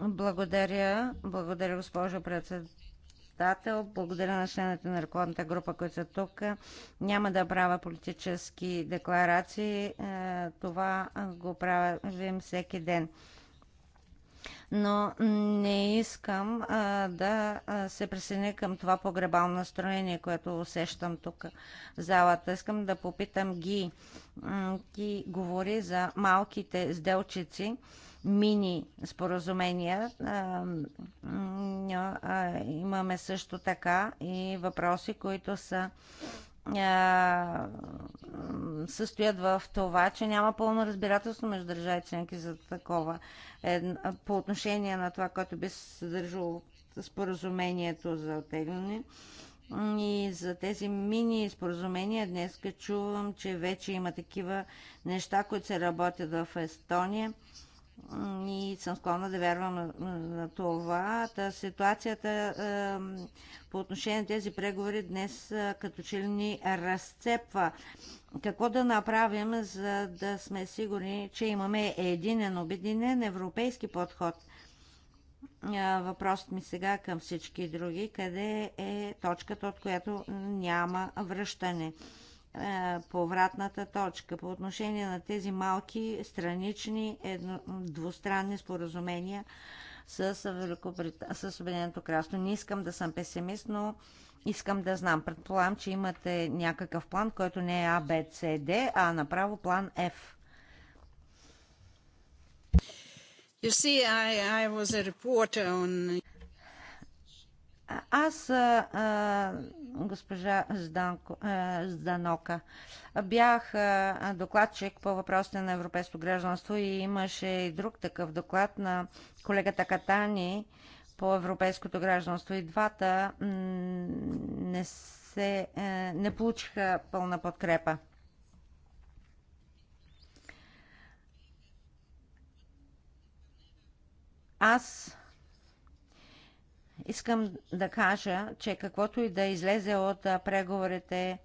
Благодаря. Благодаря, госпожо председател. Благодаря на членовете на ръководната група, които са тук. Няма да правя политически декларации. Е, това го правим всеки ден но не искам а, е, да се присъединя към това погребално настроение, което усещам тук в залата. Искам да попитам ги. Ти говори за малките сделчици мини споразумения. Имаме също така и въпроси, които са състоят в това, че няма пълно разбирателство между държави членки за такова по отношение на това, което би се съдържало споразумението за отегляне. И за тези мини споразумения днес чувам, че вече има такива неща, които се работят в Естония и ами, съм склонна да вярвам на, на това. Та ситуацията по отношение на тези преговори днес като че ли ни разцепва. Какво да направим, за да сме сигурни, че имаме единен, обединен европейски подход? Въпросът ми сега към всички други, къде е точката, от която няма връщане. Е, повратната точка по отношение на тези малки странични едно, двустранни споразумения с, Великобрит... с Обединеното кралство. Не искам да съм песимист, но искам да знам. Предполагам, че имате някакъв план, който не е А, Б, С, Д, а направо план F. You see, I, I was a reporter on аз, а, а, госпожа Зданко, а, Зданока, бях а, докладчик по въпросите на европейско гражданство и имаше и друг такъв доклад на колегата Катани по европейското гражданство. И двата не, се, а, е, не получиха пълна подкрепа. Аз Искам да кажа, че каквото и да излезе от преговорите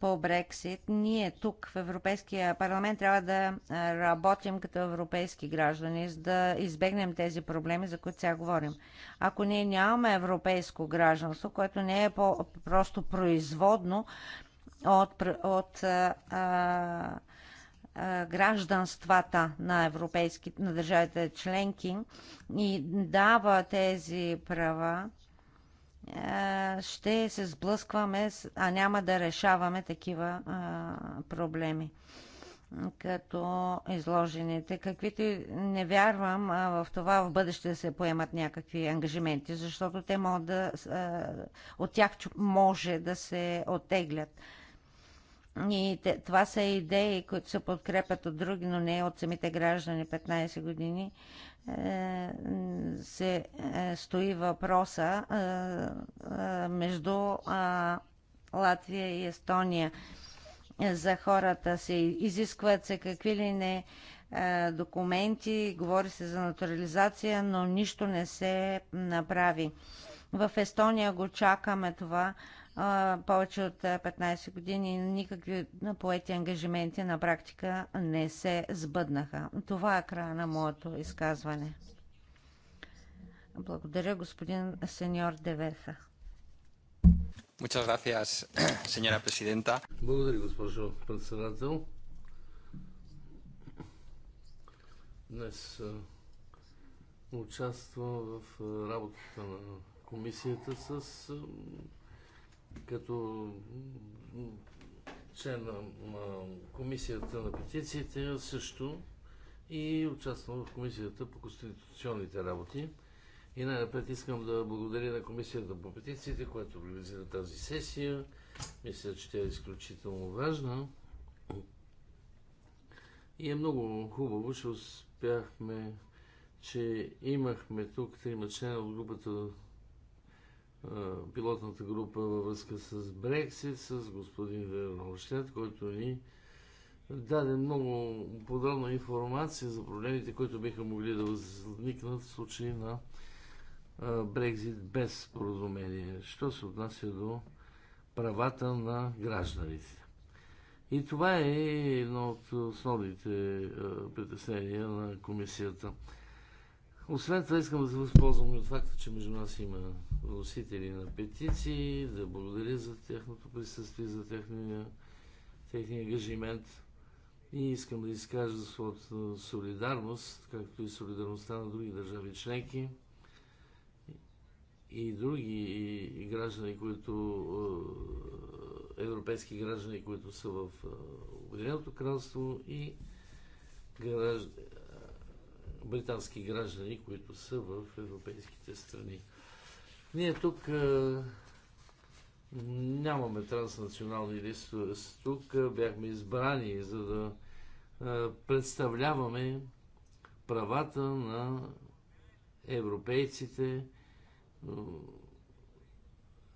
по Брексит, ние тук в Европейския парламент трябва да работим като европейски граждани, за да избегнем тези проблеми, за които сега говорим. Ако ние нямаме европейско гражданство, което не е по- просто производно от, от а, гражданствата на, европейски, на държавите членки и дава тези права, ще се сблъскваме, а няма да решаваме такива проблеми като изложените. Каквито не вярвам в това в бъдеще да се поемат някакви ангажименти, защото те могат да, от тях може да се оттеглят. И това са идеи, които се подкрепят от други, но не от самите граждани 15 години. Е, се е, стои въпроса е, между Латвия и Естония за хората се изискват се какви ли не документи, говори се за натурализация, но нищо не се направи. В Естония го чакаме това повече от 15 години никакви поети ангажименти на практика не се сбъднаха. Това е края на моето изказване. Благодаря, господин сеньор Деверха. Muchas gracias, señora presidenta. Благодаря, госпожо председател. Днес участвам в работата на комисията с като член на, на комисията на петициите също и участвам в комисията по конституционните работи. И най-напред искам да благодаря на комисията по петициите, която организира тази сесия. Мисля, че тя е изключително важна. И е много хубаво, че успяхме, че имахме тук трима члена от групата пилотната група във връзка с Брексит, с господин Вернолщет, който ни даде много подробна информация за проблемите, които биха могли да възникнат в случай на Брекзит без споразумение, що се отнася до правата на гражданите. И това е едно от основните притеснения на комисията. Освен това искам да се възползвам от факта, че между нас има вносители на петиции, да благодаря за тяхното присъствие, за техния, техния ангажимент. И искам да изкажа своята солидарност, както и солидарността на други държави членки и други граждани, които е, европейски граждани, които са в е, Обединеното кралство и е, британски граждани, които са в европейските страни. Ние тук е, нямаме транснационални листове. Тук е, бяхме избрани, за да е, представляваме правата на европейците.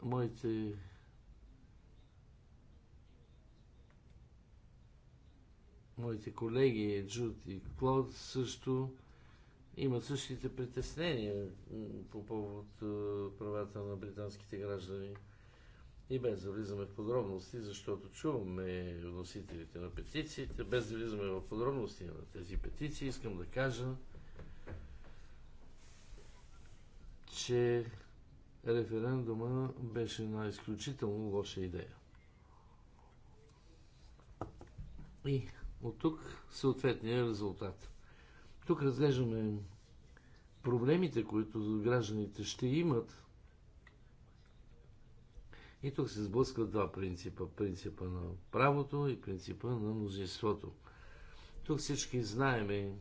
Моите моите колеги Джуд и Клод също имат същите притеснения по повод правата на британските граждани. И без да влизаме в подробности, защото чуваме носителите на петициите, без да влизаме в подробности на тези петиции, искам да кажа, че референдума беше една изключително лоша идея. И от тук съответния резултат. Тук разглеждаме проблемите, които гражданите ще имат. И тук се сблъскват два принципа. Принципа на правото и принципа на мнозинството. Тук всички знаеме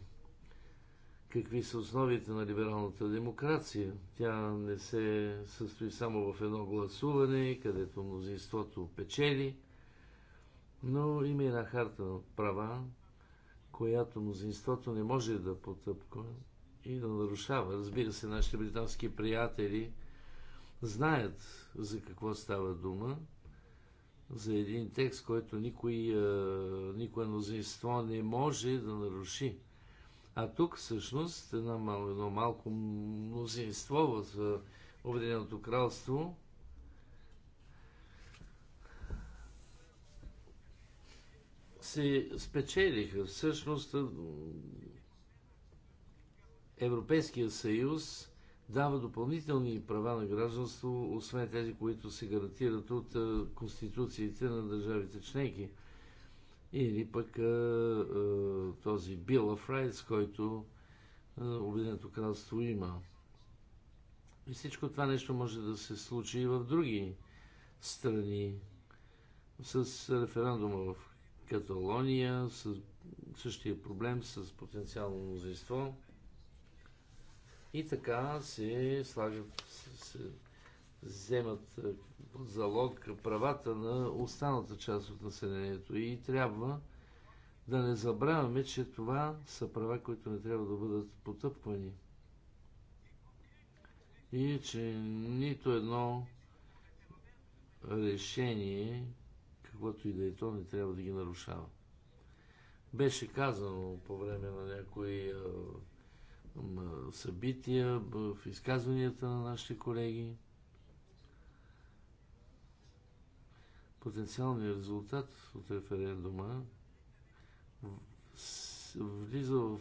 какви са основите на либералната демокрация. Тя не се състои само в едно гласуване, където мнозинството печели, но има една харта на права, която мнозинството не може да потъпка и да нарушава. Разбира се, нашите британски приятели знаят за какво става дума, за един текст, който никой, никое мнозинство не може да наруши. А тук всъщност едно, едно малко мнозинство в Обединеното кралство се спечелиха. Всъщност Европейския съюз дава допълнителни права на гражданство, освен тези, които се гарантират от конституциите на държавите членки. Или пък този Bill of Rights, който Обединеното кралство има. И всичко това нещо може да се случи и в други страни с референдума в Каталония, с същия проблем с потенциално мнозинство. И така се слагат, се вземат е, под залог правата на останалата част от населението. И трябва да не забравяме, че това са права, които не трябва да бъдат потъпквани. И че нито едно решение каквото и да е то, не трябва да ги нарушава. Беше казано по време на някои събития, в изказванията на нашите колеги. Потенциалният резултат от референдума влиза в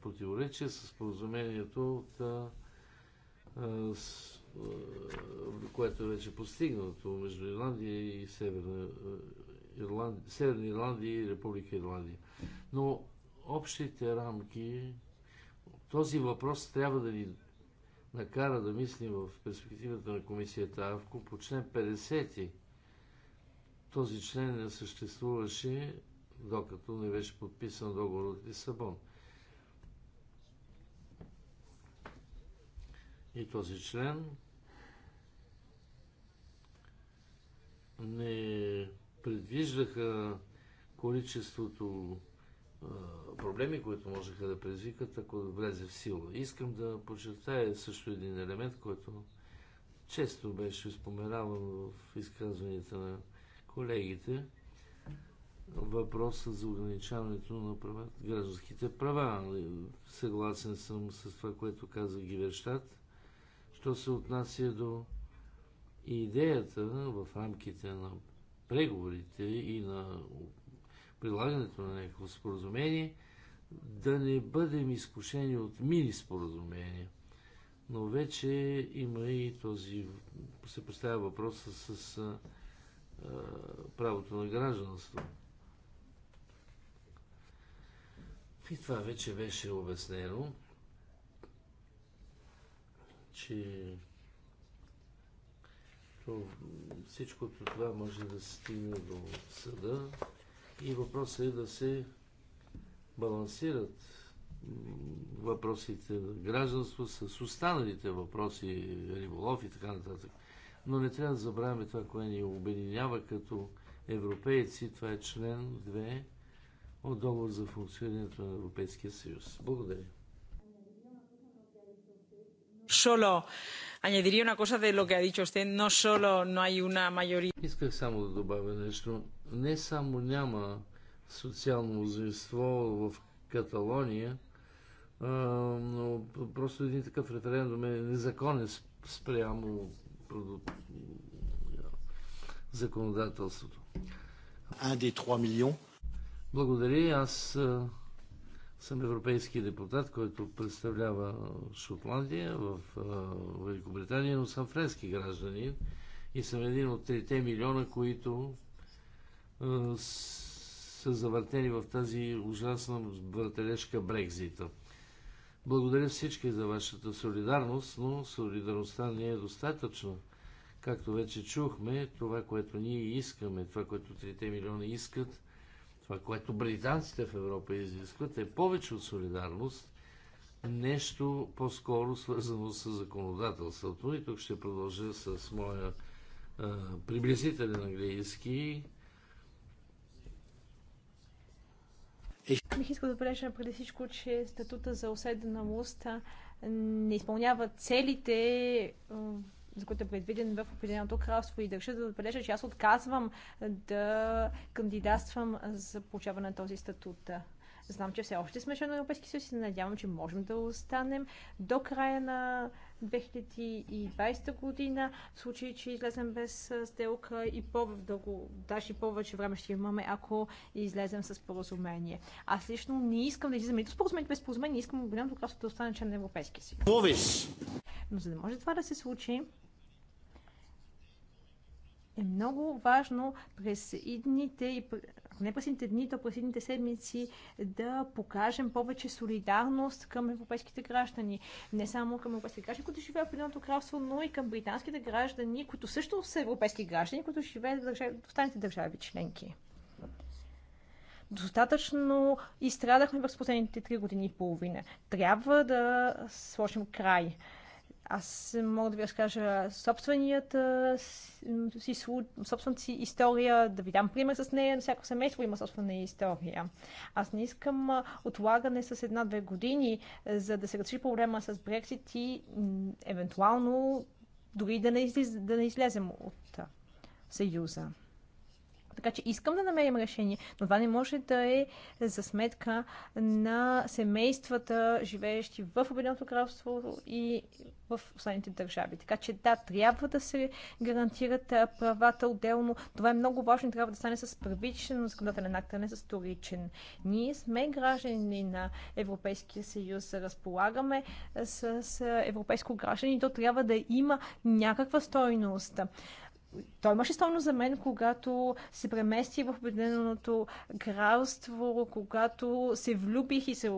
противоречие с поразумението от е, което е вече постигнато между Ирландия и Северна е, Ирландия, Северна Ирландия и Република Ирландия. Но общите рамки, този въпрос трябва да ни накара да мислим в перспективата на комисията АВКО по член 50. Този член не съществуваше, докато не беше подписан договор от Лисабон. И този член не предвиждаха количеството проблеми, които можеха да предизвикат, ако влезе в сила. Искам да подчертая също един елемент, който често беше споменаван в изказванията на колегите. Въпросът за ограничаването на права, гражданските права. Съгласен съм с това, което каза Гиверштадт. Що се отнася до и идеята в рамките на преговорите и на прилагането на някакво споразумение да не бъдем изкушени от мини споразумения. Но вече има и този, се поставя въпроса с а, а, правото на гражданство. И това вече беше обяснено, че Всичкото това може да стигне до съда и въпросът е да се балансират въпросите гражданство с останалите въпроси, риболов и така нататък. Но не трябва да забравяме това, което ни обединява като европейци. Това е член 2 от договор за функционирането на Европейския съюз. Благодаря solo añadiría una cosa de lo que ha dicho usted, no solo no hay una mayoría. Исках само да добавя нещо. Не само няма социално мнозинство в Каталония, но просто един такъв референдум е незаконен спрямо законодателството. Благодаря. Аз съм европейски депутат, който представлява Шотландия в Великобритания, но съм френски гражданин и съм един от трите милиона, които са завъртени в тази ужасна братележка Брекзита. Благодаря всички за вашата солидарност, но солидарността не е достатъчна. Както вече чухме, това, което ние искаме, това, което трите милиона искат – това, което британците в Европа изискват е повече от солидарност, нещо по-скоро свързано с законодателството. И тук ще продължа с моя а, приблизителен английски. Бих искал да отбележа преди всичко, че статута за уседналост не изпълнява целите за който е предвиден в Обединеното кралство. И държа да отбележа, че аз отказвам да кандидатствам за получаване на този статут. Знам, че все още сме член на европейски съюз и се надявам, че можем да останем до края на 2020 година, в случай, че излезем без сделка и по-дълго, даже и повече време ще имаме, ако излезем с споразумение. Аз лично не искам да излизам нито споразумение, без споразумение, искам голямото кралство да остане член на Европейския съюз. Но за да може това да се случи, е много важно през идните и не през идните дни, то през идните седмици да покажем повече солидарност към европейските граждани. Не само към европейските граждани, които живеят в Единното кралство, но и към британските граждани, които също са европейски граждани, които живеят в, държави, в останалите държави членки. Достатъчно изстрадахме през последните три години и половина. Трябва да сложим край аз мога да ви разкажа собственият си, собствената си история, да ви дам пример с нея, но всяко семейство има собствена история. Аз не искам отлагане с една-две години, за да се разреши проблема с Брексит и евентуално дори да не, излез, да не излезем от Съюза. Така че искам да намерим решение, но това не може да е за сметка на семействата, живеещи в Обединеното кралство и в останалите държави. Така че да, трябва да се гарантират правата отделно. Това е много важно и трябва да стане с първичен законодателен акт, а не с вторичен. Ние сме граждани на Европейския съюз, разполагаме с европейско граждани, то трябва да има някаква стойност той имаше стойност за мен, когато се премести в Обединеното кралство, когато се влюбих и се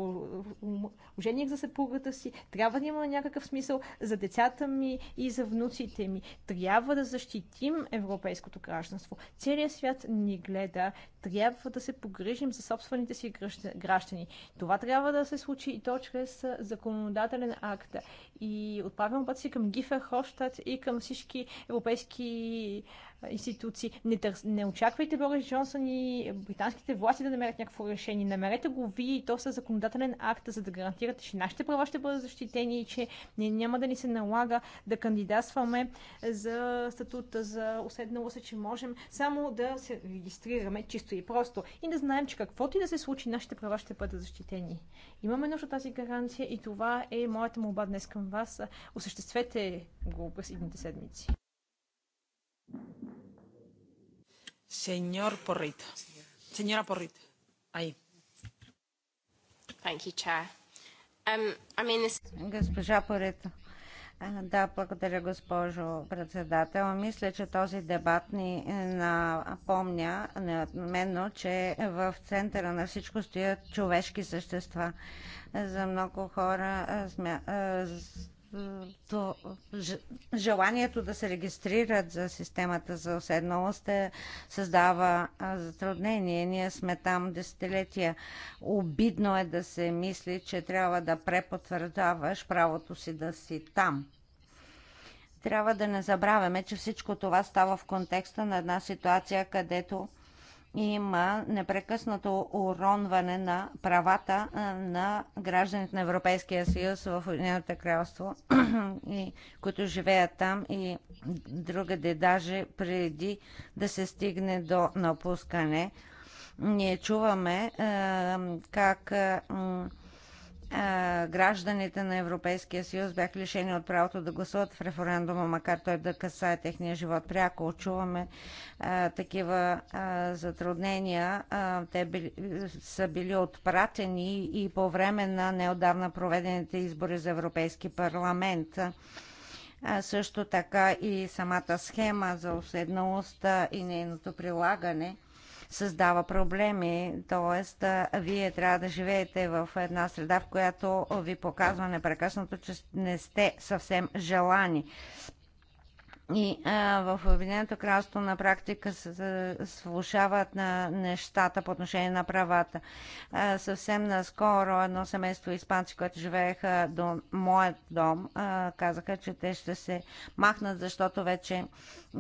ожених за съпругата си. Трябва да има някакъв смисъл за децата ми и за внуците ми. Трябва да защитим европейското гражданство. Целият свят ни гледа. Трябва да се погрижим за собствените си граждани. Това трябва да се случи и то чрез законодателен акт. И отправям си към Гифер Хоштадт и към всички европейски институции. Не, търс, не очаквайте Борис Джонсън и британските власти да намерят някакво решение. Намерете го вие и то са законодателен акт, за да гарантирате, че нашите права ще бъдат защитени и че не, няма да ни се налага да кандидатстваме за статута за уседнало се, че можем само да се регистрираме чисто и просто и да знаем, че каквото и да се случи, нашите права ще бъдат защитени. Имаме нужда тази гаранция и това е моята молба днес към вас. Осъществете го през идните седмици. Señor Porrit. Señora Porrit. Ahí. Thank you, Chair. Um, I mean this... Госпожа Порито. Да, благодаря, госпожо председател. Мисля, че този дебат ни е, напомня неотменно, че в центъра на всичко стоят човешки същества. За много хора то, желанието да се регистрират за системата за уседналост е, създава затруднение. Ние сме там десетилетия. Обидно е да се мисли, че трябва да препотвърждаваш правото си да си там. Трябва да не забравяме, че всичко това става в контекста на една ситуация, където има непрекъснато уронване на правата на гражданите на Европейския съюз в Единото кралство, и, които живеят там и другаде, даже преди да се стигне до напускане. Ние чуваме как гражданите на Европейския съюз бяха лишени от правото да гласуват в референдума, макар той да касае техния живот пряко. Чуваме такива затруднения. те са били отпратени и по време на неодавна проведените избори за Европейски парламент. също така и самата схема за уседналост и нейното прилагане създава проблеми. Тоест, вие трябва да живеете в една среда, в която ви показва непрекъснато, че не сте съвсем желани. И а, в Обединеното кралство на практика се слушават на нещата по отношение на правата. А, съвсем наскоро едно семейство испанци, което живееха до моят дом, а, казаха, че те ще се махнат, защото вече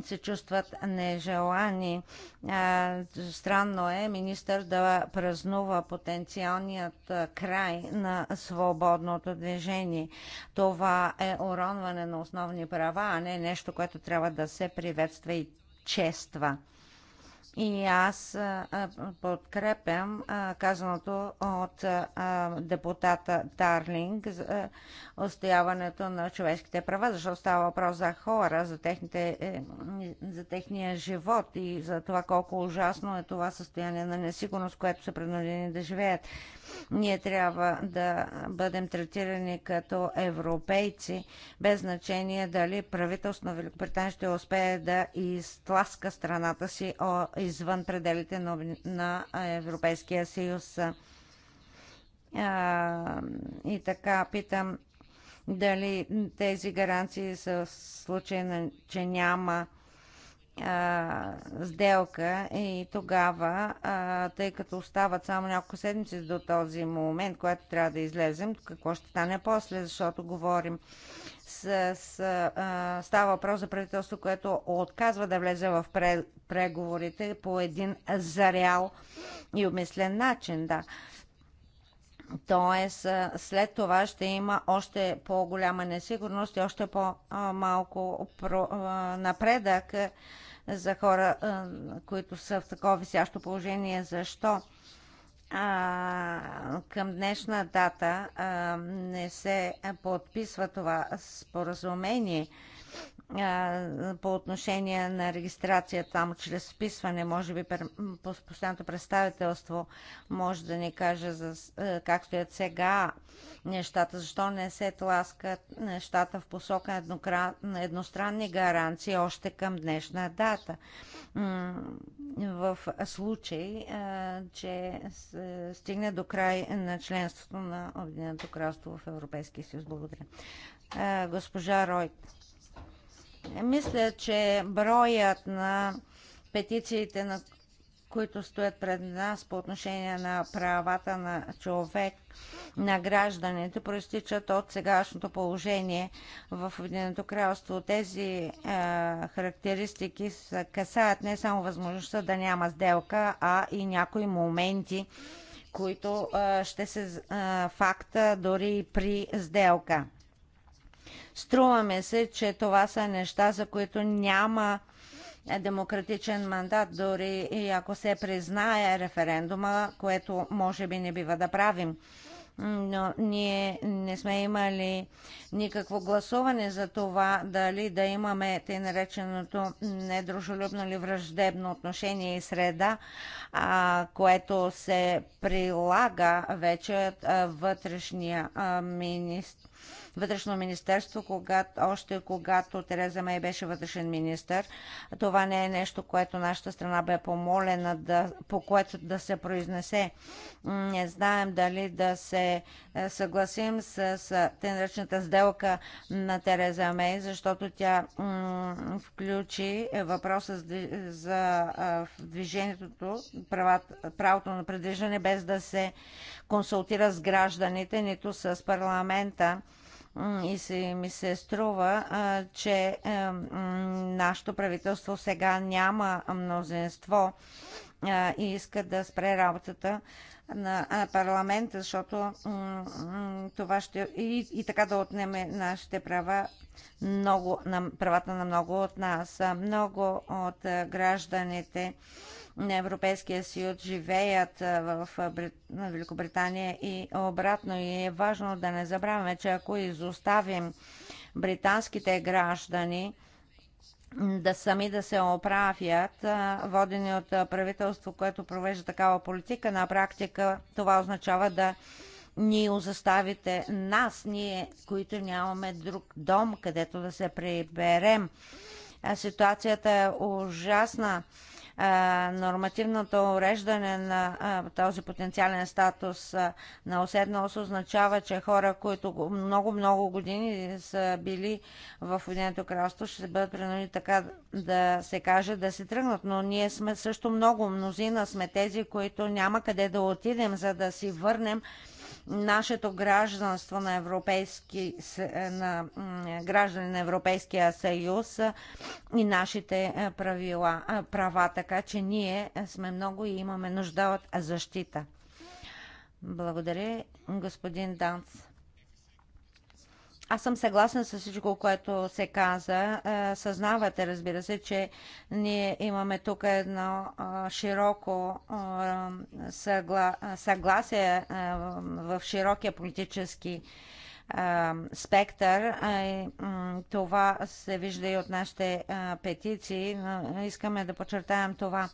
се чувстват нежелани. А, странно е министър да празнува потенциалният край на свободното движение. Това е уронване на основни права, а не нещо, което която трябва да се приветства и чества. И аз подкрепям казаното от депутата Тарлинг за отстояването на човешките права, защото става въпрос за хора, за, техните, е, за техния живот и за това колко ужасно е това състояние на несигурност, което са принудени да живеят. Ние трябва да бъдем третирани като европейци, без значение дали правителството на Великобритания ще успее да изтласка страната си извън пределите на Европейския съюз. И така питам дали тези гаранции са в случай, че няма а, сделка и тогава, а, тъй като остават само няколко седмици до този момент, когато трябва да излезем, какво ще стане после, защото говорим става въпрос за правителство, което отказва да влезе в преговорите по един зарял и обмислен начин. Да. Тоест, след това ще има още по-голяма несигурност и още по-малко напредък за хора, които са в такова висящо положение. Защо? а, към днешна дата а, не се подписва това споразумение по отношение на регистрацията там чрез списване, може би постоянното представителство може да ни каже за, как стоят сега нещата, защо не се тласкат нещата в посока на едностранни гаранции още към днешна дата. В случай, че стигне до край на членството на Обединеното кралство в Европейския съюз. Благодаря. Госпожа Ройт. Мисля, че броят на петициите, на които стоят пред нас по отношение на правата на човек, на гражданите, проистичат от сегашното положение в Обединеното кралство. Тези е, характеристики са, касаят не само възможността да няма сделка, а и някои моменти, които е, ще се е, факта дори и при сделка. Струваме се, че това са неща, за които няма демократичен мандат, дори и ако се признае референдума, което може би не бива да правим. Но ние не сме имали никакво гласуване за това дали да имаме тъй нареченото недружелюбно или враждебно отношение и среда, а, което се прилага вече от вътрешния министр вътрешно министерство, когато, още когато Тереза Мей беше вътрешен министр. Това не е нещо, което нашата страна бе помолена да, по което да се произнесе. Не знаем дали да се е, съгласим с, с тенречната сделка на Тереза Мей, защото тя включи въпроса за движението, правото на предвиждане, без да се консултира с гражданите, нито с парламента и се, ми се струва, че е, нашето правителство сега няма мнозинство и иска да спре работата на парламента, защото това ще и, и така да отнеме нашите права, много, на, правата на много от нас. Много от е, гражданите на Европейския съюз живеят в Великобритания и обратно. И е важно да не забравяме, че ако изоставим британските граждани, да сами да се оправят, водени от правителство, което провежда такава политика, на практика това означава да ни заставите нас, ние, които нямаме друг дом, където да се приберем. Ситуацията е ужасна нормативното уреждане на този потенциален статус на уседналост означава, че хора, които много-много години са били в Уединеното кралство, ще бъдат принудени така да се каже да си тръгнат. Но ние сме също много, мнозина сме тези, които няма къде да отидем, за да си върнем нашето гражданство на, европейски, е, на е, граждани на Европейския съюз е, и нашите правила, права, така че ние сме много и имаме нужда от защита. Благодаря, господин Данц. Аз съм съгласна с всичко, което се каза. Е, съзнавате, разбира се, че ние имаме тук едно широко съгласие е, в широкия политически е, спектър. Това се вижда и от нашите петиции. Искаме да подчертаем това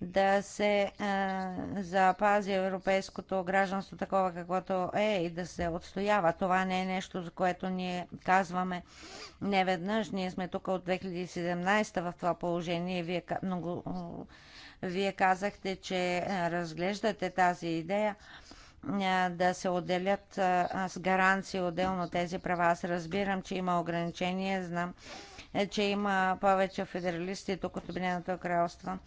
да се а, запази европейското гражданство такова каквото е и да се отстоява. Това не е нещо, за което ние казваме неведнъж. Ние сме тук от 2017 в това положение. Вие много вие казахте, че разглеждате тази идея да се отделят с гаранции отделно тези права. Аз разбирам, че има ограничения, знам, е, че има повече федералисти тук от Обединеното кралство.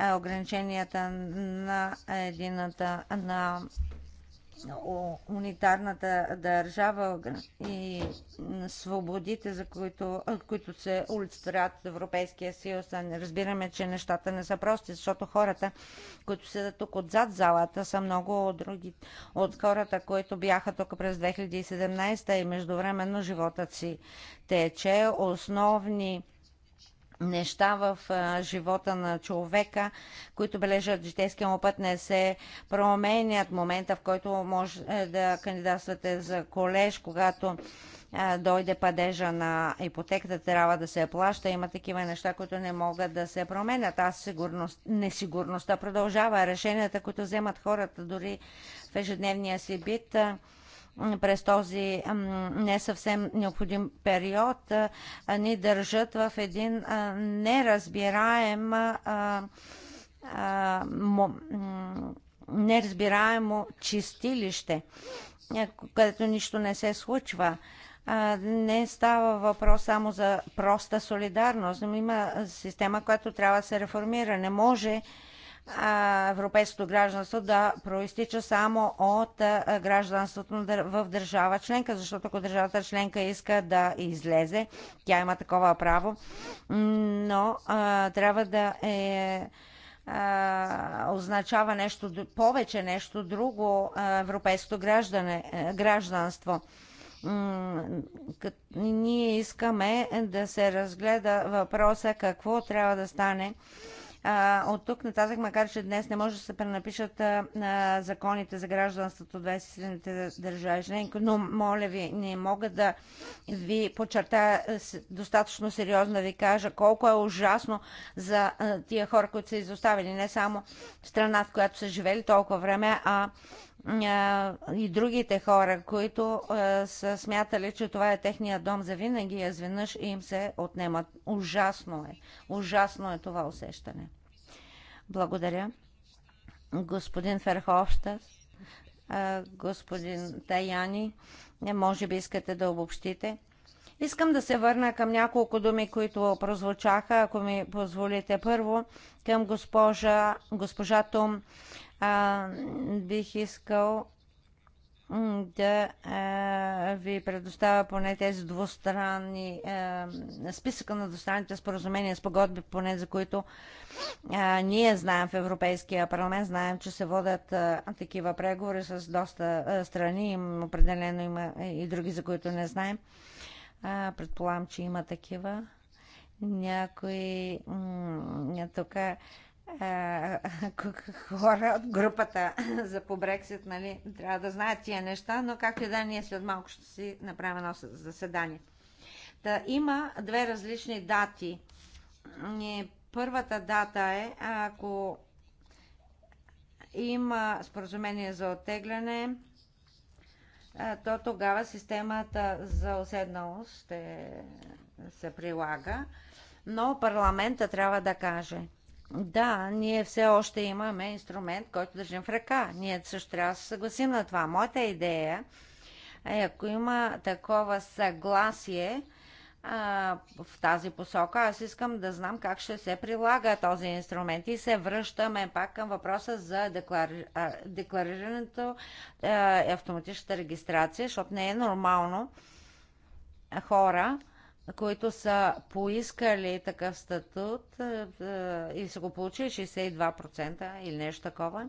Е, ограниченията на едината на унитарната държава и свободите, за които, които се олицетворяват от Европейския съюз. А не разбираме, че нещата не са прости, защото хората, които седат тук отзад залата, са много от, други, от хората, които бяха тук през 2017 и междувременно животът си тече. Основни неща в а, живота на човека, които бележат житейския му път, не се променят. Момента, в който може е, да кандидатствате за колеж, когато а, дойде падежа на ипотеката, трябва да се плаща. Има такива неща, които не могат да се променят. Аз сигурност, несигурността продължава. Решенията, които вземат хората дори в ежедневния си бит, през този не съвсем необходим период ни държат в един неразбираем неразбираемо чистилище, където нищо не се случва не става въпрос само за проста солидарност, но има система, която трябва да се реформира. Не може европейското гражданство да проистича само от гражданството в държава членка, защото ако държавата членка иска да излезе, тя има такова право, но а, трябва да е означава нещо повече, нещо друго европейското граждане, е, гражданство ние искаме да се разгледа въпроса какво трябва да стане а, от тук нататък, макар че днес не може да се пренапишат а, а, законите за гражданството 27-те държави членки, но моля ви, не мога да ви подчертая достатъчно сериозно да ви кажа колко е ужасно за а, тия хора, които са изоставени не само в страната, в която са живели толкова време, а и другите хора, които са смятали, че това е техния дом за винаги, изведнъж им се отнемат. Ужасно е. Ужасно е това усещане. Благодаря. Господин Ферховща, господин Таяни, е, може би искате да обобщите. Искам да се върна към няколко думи, които прозвучаха, ако ми позволите. Първо, към госпожа, госпожа Том а, бих искал да а, ви предоставя поне тези двустранни, а, списъка на двустранните споразумения с погодби, поне за които а, ние знаем в Европейския парламент, знаем, че се водят а, такива преговори с доста а, страни, им, определено има и други, за които не знаем. А, предполагам, че има такива. Някои тук е, хора от групата за по Брексит, нали, трябва да знаят тия неща, но както и да е, ние след малко ще си направим едно заседание. Та има две различни дати. Първата дата е, ако има споразумение за оттегляне, е, то тогава системата за оседналост се прилага, но парламента трябва да каже – да, ние все още имаме инструмент, който държим в ръка. Ние също трябва да се съгласим на това. Моята идея е, ако има такова съгласие а, в тази посока, аз искам да знам как ще се прилага този инструмент. И се връщаме пак към въпроса за деклари... декларирането и автоматичната регистрация, защото не е нормално хора които са поискали такъв статут е, е, и са го получили 62% или нещо такова.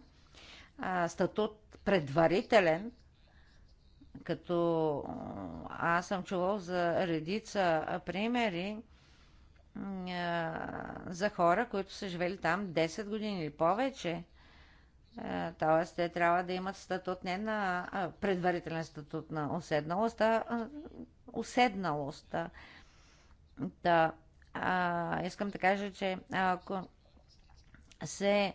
Статут предварителен, като аз съм чувал за редица примери е, за хора, които са живели там 10 години или повече. Т.е. те трябва да имат статут не на предварителен статут на уседналост, а уседналост. Да, а, искам да кажа, че ако се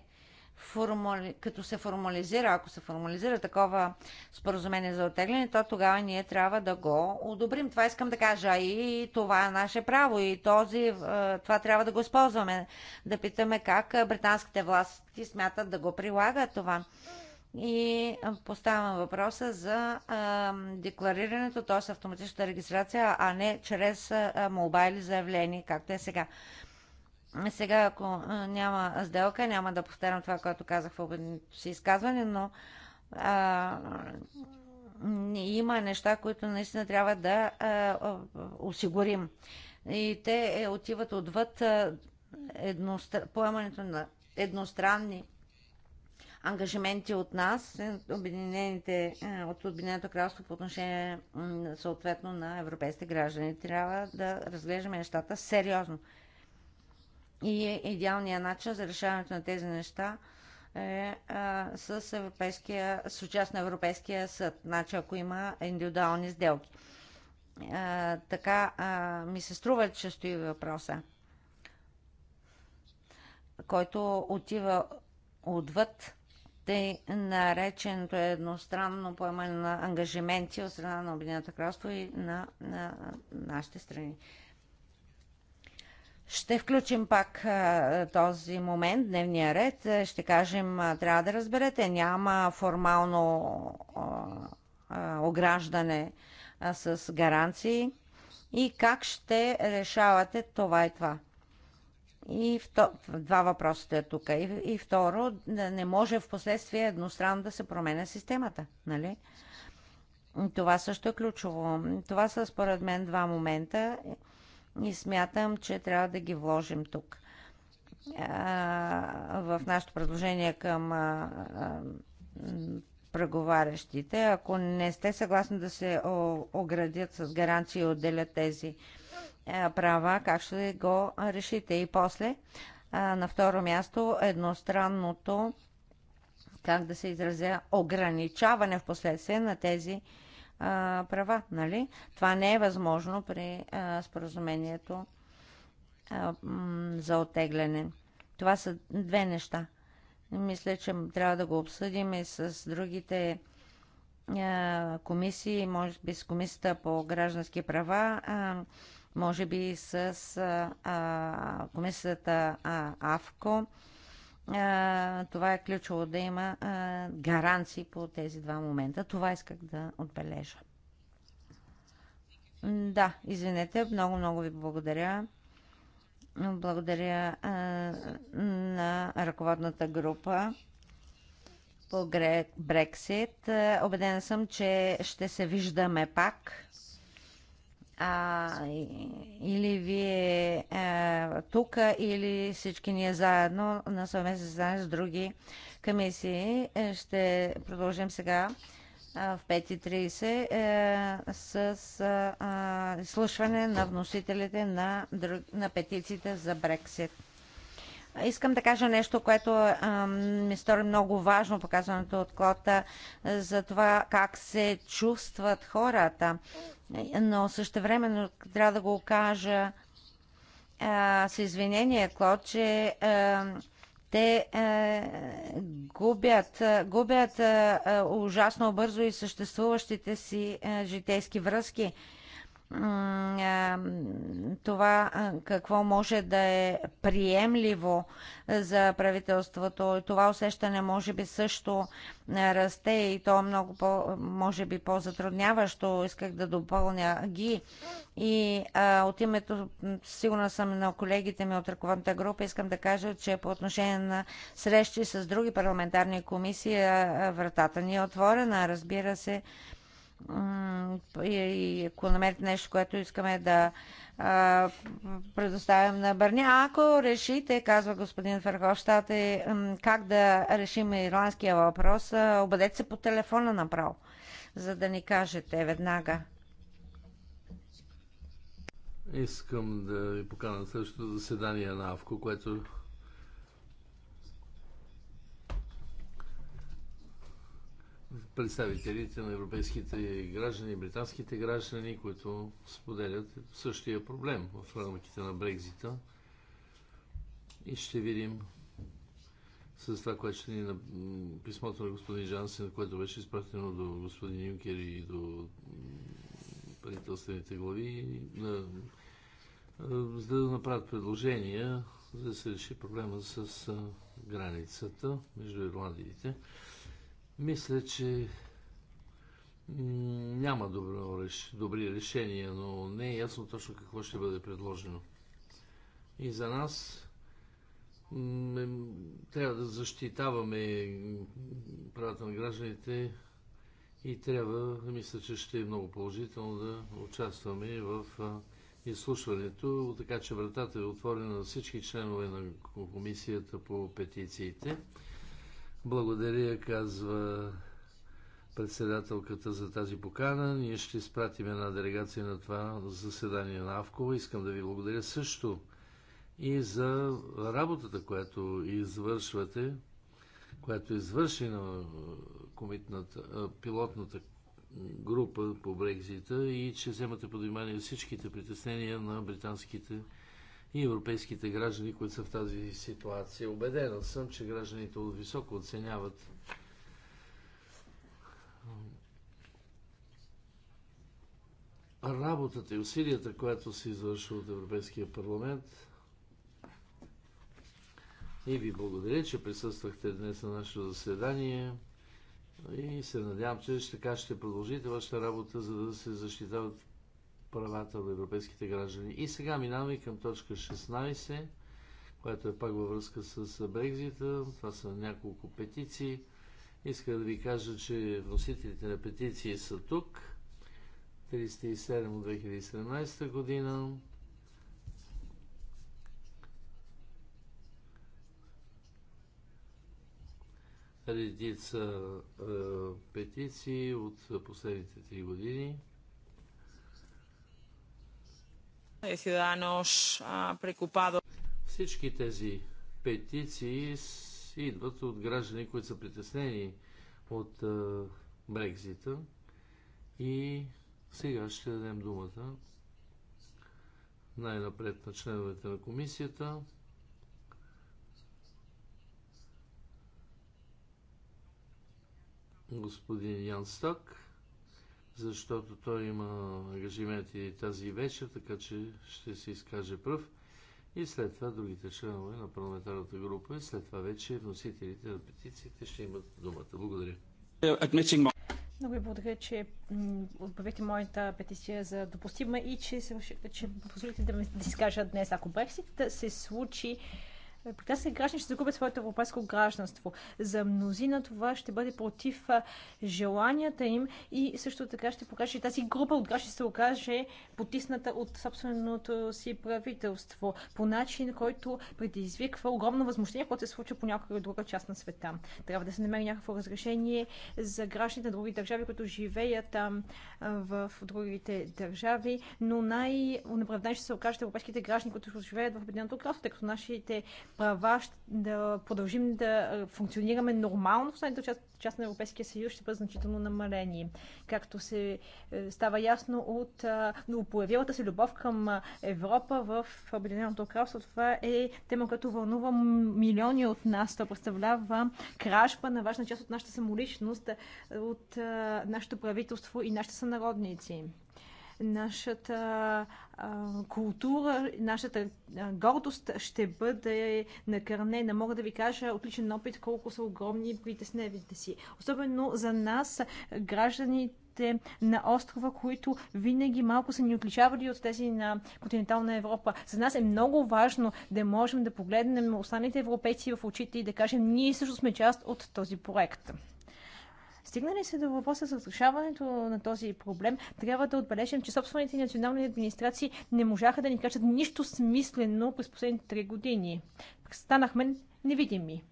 формули... като се формализира, ако се формализира такова споразумение за отегляне, то тогава ние трябва да го одобрим. Това искам да кажа. И това е наше право. И този, е, това трябва да го използваме. Да питаме как британските власти смятат да го прилагат това. И поставям въпроса за а, декларирането, т.е. автоматичната регистрация, а не чрез молба или заявление, както е сега. Сега, ако няма сделка, няма да повтарям това, което казах в обедното си изказване, но а, има неща, които наистина трябва да а, осигурим. И те е, отиват отвъд едностр... поемането на едностранни ангажименти от нас, е, е, от Обединеното кралство по отношение съответно на европейските граждани. Трябва да разглеждаме нещата сериозно. И идеалният начин за решаването на тези неща е а, е, с, европейския, с участ на Европейския съд, значи ако има индивидуални сделки. А, така а, ми се струва, че стои въпроса, който отива отвъд тъй нареченото едностранно поемане на ангажименти от страна на Обединеното кралство и на, на нашите страни. Ще включим пак а, този момент, дневния ред. Е, ще кажем, а, трябва да разберете, няма формално а, ограждане с гаранции. И как ще решавате това и това? И два въпроса е тук. И, и второ, не може в последствие едностранно да се променя системата. Нали? Това също е ключово. Това са според мен два момента и смятам, че трябва да ги вложим тук. А, в нашето предложение към а, а, преговарящите, ако не сте съгласни да се оградят с гаранции и отделят тези е, права, как ще го решите. И после, на второ място, едностранното, как да се изразя, ограничаване в последствие на тези права. Нали? Това не е възможно при споразумението за отегляне. Това са две неща. Мисля, че трябва да го обсъдим и с другите комисии, може би с комисията по граждански права може би с а, комисията а, АВКО. А, това е ключово да има а, гаранции по тези два момента. Това исках да отбележа. Да, извинете, много-много ви благодаря. Благодаря а, на ръководната група по Брексит. Обедена съм, че ще се виждаме пак а, или вие а, е, тук, или всички ние заедно на съвместно заседание с други комисии. Е, ще продължим сега а, в 5.30 е, с а, изслушване на вносителите на, на петициите за Брексит. Искам да кажа нещо, което ми стори много важно, показаното от Клота, е, за това как се чувстват хората. Но също време, трябва да го кажа а, с извинение, Клод, че а, е, те а, е, губят, губят ужасно бързо и съществуващите си житейски връзки това какво може да е приемливо за правителството. Това усещане може би също расте и то е много по, може би по-затрудняващо. Исках да допълня ги. И а, от името, сигурна съм на колегите ми от ръководната група, искам да кажа, че по отношение на срещи с други парламентарни комисии, вратата ни е отворена. Разбира се, и ако намерите нещо, което искаме да а, предоставим на Бърня. Ако решите, казва господин Ферховщат, е, как да решим ирландския въпрос, обадете се по телефона направо, за да ни кажете веднага. Искам да ви покажа на следващото заседание на АВКО, което представителите на европейските граждани, британските граждани, които споделят същия проблем в рамките на Брекзита. И ще видим с това, което ще ни на писмото на господин Жансен, което беше изпратено до господин Юнкер и до правителствените глави, на, за да направят предложения, за да се реши проблема с границата между Ирландиите. Мисля, че няма добро, добри решения, но не е ясно точно какво ще бъде предложено. И за нас е, трябва да защитаваме правата на гражданите и трябва, мисля, че ще е много положително да участваме в изслушването, така че вратата е отворена на всички членове на комисията по петициите. Благодаря, казва председателката за тази покана. Ние ще изпратим една делегация на това заседание на Авкова. Искам да ви благодаря също и за работата, която извършвате, която е извърши на комитната, пилотната група по Брекзита и че вземате под внимание всичките притеснения на британските и европейските граждани, които са в тази ситуация. Обеден съм, че гражданите високо оценяват работата и усилията, която се извършва от Европейския парламент. И ви благодаря, че присъствахте днес на нашето заседание. И се надявам, че така ще продължите вашата работа, за да се защитават правата на европейските граждани. И сега минаваме към точка 16, която е пак във връзка с Брекзита. Това са няколко петиции. Иска да ви кажа, че носителите на петиции са тук. 37 от 2017 година. Редица е, петиции от последните три години. Е Всички тези петиции идват от граждани, които са притеснени от Брекзита. И сега ще дадем думата най-напред на членовете на комисията. Господин Ян Стак защото той има ангажименти тази вечер, така че ще се изкаже пръв. И след това другите членове на парламентарната група и след това вече вносителите на петициите ще имат думата. Благодаря. Много ви благодаря, че отправихте моята петиция за допустима и че, че позволите да ми да изкажа днес. Ако Брексит да се случи, Британските граждани ще загубят своето европейско гражданство. За мнозина това ще бъде против желанията им и също така ще покаже, че тази група от граждани ще се окаже потисната от собственото си правителство по начин, който предизвиква огромно възмущение, което се случва по някаква друга част на света. Трябва да се намери някакво разрешение за гражданите на други държави, които живеят там в другите държави, но най-унеправдан ще се окажат европейските граждани, които живеят в Обединеното кралство, тъй като нашите права, да продължим да функционираме нормално в останалите част, част на Европейския съюз, ще бъде значително намалени. Както се е, става ясно от новопоявилата се любов към Европа в Обединеното кралство, това е тема, която вълнува милиони от нас. Това представлява кражба на важна част от нашата самоличност, от нашето правителство и нашите сънародници нашата култура, нашата гордост ще бъде накърнена. Мога да ви кажа отличен опит колко са огромни притесневите си. Особено за нас, гражданите на острова, които винаги малко са ни отличавали от тези на континентална Европа. За нас е много важно да можем да погледнем останалите европейци в очите и да кажем, ние също сме част от този проект. Стигнали се до въпроса за разрешаването на този проблем, трябва да отбележим, че собствените национални администрации не можаха да ни кажат нищо смислено през последните три години. Станахме невидими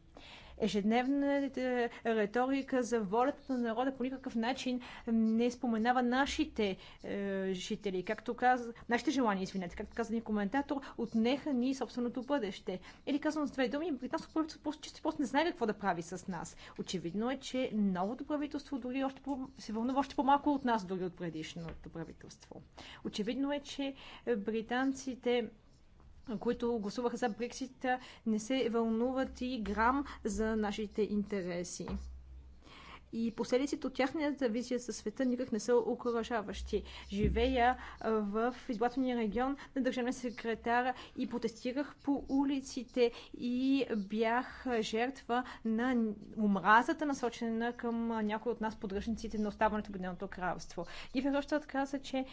ежедневната е, риторика за волята на народа по никакъв начин не споменава нашите е, жители, както каза, нашите желания, извинете, както каза ни коментатор, отнеха ни собственото бъдеще. Или казвам с две думи, британското правителство просто чисто просто не знае какво да прави с нас. Очевидно е, че новото правителство дори още по, се вълнува още по-малко от нас, дори от предишното правителство. Очевидно е, че британците които гласуваха за Брексит, не се вълнуват и грам за нашите интереси и последиците от тяхната визия за света никак не са окоръжаващи. Живея в избирателния регион на държавния секретар и протестирах по улиците и бях жертва на омразата, насочена към някои от нас, подръжниците на оставането в Обединеното кралство. И Верощат каза, че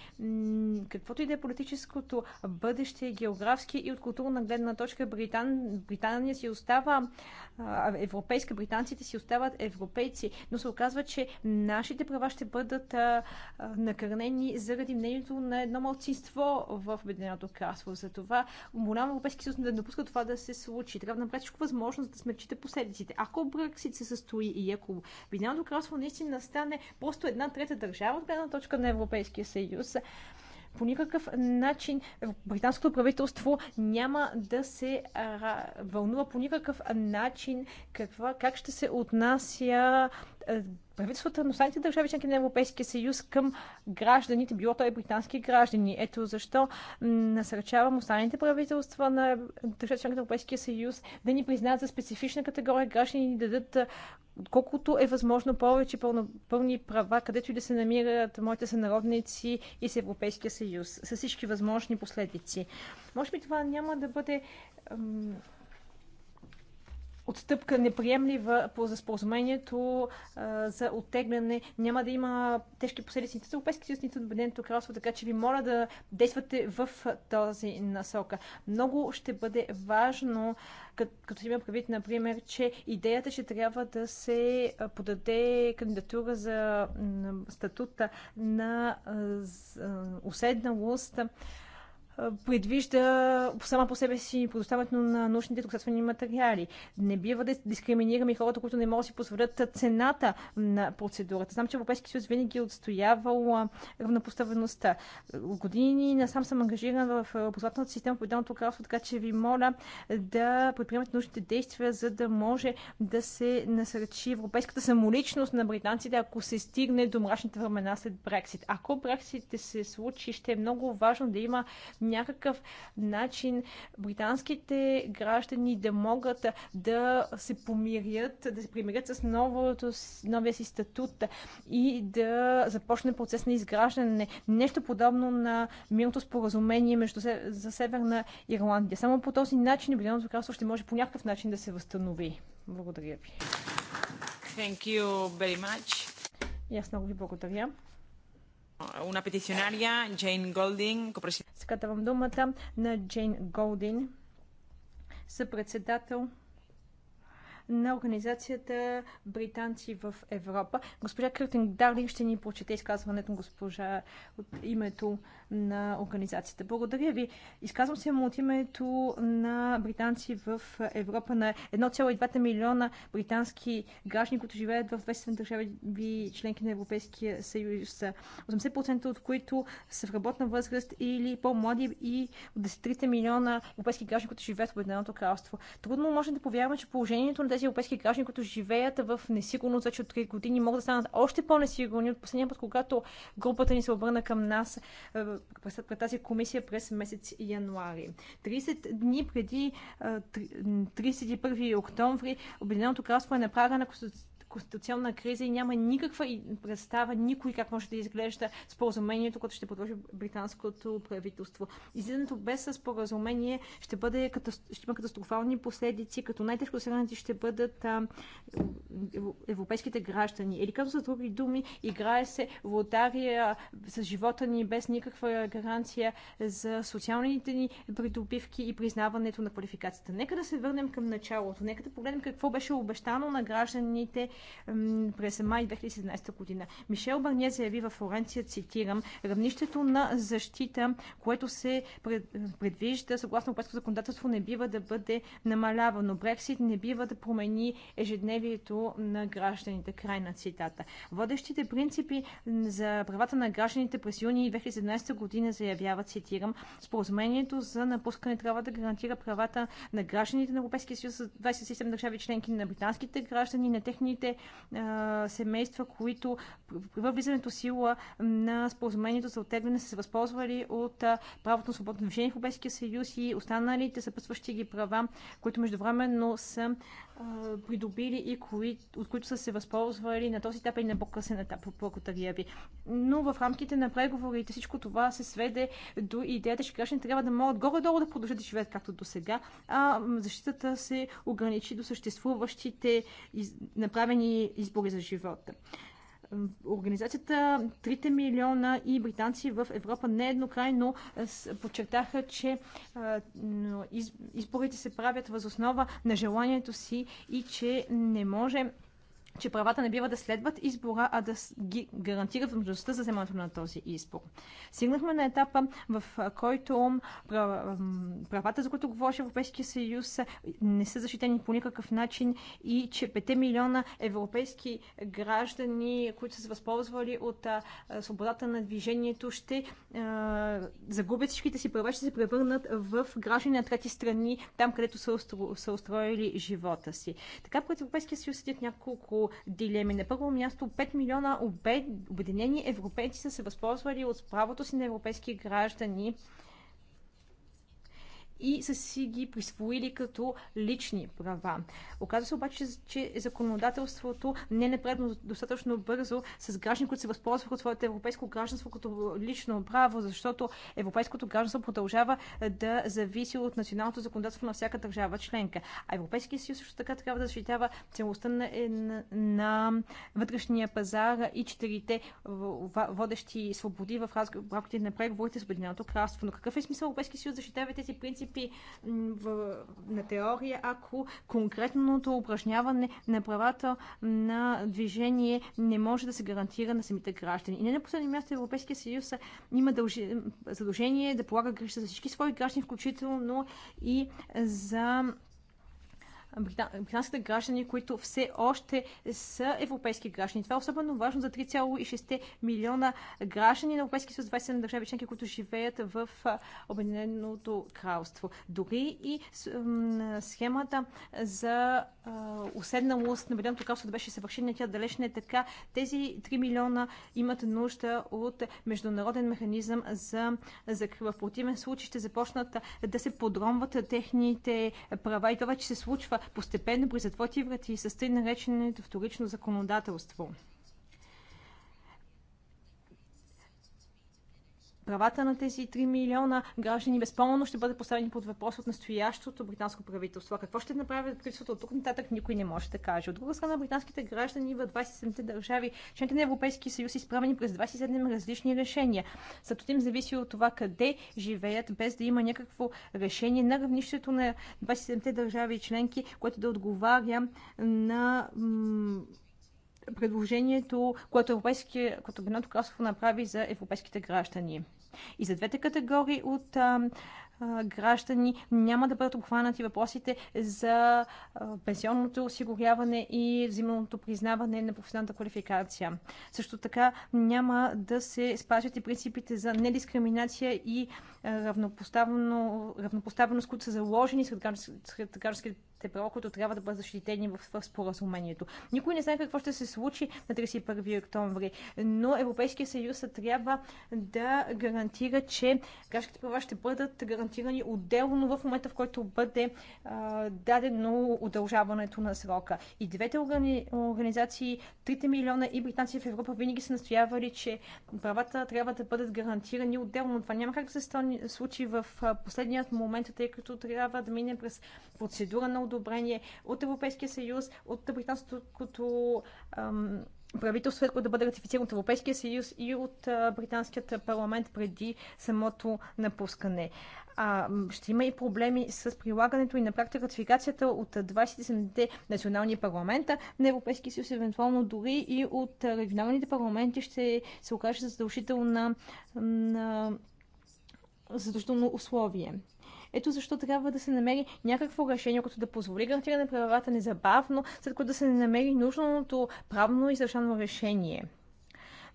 каквото и да е политическото бъдеще, географски и от културна гледна точка, Британ... Британия си остава европейска, британците си остават европейци, но се оказва, че нашите права ще бъдат накърнени заради мнението на едно малцинство в Обединеното кралство. За това голям Европейски съюз да допуска това да се случи. Трябва да направи всичко възможно, за да смърчите последиците. Ако Брексит се състои и ако Обединеното кралство наистина стане просто една трета държава от гледна точка на Европейския съюз, по никакъв начин британското правителство няма да се а, вълнува по никакъв начин каква, как ще се отнася е, правителствата на останалите държави, членки на Европейския съюз, към гражданите, било то и британски граждани. Ето защо насърчавам останалите правителства на държави членки на Европейския съюз да ни признаят за специфична категория граждани и ни дадат е, колкото е възможно повече пълно, пълни права, където и да се намират моите сънародници и с Европейския съюз, с всички възможни последици. Може би това няма да бъде отстъпка неприемлива по за споразумението а, за оттегляне. Няма да има тежки последици за Европейския съюз, нито за Обединеното кралство, така че ви моля да действате в този насока. Много ще бъде важно, като, като има правит, например, че идеята ще трябва да се подаде кандидатура за статута на уседналост предвижда сама по себе си предоставянето на научните доказателствени материали. Не бива да дискриминираме хората, които не могат да си позволят цената на процедурата. Знам, че Европейския съюз винаги е отстоявал равнопоставеността. Години насам съм ангажиран в образователната система по Единото кралство, така че ви моля да предприемат научните действия, за да може да се насърчи европейската самоличност на британците, ако се стигне до мрачните времена след Брексит. Ако Брексит се случи, ще е много важно да има някакъв начин британските граждани да могат да се помирят, да се примирят с новото, новия си статут и да започне процес на изграждане. Нещо подобно на мирното споразумение между, за Северна Ирландия. Само по този начин Обединеното кралство ще може по някакъв начин да се възстанови. Благодаря ви. Thank you very much. И аз много ви благодаря una петиционария Джейн Голдин. Сега давам думата на Джейн Голдин, съпредседател на организацията Британци в Европа. Госпожа Кръртен Дарлин ще ни прочете изказването на госпожа от името на организацията. Благодаря ви. Изказвам се от името на британци в Европа, на 1,2 милиона британски граждани, които живеят в 27 държави членки на Европейския съюз. 80% от които са в работна възраст или по-млади и от 10 милиона европейски граждани, които живеят в Обединеното кралство. Трудно може да повярваме, че положението на тези тези европейски граждани, които живеят в несигурност вече от 3 години, могат да станат още по-несигурни от последния път, когато групата ни се обърна към нас е, пред тази комисия през месец януари. 30 дни преди 31 е, октомври Обединеното кралство е направено. на конституционна криза и няма никаква представа никой как може да изглежда споразумението, което ще подложи британското правителство. Излизането без споразумение ще, бъде, ще има катастрофални последици, като най-тежко сегнати ще бъдат а, европейските граждани. Или като с други думи, играе се лотария с живота ни без никаква гаранция за социалните ни придобивки и признаването на квалификацията. Нека да се върнем към началото. Нека да погледнем какво беше обещано на гражданите през май 2017 година. Мишел Барния заяви във Флоренция, цитирам, равнището на защита, което се предвижда съгласно европейското законодателство, не бива да бъде намалявано. Брексит не бива да промени ежедневието на гражданите. Край на цитата. Водещите принципи за правата на гражданите през юни 2017 година заявяват, цитирам, споразумението за напускане трябва да гарантира правата на гражданите на Европейския съюз с 27 държави членки на британските граждани, на техните а, семейства, които във влизането сила на споразумението за оттегляне са се възползвали от а, правото на свободно движение в Европейския съюз и останалите съпътстващи ги права, които междувременно са а, придобили и кои, от които са се възползвали на този етап и на по-късен етап. Благодаря ви. Но в рамките на преговорите всичко това се сведе до идеята, че гражданите трябва да могат горе-долу да продължат да живеят както до сега, а защитата се ограничи до съществуващите направени свободни избори за живота. Организацията 3 милиона и британци в Европа нееднокрайно подчертаха, че изборите се правят възоснова на желанието си и че не може че правата не бива да следват избора, а да ги гарантират възможността за вземането на този избор. Сигнахме на етапа, в който правата, за които говореше Европейския съюз, не са защитени по никакъв начин и че 5 милиона европейски граждани, които са се възползвали от свободата на движението, ще загубят всичките си права, ще се превърнат в граждани на трети страни, там където са, устроили живота си. Така пред Европейския съюз седят няколко дилеми. На първо място 5 милиона обединени европейци са се възползвали от правото си на европейски граждани и са си ги присвоили като лични права. Оказва се обаче, че законодателството не е напредно достатъчно бързо с граждани, които се възползваха от своето европейско гражданство като лично право, защото европейското гражданство продължава е, да зависи от националното законодателство на всяка държава членка. А Европейския съюз също така трябва да защитава целостта на, е, на, на вътрешния пазар и четирите водещи свободи в рамките на преговорите с Обединеното кралство. Но какъв е смисъл Европейския съюз защитава тези принципи? принципи в, на теория, ако конкретното упражняване на правата на движение не може да се гарантира на самите граждани. И не на последно място Европейския съюз има задължение да полага грижа за всички свои граждани, включително и за британските граждани, които все още са европейски граждани. Това е особено важно за 3,6 милиона граждани на Европейския съюз, 27 държави членки, които живеят в Обединеното кралство. Дори и схемата за уседналост на Обединеното кралство да беше съвършена, тя далеч не е така. Тези 3 милиона имат нужда от международен механизъм за закрива. В противен случай ще започнат да се подромват техните права и това че се случва постепенно при затворите врати с тъй нареченото вторично законодателство. правата на тези 3 милиона граждани безпълно ще бъде поставени под въпрос от настоящото британско правителство. какво ще направят правителството от тук нататък, никой не може да каже. От друга страна, британските граждани в 27-те държави, членки на Европейския съюз, изправени през 27 различни решения. Статут им зависи от това къде живеят, без да има някакво решение на равнището на 27-те държави и членки, което да отговаря на предложението, което Европейския, което Бенато Кралство направи за европейските граждани. И за двете категории от а, а, граждани няма да бъдат обхванати въпросите за а, пенсионното осигуряване и взимното признаване на професионалната квалификация. Също така няма да се спазят и принципите за недискриминация и равнопоставеност, които са заложени сред гражданските те права, които трябва да бъдат защитени в споразумението. Никой не знае какво ще се случи на 31 октомври, но Европейския съюз трябва да гарантира, че гражданските права ще бъдат гарантирани отделно в момента, в който бъде а, дадено удължаването на срока. И двете органи... организации, 3 милиона и британци в Европа винаги са настоявали, че правата трябва да бъдат гарантирани отделно. Това няма как да се случи в последният момент, тъй като трябва да мине през процедура на одобрение от Европейския съюз, от британското правителство, което да бъде ратифицирано от Европейския съюз и от британският парламент преди самото напускане. А, ще има и проблеми с прилагането и на практика ратификацията от 27-те национални парламента на Европейския съюз, евентуално дори и от регионалните парламенти ще се окаже на, на задължително условие. Ето защо трябва да се намери някакво решение, което да позволи гарантиране правата незабавно, след което да се намери нужното правно и решение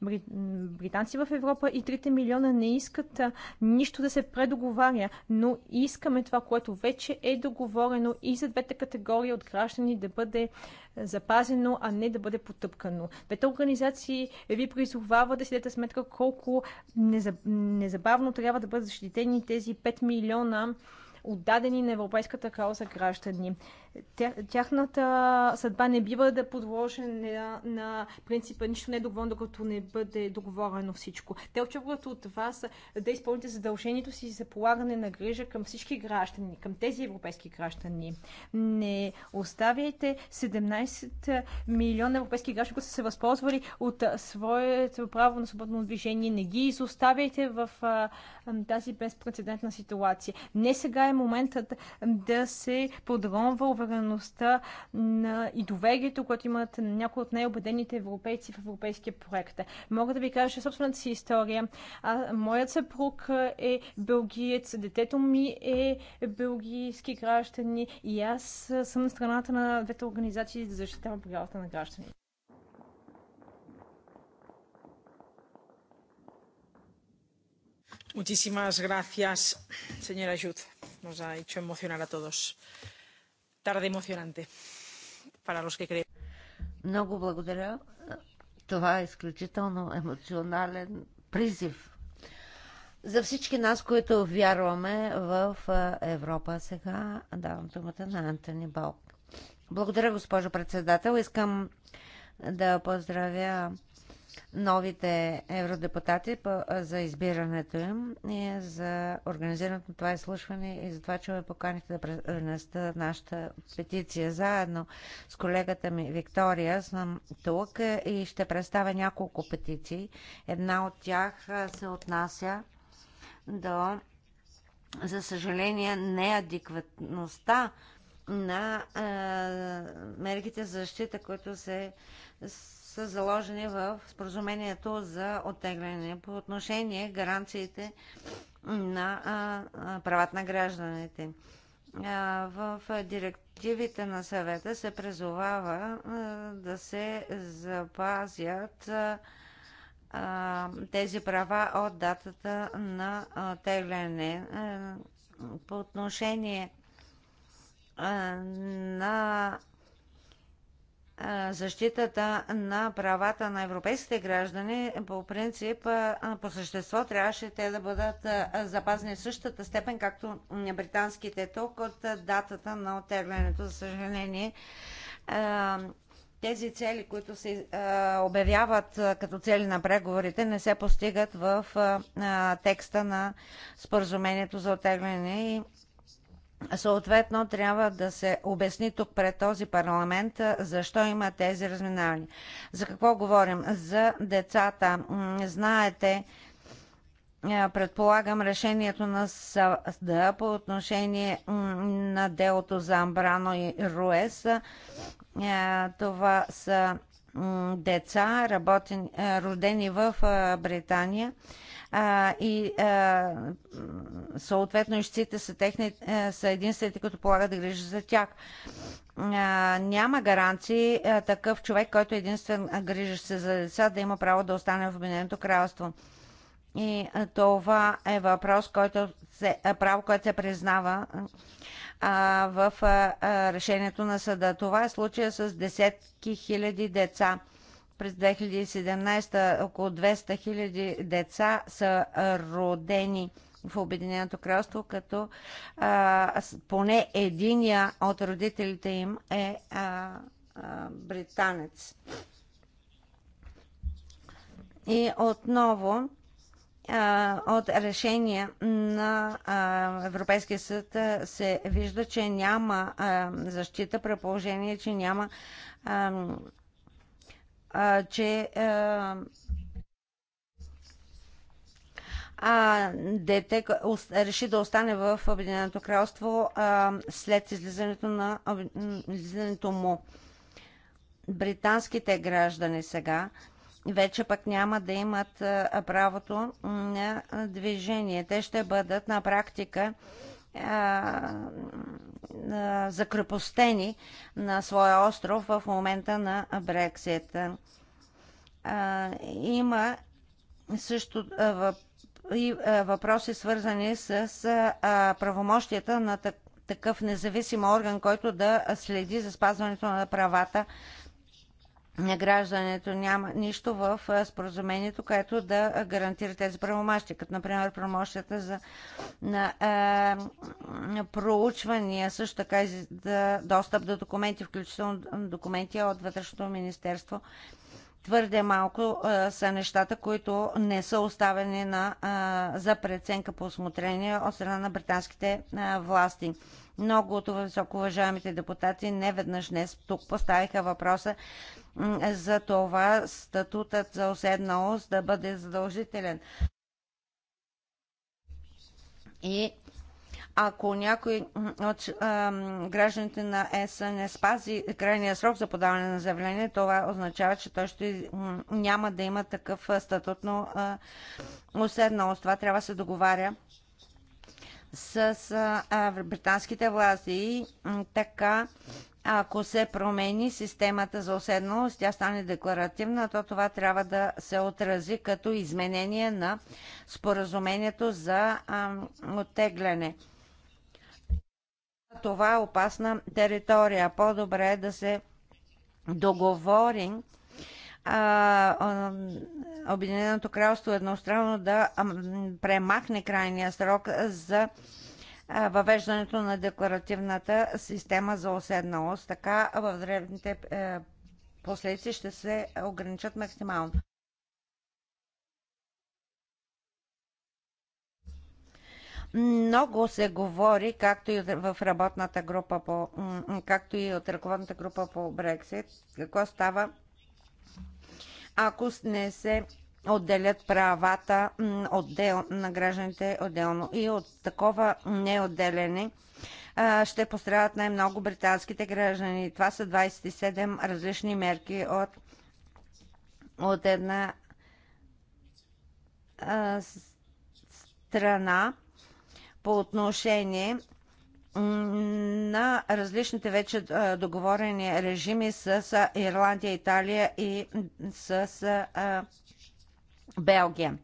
бри... британци в Европа и 3 милиона не искат нищо да се предоговаря, но искаме това, което вече е договорено и за двете категории от граждани да бъде запазено, а не да бъде потъпкано. Двете организации ви призовава да си дадете сметка колко незабавно трябва да бъдат защитени тези 5 милиона отдадени на европейската кауза граждани. Тяхната съдба не бива да подложи подложена на принципа нищо не е договорено, докато не бъде договорено всичко. Те очакват от вас да изпълните задължението си за полагане на грижа към всички граждани, към тези европейски граждани. Не оставяйте 17 милиона европейски граждани, които са се възползвали от своето право на свободно движение. Не ги изоставяйте в тази безпредседентна ситуация. Не сега е моментът да се подронва увереността на и доверието, което имат някои от най-обедените европейци в европейския проект. Мога да ви кажа че собствената си история. А, моят съпруг е белгиец, детето ми е белгийски граждани и аз съм на страната на двете организации за да защитавам правилата на граждани. Muchísimas gracias, señora Youth nos ha hecho emocionar a todos. Tarde emocionante para los que creen. Много благодаря. Това е изключително емоционален призив за всички нас, които вярваме в Европа. Сега давам думата на Антони Балк. Благодаря, госпожо председател. Искам да поздравя новите евродепутати за избирането им и за организирането на това изслушване и за това, че ме поканихте да пренеста нашата петиция. Заедно с колегата ми Виктория съм тук и ще представя няколко петиции. Една от тях се отнася до, за съжаление, неадекватността на мерките за защита, които се са заложени в споразумението за оттегляне. По отношение гаранциите на правата на гражданите. В директивите на съвета се призовава да се запазят тези права от датата на тегляне. По отношение на защитата на правата на европейските граждани по принцип, по същество, трябваше те да бъдат запазени в същата степен, както британските тук от датата на оттеглянето. За съжаление, тези цели, които се обявяват като цели на преговорите, не се постигат в текста на споразумението за оттегляне и Съответно, трябва да се обясни тук пред този парламент защо има тези разминавания. За какво говорим? За децата. Знаете, предполагам, решението на съда по отношение на делото за Амбрано и Руес. Това са деца, работен, родени в Британия а, и а, съответно ищците са, техни, а, са единствените, които полагат да грижи за тях. А, няма гаранции а, такъв човек, който е единствен грижащ се за деца, да има право да остане в Обединеното кралство. И това е въпрос, който се, право, което се признава а, в а, решението на съда. Това е случая с десетки хиляди деца. През 2017 около 200 000 деца са родени в Обединеното кралство, като а, поне единия от родителите им е а, а, британец. И отново а, от решение на а, Европейския съд а, се вижда, че няма защита при положение, че няма че а, а, дете реши да остане в Обединеното кралство а, след излизането, на, излизането му. Британските граждани сега вече пък няма да имат правото на движение. Те ще бъдат на практика закрепостени на своя остров в момента на Брексит. Има също и въпроси свързани с правомощията на такъв независим орган, който да следи за спазването на правата награждането. Няма нищо в споразумението, което да гарантира тези правомощия, като например правомощията за на, е, проучвания, също така и за достъп до документи, включително документи от Вътрешното министерство Твърде малко а, са нещата, които не са оставени на, а, за преценка по осмотрение от страна на британските а, власти. Много от високоуважаемите депутати не веднъж днес тук поставиха въпроса за това статутът за уседналост да бъде задължителен. И ако някой от а, гражданите на ЕС не спази крайния срок за подаване на заявление, това означава, че той ще няма да има такъв статутно уседналост. Е това трябва да се договаря с а, британските власти и така ако се промени системата за уседналост, тя стане декларативна, то това трябва да се отрази като изменение на споразумението за а, оттегляне това е опасна територия. По-добре е да се а, Обединеното кралство едностранно да премахне крайния срок за въвеждането на декларативната система за оседналост. Така в древните е, последици ще се ограничат максимално. Много се говори, както и в работната група по, както и от ръководната група по Брексит, какво става ако не се отделят правата отдел, на гражданите отделно. И от такова неотделяне ще пострадат най-много британските граждани. Това са 27 различни мерки от, от една а, страна по отношение на различните вече договорени режими с Ирландия, Италия и с Белгия.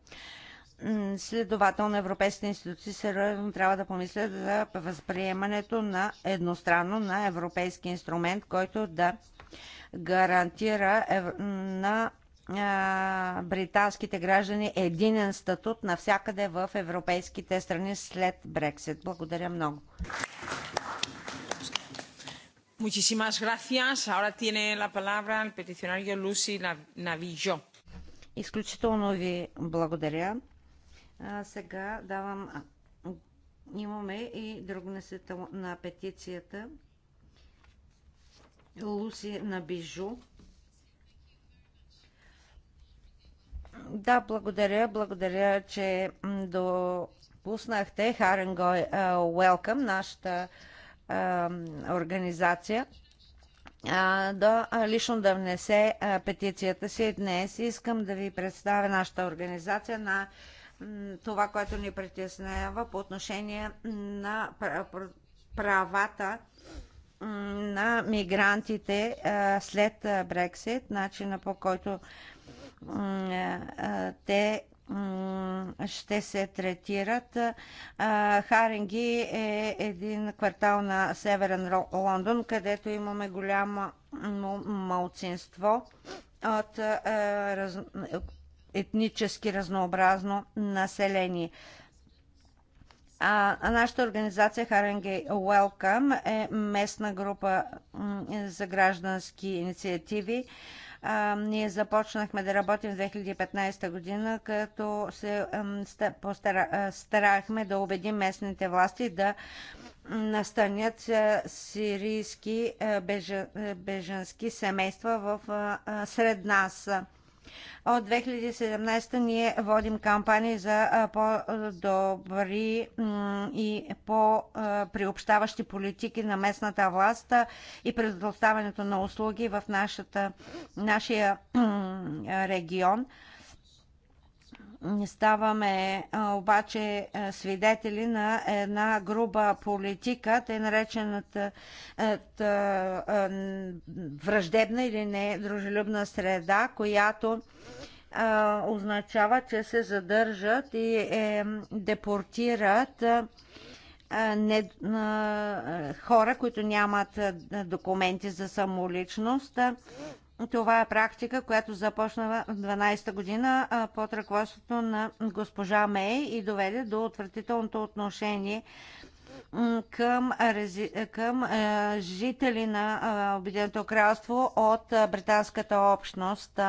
Следователно, европейските институции сериозно трябва да помислят за възприемането на едностранно на европейски инструмент, който да гарантира на британските граждани единен статут навсякъде в европейските страни след Брексит. Благодаря много. Muchísimas gracias. Ahora tiene la palabra el peticionario Lucy Navillo. Изключително ви благодаря. А, сега давам... Имаме и друг на петицията. Луси Набижу Да, благодаря. Благодаря, че допуснахте Харенгой Welcome, нашата а, организация да, лично да внесе а, петицията си днес. Искам да ви представя нашата организация на това, което ни притеснява по отношение на правата на мигрантите а, след Брексит, начина по който те ще се третират. Харинги е един квартал на Северен Лондон, където имаме голямо малцинство от етнически разнообразно население. А, нашата организация Харенгей Welcome е местна група за граждански инициативи, а, ние започнахме да работим в 2015 година, като се старахме да убедим местните власти да настанят сирийски беженски семейства в, сред нас. От 2017 ние водим кампании за по-добри и по-приобщаващи политики на местната власт и предоставянето на услуги в нашата, нашия регион. Ставаме обаче е, свидетели на една груба политика, тъй наречената е, е, враждебна или не дружелюбна среда, която означава, че се задържат и депортират не, хора, които нямат документи за самоличност това е практика, която започна в 12-та година под ръководството на госпожа Мей и доведе до отвратителното отношение към, към жители на Обединеното кралство от британската общност.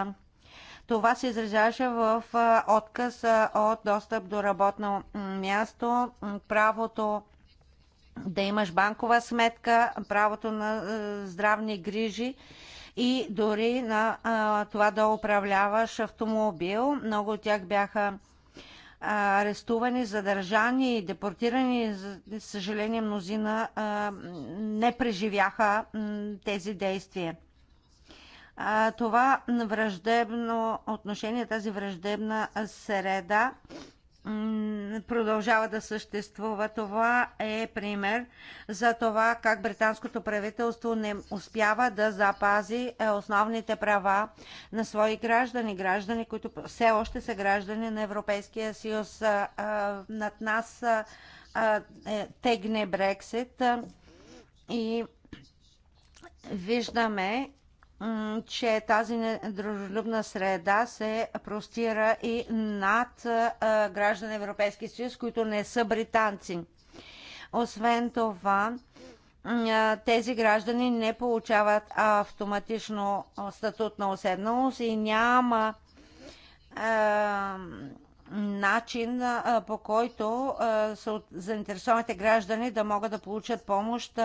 Това се изразяваше в отказ от достъп до работно място, правото да имаш банкова сметка, правото на здравни грижи и дори на а, това да управляваш автомобил. Много от тях бяха арестувани, задържани и депортирани. За съжаление, мнозина а, не преживяха м, тези действия. А, това враждебно отношение, тази враждебна среда продължава да съществува. Това е пример за това как британското правителство не успява да запази е, основните права на свои граждани, граждани, които все още са граждани на Европейския съюз. Над нас е, тегне Брексит и виждаме че тази недружелюбна среда се простира и над граждани Европейски съюз, които не са британци. Освен това, тези граждани не получават автоматично статут на уседналост и няма начин по който заинтересованите граждани да могат да получат помощ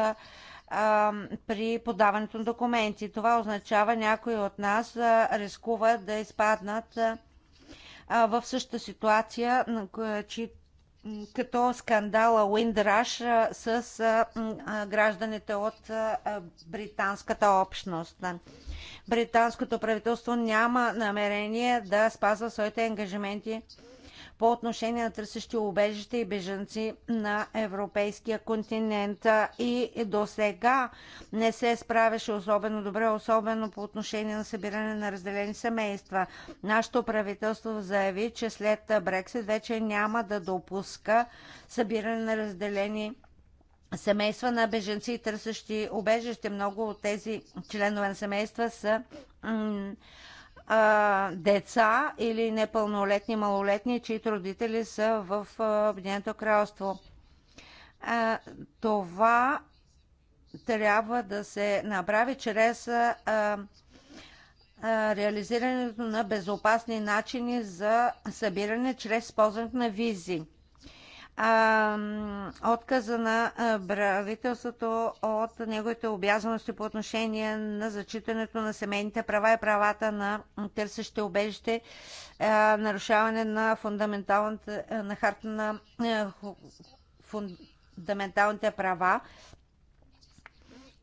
а, при подаването на документи. Това означава някои от нас а, рискуват да изпаднат а, в същата ситуация, че, като скандала Уиндраш с гражданите от британската общност. Британското правителство няма намерение да спазва своите ангажименти по отношение на търсещи убежище и бежанци на европейския континент. И до сега не се справяше особено добре, особено по отношение на събиране на разделени семейства. Нашето правителство заяви, че след Брексит вече няма да допуска събиране на разделени семейства на беженци и търсещи убежище. Много от тези членове на семейства са а, деца или непълнолетни, малолетни, чието родители са в Обединеното кралство. А, това трябва да се направи чрез а, а, реализирането на безопасни начини за събиране чрез използването на визи отказа на правителството от неговите обязаности по отношение на зачитането на семейните права и правата на търсещите обежище, нарушаване на фундаменталната на харта на фундаменталните права,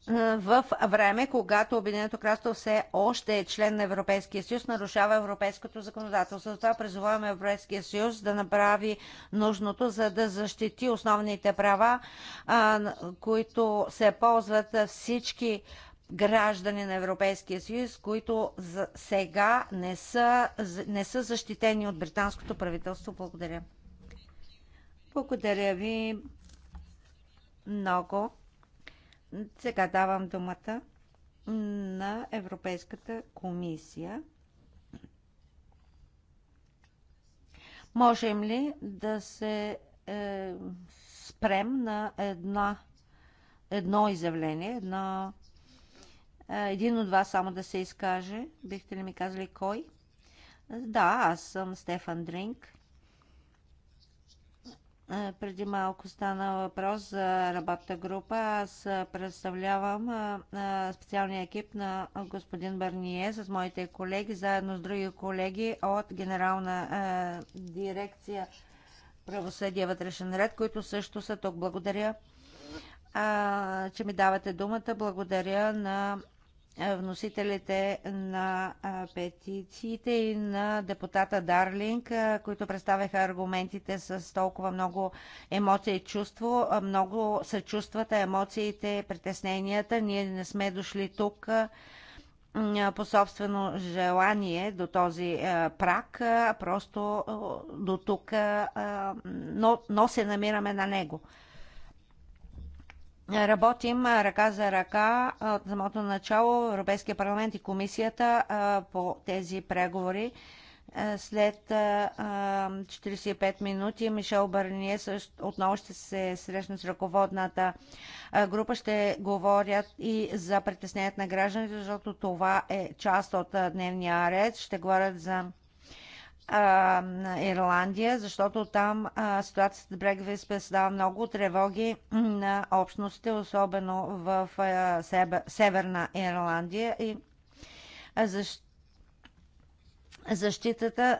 е, в време, когато Обединеното кралство все още е член на Европейския съюз, нарушава европейското законодателство. Затова призоваваме Европейския съюз да направи нужното, за да защити основните права, а, които се ползват всички граждани на Европейския съюз, които за сега не са, не са защитени от британското правителство. Благодаря. Благодаря ви много. Сега давам думата на Европейската комисия. Можем ли да се е, спрем на една, едно изявление, една, е, един от вас само да се изкаже? Бихте ли ми казали кой? Да, аз съм Стефан Дринк е, преди малко стана въпрос за работната група. Аз представлявам е, е, специалния екип на господин Барние с моите колеги, заедно с други колеги от Генерална дирекция правосъдие вътрешен ред, които също са тук. Благодаря, че ми давате думата. Благодаря на е, вносителите на петициите и на депутата Дарлинг, които представяха аргументите с толкова много емоция и чувство. Много съчувствата, емоциите, притесненията. Ние не сме дошли тук по собствено желание до този прак, просто до тук, но, но се намираме на него. Работим ръка за ръка от самото начало Европейския парламент и комисията по тези преговори. След 45 минути Мишел Барние отново ще се срещне с ръководната група. Ще говорят и за притеснението на гражданите, защото това е част от дневния ред. Ще говорят за а, Ирландия, защото там а, ситуацията с Брегви създава много тревоги на общностите, особено в а, Северна Ирландия и защ... защитата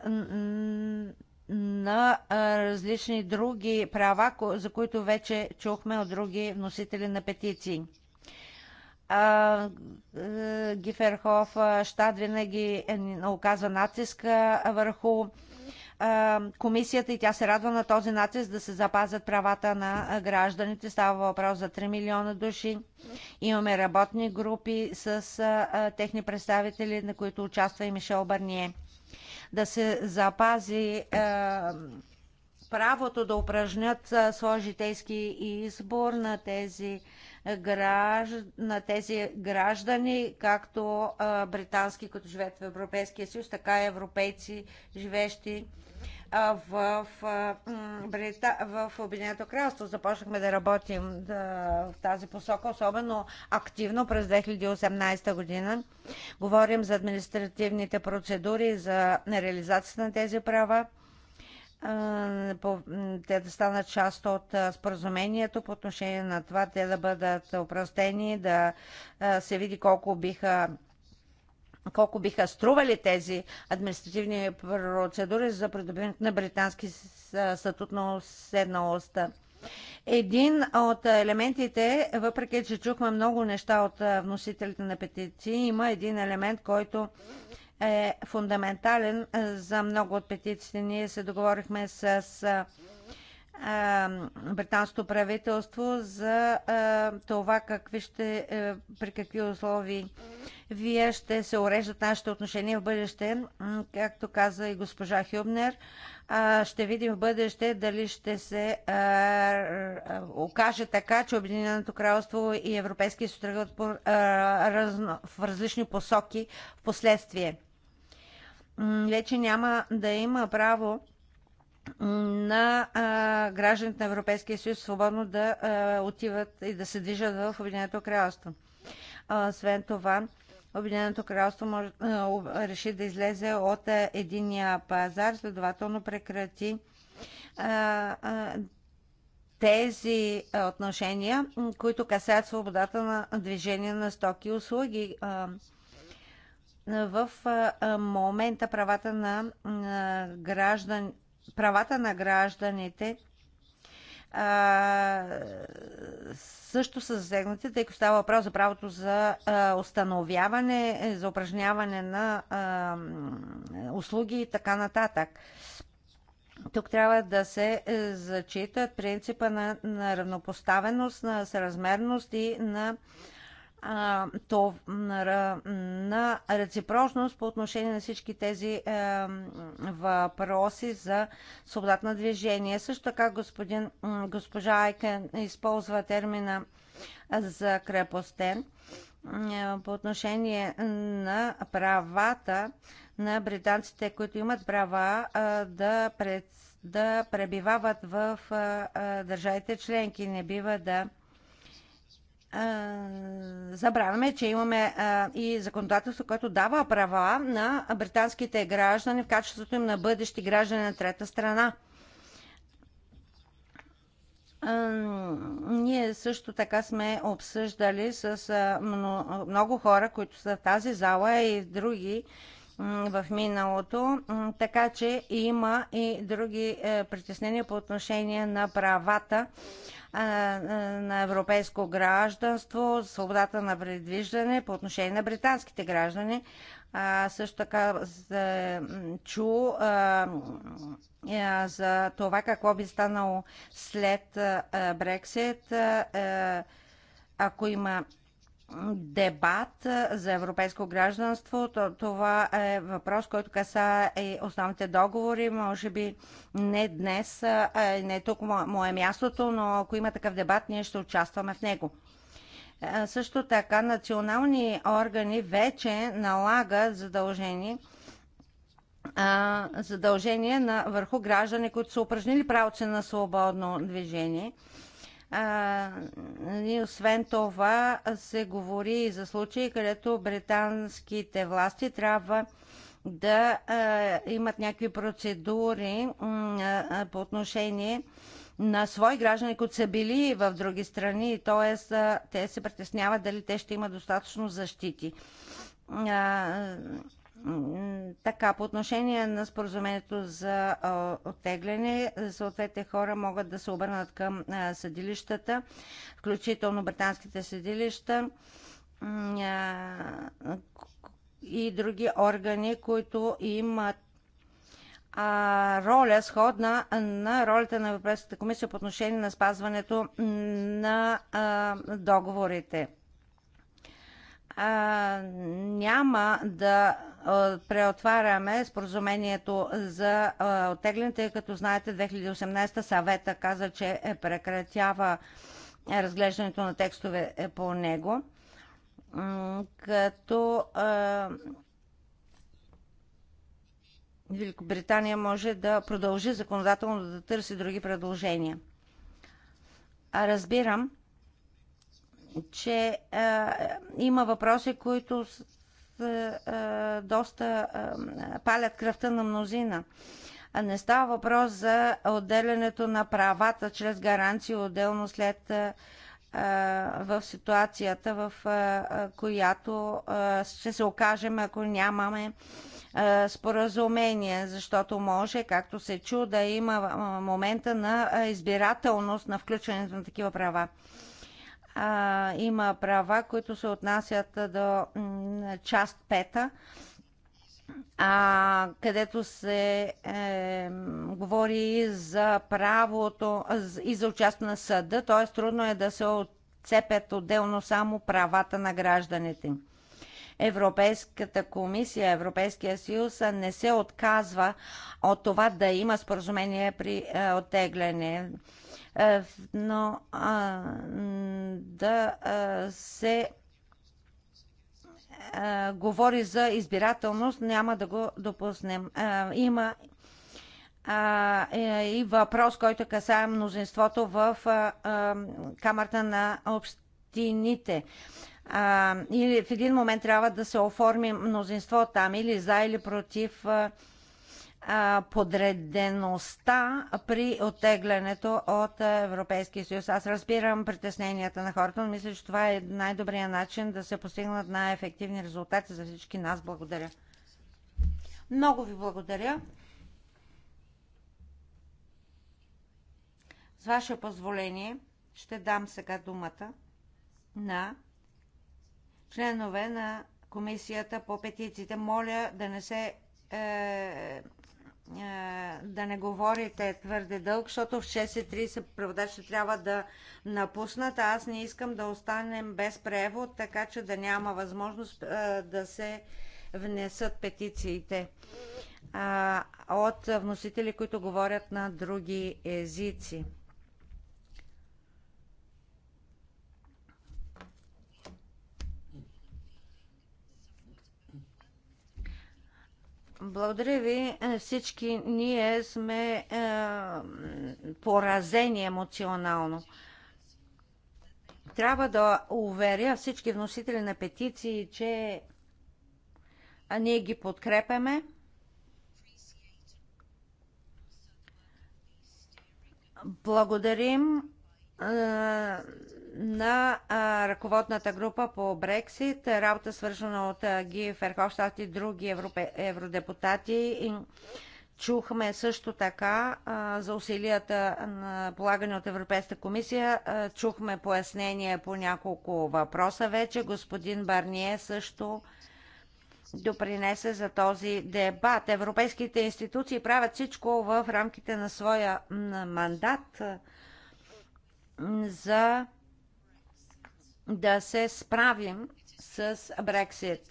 на различни други права, за които вече чухме от други носители на петиции а, е, Гиферхов щат винаги е оказва натиск върху комисията и тя се радва на този натиск да се запазят правата на гражданите. Става въпрос за 3 милиона души. Имаме работни групи с техни представители, на които участва и Мишел Барние. Да се запази правото да упражнят своя житейски избор на тези на тези граждани, както британски, като живеят в Европейския съюз, така и европейци, живещи в, в, в, в Обединеното кралство. Започнахме да работим да, в тази посока, особено активно през 2018 година. Говорим за административните процедури, за реализацията на тези права те да станат част от споразумението по отношение на това те да бъдат упростени, да се види колко биха колко биха стрували тези административни процедури за придобиването на британски статут на уседналост. Един от елементите, въпреки че чухме много неща от вносителите на петиции, има един елемент, който е фундаментален е, за много от петициите. Ние се договорихме с е, е, британското правителство за това какви ще, при какви условия вие ще се уреждат нашите отношения в бъдеще, както каза и госпожа Хюбнер. Ще видим в бъдеще дали ще се окаже така, че Обединеното кралство и Европейския съюз тръгват в различни посоки в последствие вече няма да има право на гражданите на Европейския съюз свободно да отиват и да се движат в Обединеното кралство. Освен това, Обединеното кралство може, реши да излезе от единия пазар, следователно прекрати тези отношения, които касаят свободата на движение на стоки и услуги в момента правата на, граждан, правата на гражданите също са засегнати, тъй като става въпрос за правото за установяване, за упражняване на услуги и така нататък. Тук трябва да се е, зачитат принципа на, на равнопоставеност, на съразмерност и на а, то, на, на реципрочност по отношение на всички тези е, въпроси за свободата на движение. Също така господин, госпожа Айкен използва термина за крепостен е, по отношение на правата на британците, които имат права е, да, пред, да пребивават в е, държавите членки. Не бива да забравяме, че имаме и законодателство, което дава права на британските граждани в качеството им на бъдещи граждани на трета страна. Ние също така сме обсъждали с много хора, които са в тази зала и други в миналото, така че има и други е, притеснения по отношение на правата на европейско гражданство, свободата на предвиждане по отношение на британските граждани. А, също така чу а, за това какво би станало след Брексит, е, ако има дебат за европейско гражданство. Това е въпрос, който каса и основните договори. Може би не днес, не тук му е мястото, но ако има такъв дебат, ние ще участваме в него. Също така национални органи вече налагат задължение задължения на, върху граждани, които са упражнили правото си на свободно движение – и нали, освен това се говори и за случаи, където британските власти трябва да а, имат някакви процедури а, по отношение на свои граждани, които са били в други страни, т.е. те се притесняват дали те ще имат достатъчно защити. А, така, по отношение на споразумението за оттегляне, съответните хора могат да се обърнат към съдилищата, включително британските съдилища и други органи, които имат роля сходна на ролята на Европейската комисия по отношение на спазването на договорите а, няма да преотваряме споразумението за оттегляне, тъй като знаете 2018 съвета каза, че е прекратява разглеждането на текстове е, по него. Като Великобритания може да продължи законодателно да търси други предложения. разбирам, че а, е, е, има въпроси, които с, а, е, доста а, палят кръвта на мнозина. А не става въпрос за отделянето на правата чрез гаранции отделно след а, в ситуацията, в която ще се окажем, ако нямаме споразумение, защото може, както се чу, да има момента на избирателност на включването на такива права а, има права, които се отнасят до част пета, а, където се е, говори за правото и за участие на съда, т.е. трудно е да се отцепят отделно само правата на гражданите. Европейската комисия, Европейския съюз не се отказва от това да има споразумение при е, оттегляне. Е, но да се говори за избирателност, няма да го допуснем. Има е, и въпрос, който касае мнозинството в Камерата на общините. И в един момент трябва да се оформи мнозинство там или за или против подредеността при оттеглянето от Европейския съюз. Аз разбирам притесненията на хората, но мисля, че това е най-добрият начин да се постигнат най-ефективни резултати за всички нас. Благодаря. Много ви благодаря. С ваше позволение ще дам сега думата на членове на Комисията по петициите. Моля да не се е, е, да не говорите твърде дълг, защото в 6.30 преводачите трябва да напуснат, а аз не искам да останем без превод, така че да няма възможност е, да се внесат петициите от вносители, които говорят на други езици. Благодаря ви. Е, всички ние сме е, поразени емоционално. Трябва да уверя всички вносители на петиции, че а ние ги подкрепяме. Благодарим е, на а, ръководната група по Брексит, работа свършена от а, Ги Ферховщат и други европе, евродепутати. И, чухме също така а, за усилията на полагане от Европейската комисия. А, чухме пояснение по няколко въпроса вече. Господин Барние също допринесе за този дебат. Европейските институции правят всичко в рамките на своя мандат за да се справим с Брексит.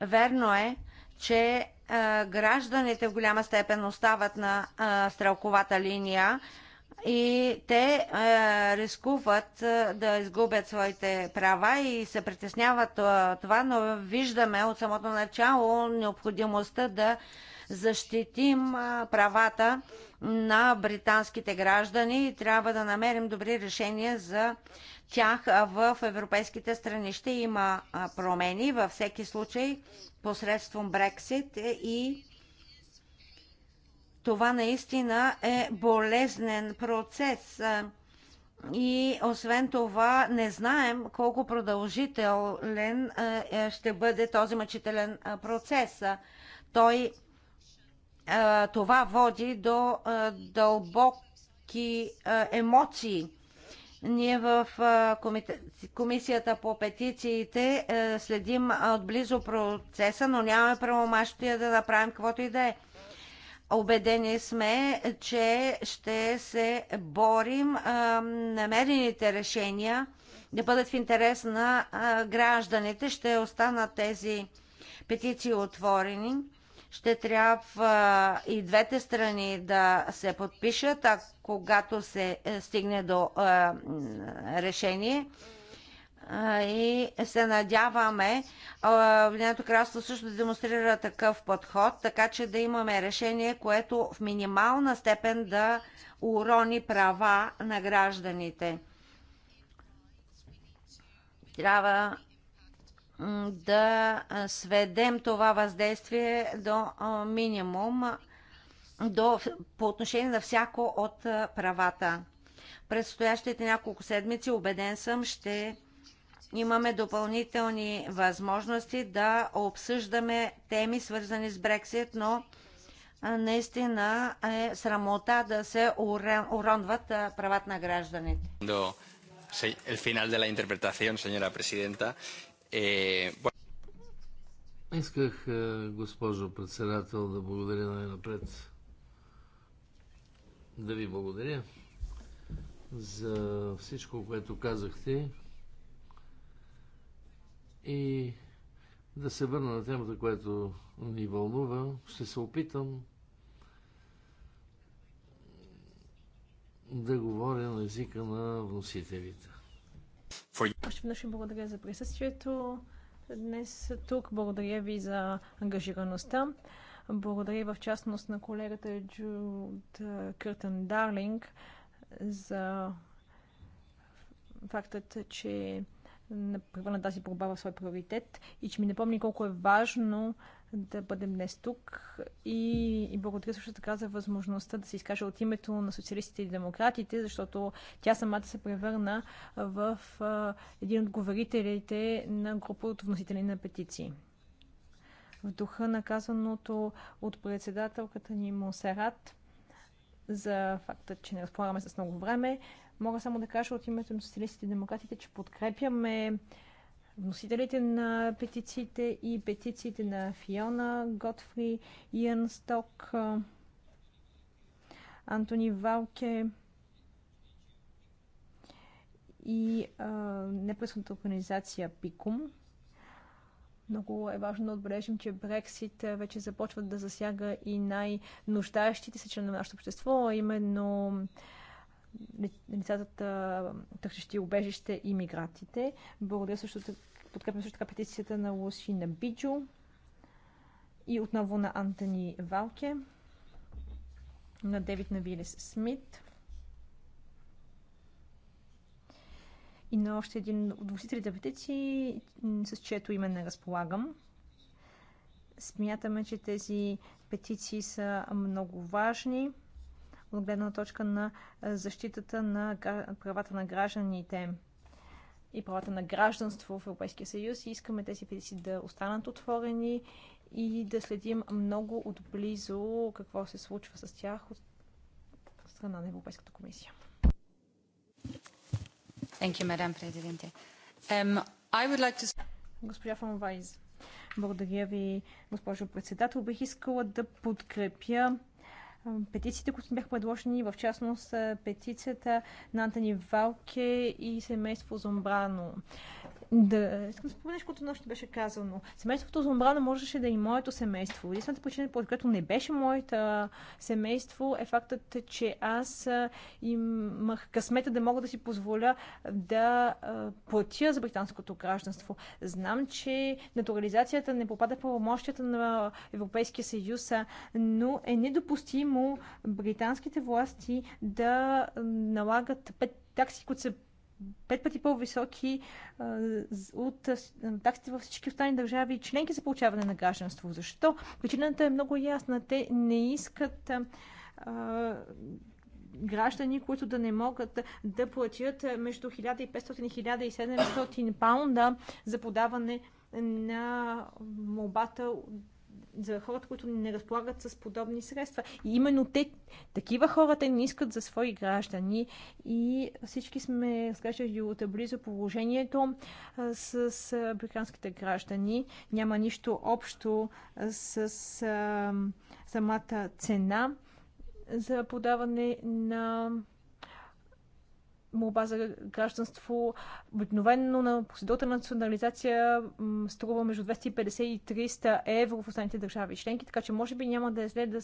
Верно е, че гражданите в голяма степен остават на стрелковата линия и те рискуват да изгубят своите права и се притесняват това, но виждаме от самото начало необходимостта да защитим правата на британските граждани и трябва да намерим добри решения за тях в европейските страни. Ще има промени във всеки случай посредством Брексит и това наистина е болезнен процес. И освен това, не знаем колко продължителен е, ще бъде този мъчителен процес. Той това води до дълбоки емоции ние в Комисията по петициите е, следим отблизо процеса, но нямаме правомащия да направим каквото и да е. Обедени сме, че ще се борим намерените решения да бъдат в интерес на гражданите. Ще останат тези петиции отворени ще трябва и двете страни да се подпишат, а когато се е, стигне до е, решение, е, и се надяваме Обединеното кралство също да демонстрира такъв подход, така че да имаме решение, което в минимална степен да урони права на гражданите. Трябва да сведем това въздействие до минимум до, по отношение на всяко от правата. През стоящите няколко седмици, убеден съм, ще имаме допълнителни възможности да обсъждаме теми, свързани с Брексит, но наистина е срамота да се уронват правата на гражданите. el final de la interpretación, señora presidenta, е... Исках, е, госпожо председател, да благодаря най-напред. Да ви благодаря за всичко, което казахте и да се върна на темата, която ни вълнува. Ще се опитам да говоря на езика на вносителите. Още веднъж благодаря за присъствието днес тук. Благодаря ви за ангажираността. Благодаря в частност на колегата Джуд Къртън Дарлинг за фактът, че превърна тази проба в свой приоритет и че ми напомни колко е важно да бъдем днес тук и, и благодаря също така за възможността да се изкаже от името на социалистите и демократите, защото тя самата се превърна в а, един от говорителите на група от вносители на петиции. В духа на казаното от председателката ни Монсерат за факта, че не разполагаме с много време, мога само да кажа от името на социалистите и демократите, че подкрепяме вносителите на петициите и петициите на Фиона Готфри, Иан Сток, Антони Валке и непресната организация ПИКУМ. Много е важно да отбележим, че Брексит вече започва да засяга и най-нуждаещите се членове на нашето общество, а именно лицата, търсещи убежище и мигрантите. Благодаря също така, подкрепям също така петицията на Лусина Биджо и отново на Антони Валке, на Девид Навилес Смит и на още един от вносителите петиции, с чието име не разполагам. Смятаме, че тези петиции са много важни от гледна точка на защитата на правата на гражданите и правата на гражданство в Европейския съюз и искаме тези петиции да останат отворени и да следим много отблизо какво се случва с тях от страна на Европейската комисия. Thank you, Madam President. Um, I would like to... Госпожа Фон Вайз. Благодаря ви, госпожо председател. Бих искала да подкрепя петициите, които бяха предложени, в частност е, петицията на Антони Валке и семейство Зомбрано да искам да спомня, което нощ беше казано. Семейството за омбрана можеше да е и моето семейство. Единствената причина, по която не беше моето семейство, е фактът, че аз имах късмета да мога да си позволя да платя за британското гражданство. Знам, че натурализацията не попада в правомощията на Европейския съюз, но е недопустимо британските власти да налагат пет такси, които са пет пъти по-високи от таксите във всички останали държави и членки за получаване на гражданство. Защо? Причината е много ясна. Те не искат граждани, които да не могат да платят между 1500 и 1700 паунда за подаване на молбата за хората, които не разполагат с подобни средства. И именно те, такива хора, те не искат за свои граждани. И всички сме разглеждали от близо положението с, с британските граждани. Няма нищо общо с, с самата цена за подаване на молба за гражданство. Обикновено на процедурата на национализация струва между 250 и 300 евро в останалите държави членки, така че може би няма да е зле да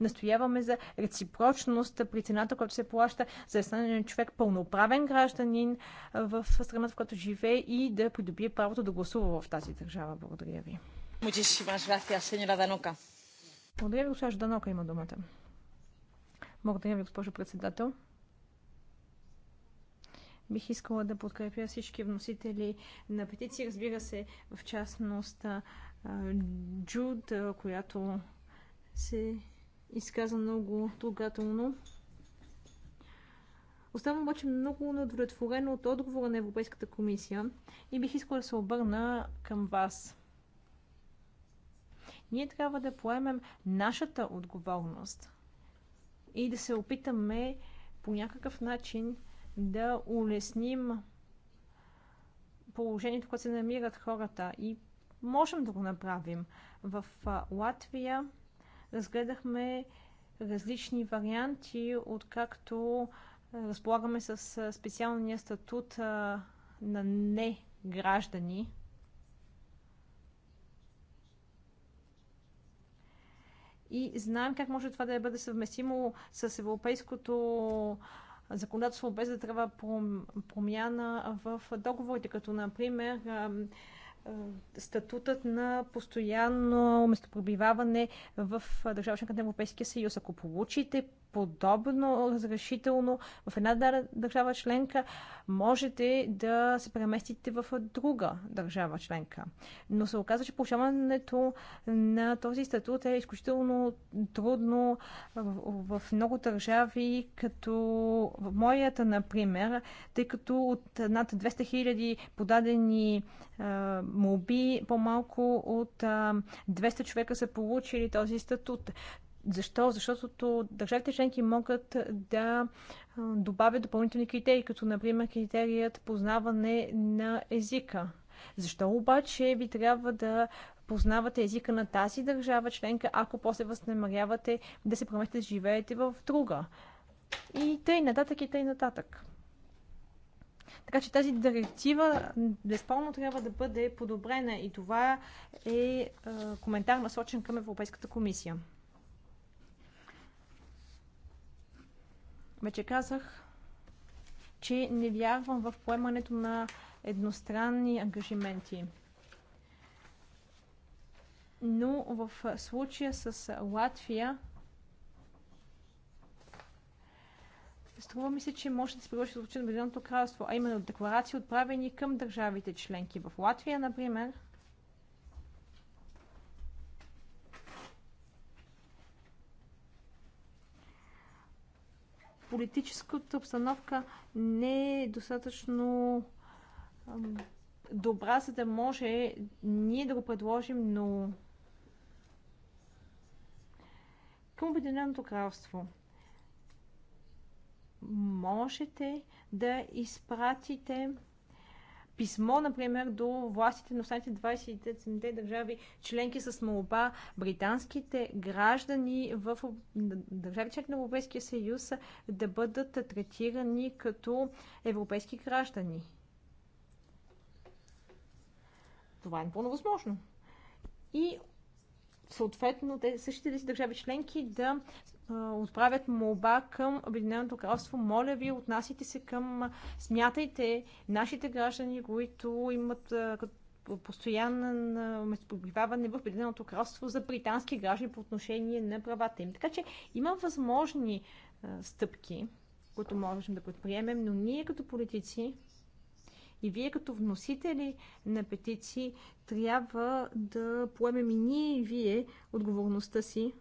настояваме за реципрочност при цената, която се плаща за останалия човек пълноправен гражданин в страната, в която живее и да придобие правото да гласува в тази държава. Благодаря ви. Благодаря ви, госпожа Данока има думата. Благодаря ви, госпожо председател. Бих искала да подкрепя всички вносители на петиции, разбира се, в частност Джуд, която се изказа много трогателно. Оставам обаче много неудовлетворена от отговора на Европейската комисия и бих искала да се обърна към вас. Ние трябва да поемем нашата отговорност и да се опитаме по някакъв начин да улесним положението, което се намират хората и можем да го направим. В Латвия разгледахме различни варианти, откакто разполагаме с специалния статут на не граждани. И знаем как може това да бъде съвместимо с европейското законодателство, без да трябва промяна в договорите, като например статутът на постоянно местопребиваване в държава на Европейския съюз. Ако получите подобно разрешително в една държава членка, можете да се преместите в друга държава членка. Но се оказва, че получаването на този статут е изключително трудно в, в много държави, като в моята, например, тъй като от над 200 000 подадени моби по-малко от 200 човека са получили този статут. Защо? Защото държавите членки могат да добавят допълнителни критерии, като например критерият познаване на езика. Защо обаче ви трябва да познавате езика на тази държава членка, ако после възнамерявате да се преместите да живеете в друга? И тъй нататък, и тъй нататък. Така че тази директива безпълно трябва да бъде подобрена и това е, е коментар насочен към Европейската комисия. Вече казах, че не вярвам в поемането на едностранни ангажименти. Но в случая с Латвия Струва ми се, че може да се приложи случай на Обединеното кралство, а именно декларации, отправени към държавите членки. В Латвия, например, политическата обстановка не е достатъчно добра, за да може ние да го предложим, но към Обединеното кралство. Можете да изпратите писмо, например, до властите на останалите 27-те държави членки с молба британските граждани в държави членки на Европейския съюз да бъдат третирани като европейски граждани. Това е напълно възможно. И съответно те същите тези си държави членки да отправят молба към Обединеното кралство. Моля ви, отнасяйте се към, смятайте нашите граждани, които имат постоянно местопребиваване в Обединеното кралство за британски граждани по отношение на правата им. Така че има възможни стъпки, които можем да предприемем, но ние като политици и вие като вносители на петиции трябва да поемем и ние и вие отговорността си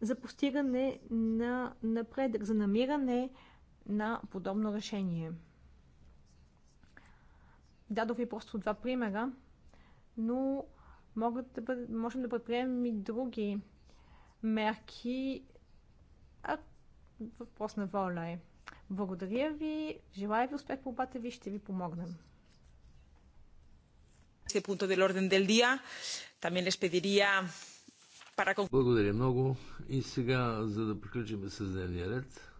за постигане на напредък, за намиране на подобно решение. Дадох ви просто два примера, но могат да бъд, можем да предприемем и други мерки, а въпрос на воля е. Благодаря ви, желая ви успех по бата ви, ще ви помогнем. Este punto del orden del día, también les pediría благодаря много. И сега, за да приключим с дневния ред.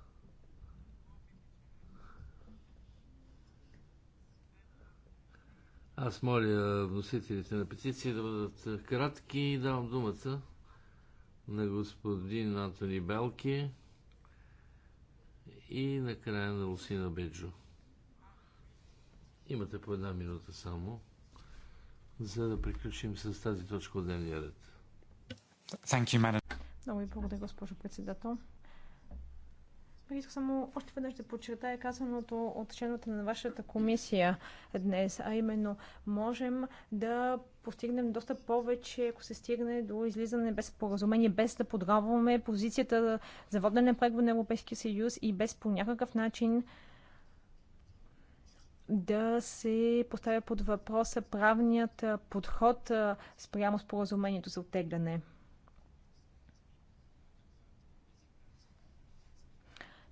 Аз моля вносителите на петиции да бъдат кратки и давам думата на господин Антони Белки и накрая на Лусина Беджо. Имате по една минута само, за да приключим с тази точка от дневния ред. You, Много ви благодаря, госпожо председател. Бих искам само още веднъж да подчертая казаното от членовете на вашата комисия днес, а именно можем да постигнем доста повече, ако се стигне до излизане без споразумение, без да подробваме позицията за водене преговор на Европейския съюз и без по някакъв начин да се поставя под въпроса правният подход спрямо споразумението за оттегляне.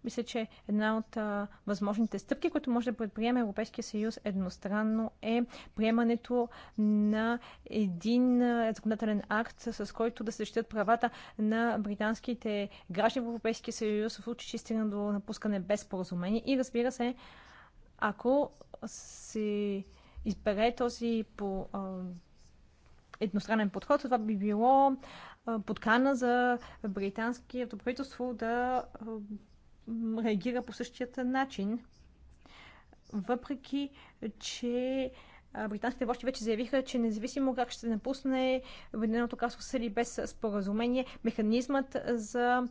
Мисля, че една от а, възможните стъпки, които може да предприеме Европейския съюз едностранно е приемането на един законодателен акт, с който да се защитят правата на британските граждани в Европейския съюз в случай, че стигна до напускане без споразумение. И разбира се, ако се избере този по едностранен подход, това би било подкана за британското правителство да реагира по същият начин, въпреки че британските власти вече заявиха, че независимо как ще напусне Обединеното кралство сели без споразумение, механизмат за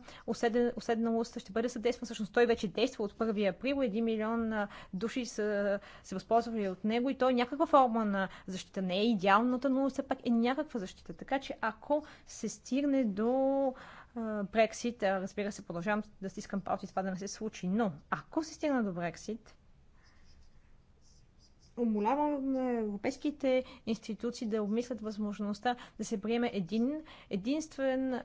уседналост ще бъде съдействан. Всъщност той вече действа от 1 април. 1 милион души са се възползвали от него и той е някаква форма на защита. Не е идеалната, но все пак е някаква защита. Така че ако се стигне до Брексит, разбира се, продължавам да стискам палци това да не се случи, но ако се стигна до Брексит, умоляваме европейските институции да обмислят възможността да се приеме един единствен е,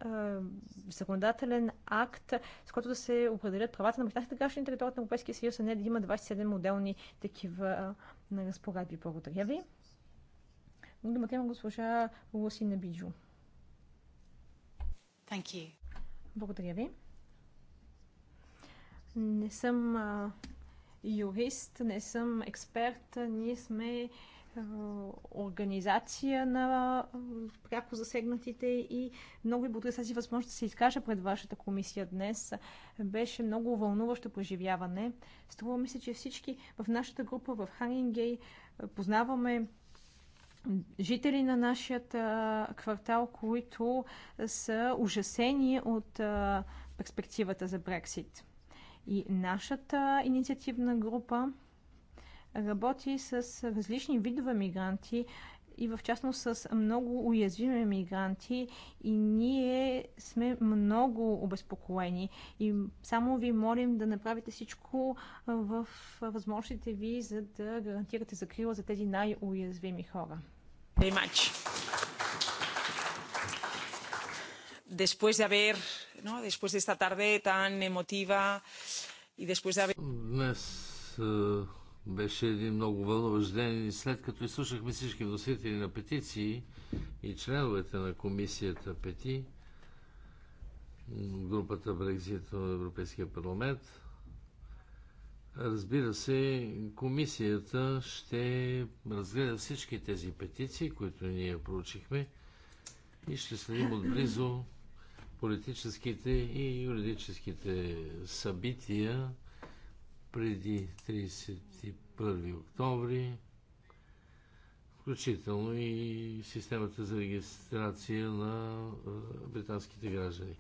законодателен акт, с който да се определят правата на британските граждани на територията на Европейския съюз, а не да има 27 моделни такива на разпоредби. Благодаря ви. Думата има госпожа Лусина Биджу. Thank you. Благодаря ви. Не съм а, юрист, не съм експерт. Ние сме а, организация на а, пряко засегнатите и много ви благодаря тази възможност да се изкажа пред вашата комисия днес. Беше много вълнуващо преживяване. Струва ми се, че всички в нашата група в Ханингей познаваме жители на нашия квартал, които са ужасени от перспективата за Брексит. И нашата инициативна група работи с различни видове мигранти и в частност с много уязвими мигранти и ние сме много обезпокоени и само ви молим да направите всичко в възможностите ви, за да гарантирате закрила за тези най-уязвими хора. Después de haber, ¿no? Después de esta tarde tan emotiva y después de haber... Днес беше един много вълнуващ ден и след като изслушахме всички вносители на петиции и членовете на комисията Пети, групата Брекзит на Европейския парламент, разбира се, комисията ще разгледа всички тези петиции, които ние проучихме и ще следим отблизо политическите и юридическите събития преди 30 1 октомври, включително и системата за регистрация на британските граждани.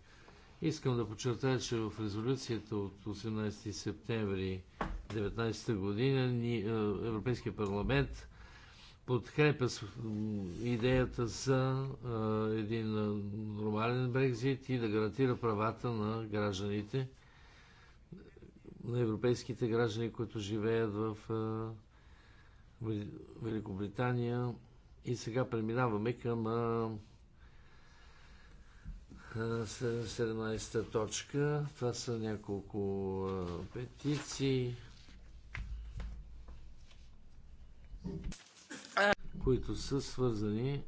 Искам да подчертая, че в резолюцията от 18 септември 2019 година Европейския парламент подкрепя идеята за един нормален Брекзит и да гарантира правата на гражданите на европейските граждани, които живеят в Великобритания. И сега преминаваме към 17-та точка. Това са няколко петиции, които са свързани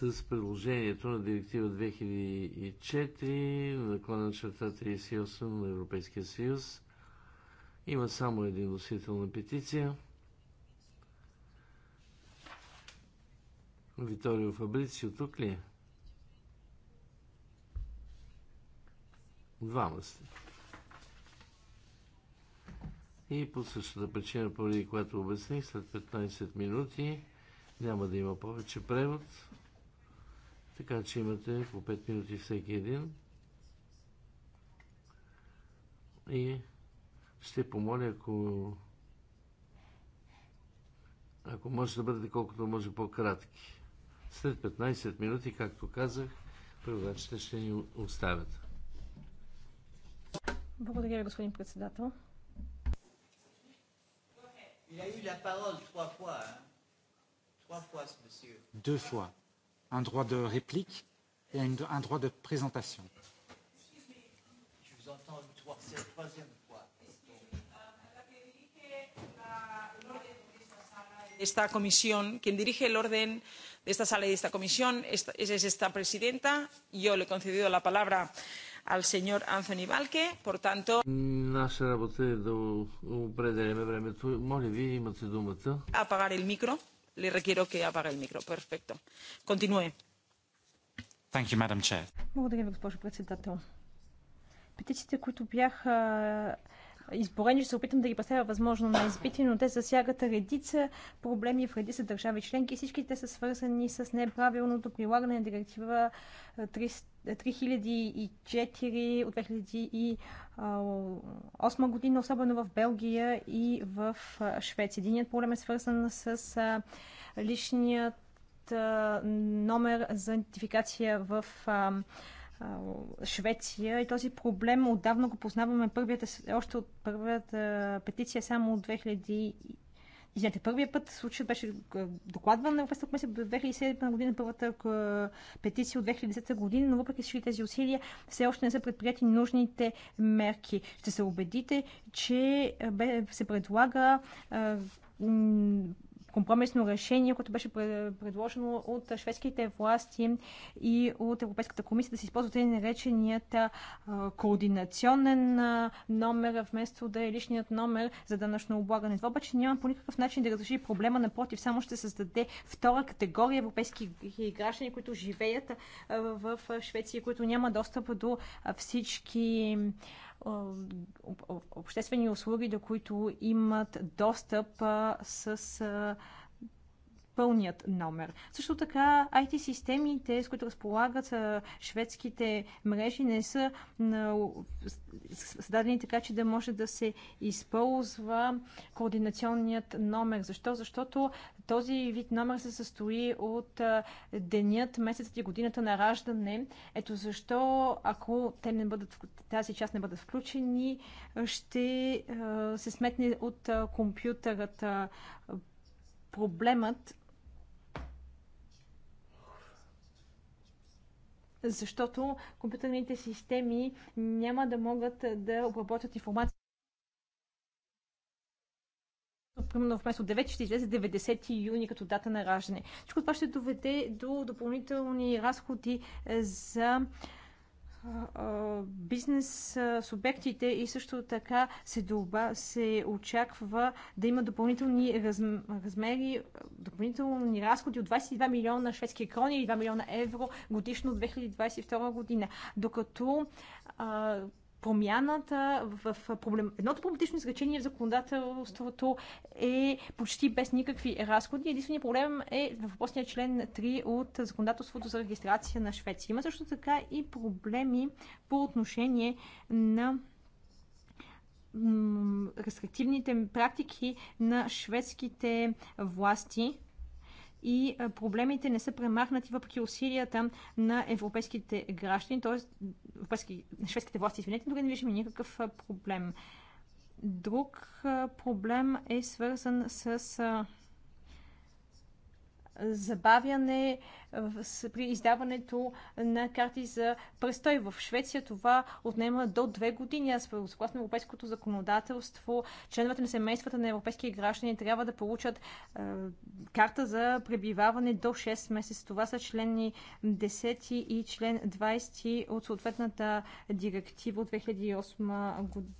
с предложението на директива 2004 клана черта 38 на Европейския съюз. Има само един носител на петиция. Виторио Фабрицио тук ли е? Двама сте. И по същата причина, поради която обясних, след 15 минути няма да има повече превод. Така че имате по 5 минути всеки един. И ще помоля, ако, ако може да бъдете колкото може по-кратки. След 15 минути, както казах, преводачите ще ни оставят. Благодаря господин председател. Il a eu la parole trois fois. Hein? Trois fois, monsieur. Deux fois un droit de réplique et une, un droit de présentation. Esta comisión, quien dirige el orden de esta sala y de esta comisión es, es esta presidenta. Yo le he concedido la palabra al señor Anthony Valque, por tanto... Apagar el micro le requiero que apague el micro. Perfecto. Continúe. Thank you, Madam Chair. Благодаря ви, госпожо председател. Петициите, които бяха изборени, ще се опитам да ги представя възможно на избити, но те засягат редица проблеми в редица държави членки. Всички те са свързани с неправилното прилагане на директива 3004 от 2008 година, особено в Белгия и в Швеция. Единият проблем е свързан с личният номер за идентификация в Швеция и този проблем отдавна го познаваме първията, още от първата петиция само от 2000 Извинете, първият път случай беше докладван на Европейската комисия до 2007 година, първата петиция от 2010 година, но въпреки всички тези усилия все още не са предприяти нужните мерки. Ще се убедите, че се предлага компромисно решение, което беше предложено от шведските власти и от Европейската комисия да се използват и нареченият координационен номер, вместо да е личният номер за данъчно облагане. Това обаче няма по никакъв начин да разреши проблема, напротив, само ще създаде втора категория европейски граждани, които живеят в Швеция, които няма достъп до всички обществени услуги, до които имат достъп с пълният номер. Също така IT-системите, с които разполагат шведските мрежи, не са създадени така, че да може да се използва координационният номер. Защо? Защото този вид номер се състои от денят, месецът и годината на раждане. Ето защо, ако те не бъдат, тази част не бъдат включени, ще се сметне от компютърът проблемът защото компютърните системи няма да могат да обработят информация. Примерно вместо 9 ще излезе 90 юни като дата на раждане. Всичко това ще доведе до допълнителни разходи за бизнес субектите и също така се, доба, се очаква да има допълнителни размери, допълнителни разходи от 22 милиона шведски крони или 2 милиона евро годишно от 2022 година. Докато промяната в, проблем... едното проблематично изречение в законодателството е почти без никакви разходи. Единственият проблем е в въпросния член 3 от законодателството за регистрация на Швеция. Има също така и проблеми по отношение на рестриктивните практики на шведските власти и проблемите не са премахнати въпреки усилията на европейските граждани, т.е. шведските власти, извинете, дори не виждаме никакъв проблем. Друг проблем е свързан с забавяне при издаването на карти за престой. В Швеция това отнема до две години. Аз съгласно европейското законодателство, членовете на семействата на европейски граждани трябва да получат е, карта за пребиваване до 6 месеца. Това са члени 10 и член 20 от съответната директива от 2008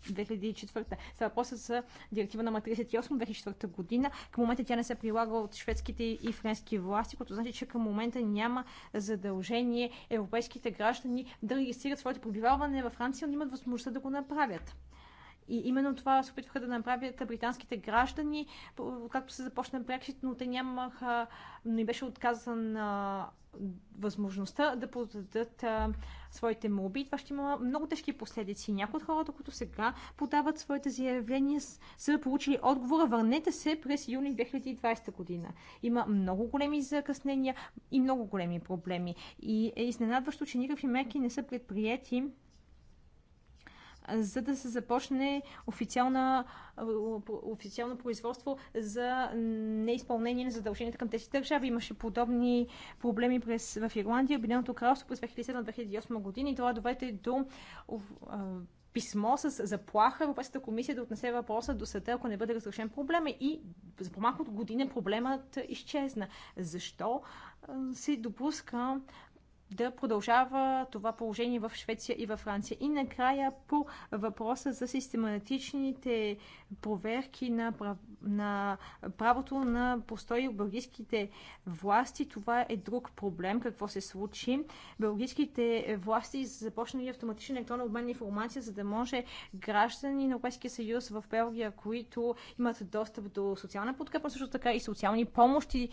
2004. Става въпроса за директива на 38 2004 година. Към момента тя не се прилага от шведските и френски власти, което значи, че към момента момента няма задължение европейските граждани да регистрират своето пребиваване във Франция, но имат възможността да го направят. И именно това се опитваха да направят британските граждани, както се започна Брексит, но те нямаха, не беше отказана възможността да подадат а, своите молби. Това ще има много тежки последици. Някои от хората, които сега подават своите заявления, са получили отговора върнете се през юни 2020 година. Има много големи закъснения и много големи проблеми. И е изненадващо, че никакви мерки не са предприяти за да се започне официална, е, официално производство за неизпълнение на задълженията към тези държави. Имаше подобни проблеми през, в Ирландия, Обединеното кралство през 2007-2008 година и това доведе до е, писмо с заплаха Европейската комисия да отнесе въпроса до съда, ако не бъде разрешен проблема. И за по-малко от година проблемът изчезна. Защо се допуска да продължава това положение в Швеция и във Франция. И накрая по въпроса за систематичните проверки на, прав... на правото на постои от бългийските власти. Това е друг проблем. Какво се случи? Бългийските власти започнали автоматичен електронен обмен на информация, за да може граждани на Европейския съюз в Белгия, които имат достъп до социална подкрепа, също така и социални помощи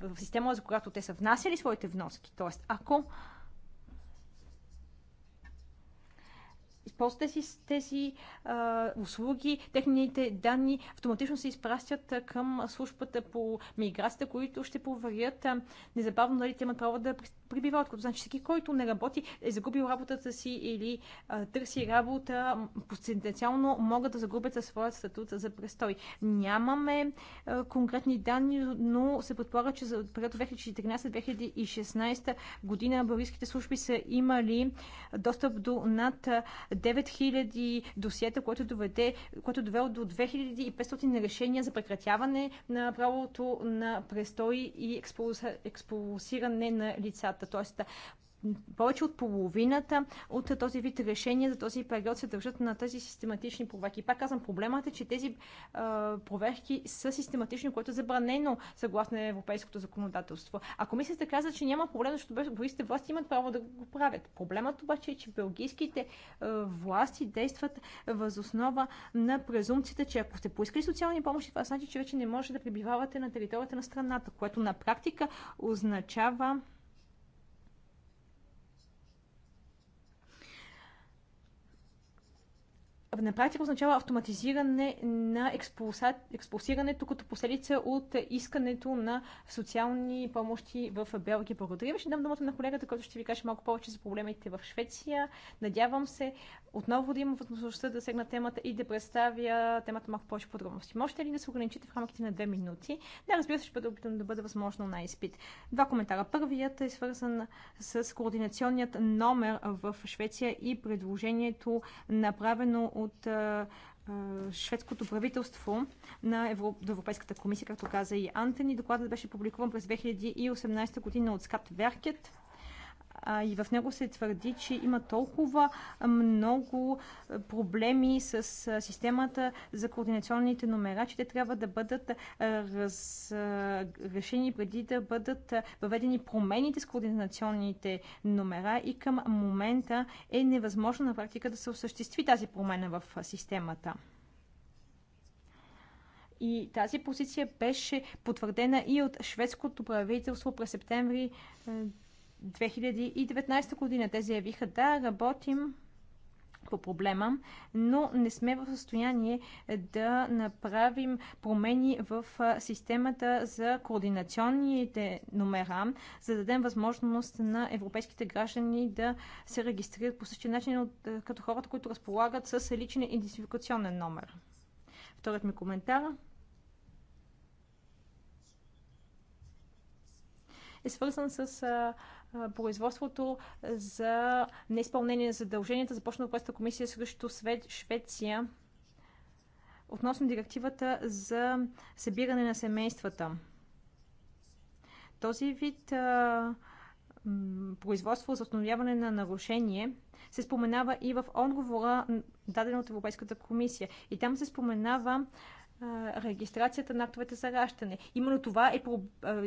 в система, за която те са внасяли своите вноски. Тоест, ако използват тези, тези а, услуги, техните данни автоматично се изпращат към службата по миграцията, които ще проверят незабавно дали те имат право да прибива от Значи всеки, който не работи, е загубил работата си или а, търси работа, потенциално могат да загубят със своят статут за престой. Нямаме а, конкретни данни, но се предполага, че за период 2014-2016 година българските служби са имали достъп до над 9000 досиета, което, доведе, което довело до 2500 решения за прекратяване на правото на престой и експулсиране на лицата средства. Тоест, повече от половината от този вид решения за този период се държат на тези систематични проверки. Пак казвам, проблемът е, че тези проверки са систематични, което е забранено съгласно европейското законодателство. А комисията каза, че няма проблем, защото българските власти имат право да го правят. Проблемът обаче е, че белгийските власти действат възоснова на презумцията, че ако сте поискали социални помощи, това значи, че вече не можете да пребивавате на територията на страната, което на практика означава на практика означава автоматизиране на експулсирането като последица от искането на социални помощи в Белгия. Благодаря ви. Ще дам думата на колегата, който ще ви каже малко повече за проблемите в Швеция. Надявам се отново да има възможността да сегна темата и да представя темата малко повече подробности. Можете ли да се ограничите в рамките на две минути? Да, разбира се, ще бъде опитан да бъде възможно на изпит. Два коментара. Първият е свързан с координационният номер в Швеция и предложението направено от от шведското правителство на Европейската комисия, както каза и Антони. Докладът беше публикуван през 2018 година от Скат Веркет и в него се твърди, че има толкова много проблеми с системата за координационните номера, че те трябва да бъдат разрешени преди да бъдат въведени промените с координационните номера и към момента е невъзможно на практика да се осъществи тази промена в системата. И тази позиция беше потвърдена и от шведското правителство през септември 2019 година те заявиха да работим по проблема, но не сме в състояние да направим промени в системата за координационните номера, за да дадем възможност на европейските граждани да се регистрират по същия начин, като хората, които разполагат с личен идентификационен номер. Вторият ми коментар е свързан с производството за неизпълнение на задълженията, започна Европейската комисия срещу Швеция относно директивата за събиране на семействата. Този вид а, производство за установяване на нарушение се споменава и в отговора, даден от Европейската комисия. И там се споменава регистрацията на актовете за раждане. Именно това е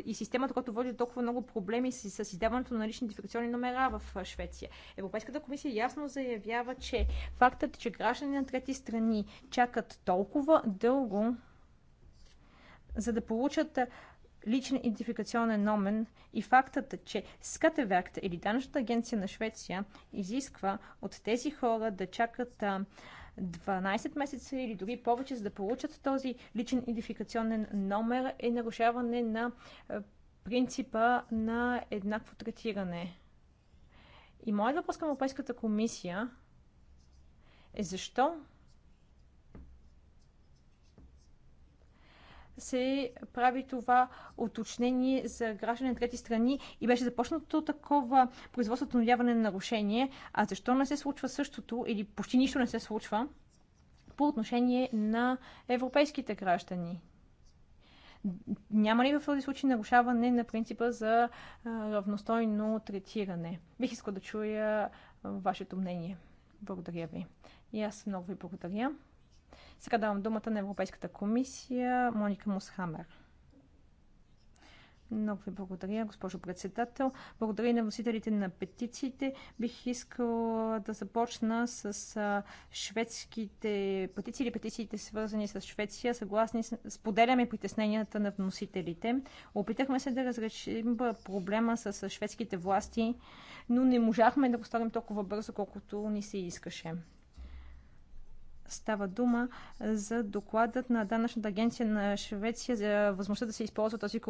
и системата, която води до толкова много проблеми с, с издаването на лични дефекционни номера в Швеция. Европейската комисия ясно заявява, че фактът, че граждани на трети страни чакат толкова дълго, за да получат личен идентификационен номен и фактът, че Скатеверкта или данъчната агенция на Швеция изисква от тези хора да чакат 12 месеца или дори повече, за да получат този личен идентификационен номер, е нарушаване на е, принципа на еднакво третиране. И моят въпрос към Европейската комисия е защо се прави това уточнение за граждани на трети страни и беше започнато такова производството на нарушение. А защо не се случва същото или почти нищо не се случва по отношение на европейските граждани? Няма ли в този случай нарушаване на принципа за равностойно третиране? Бих искал да чуя вашето мнение. Благодаря ви. И аз много ви благодаря. Сега давам думата на Европейската комисия Моника Мусхамер. Много ви благодаря, госпожо председател. Благодаря и на носителите на петициите. Бих искал да започна с шведските петиции или петициите свързани с Швеция. Съгласни, споделяме притесненията на вносителите. Опитахме се да разрешим проблема с шведските власти, но не можахме да поставим толкова бързо, колкото ни се искаше. Става дума за докладът на данъчната агенция на Швеция за възможността да се използва този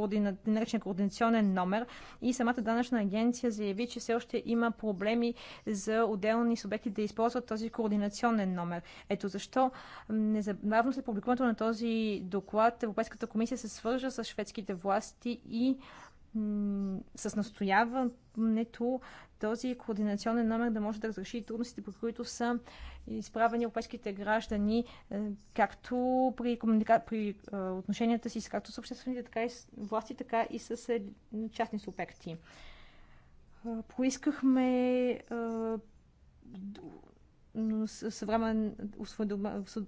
наречен координационен номер. И самата данъчна агенция заяви, че все още има проблеми за отделни субекти да използват този координационен номер. Ето защо незабавно след публикуването на този доклад Европейската комисия се свържа с шведските власти и с настояването този координационен номер да може да разреши трудностите, по които са изправени европейските граждани, е, както при, комуника... при е, отношенията си с както с обществените така и с власти, така и с е, частни субекти. Поискахме съвремен, да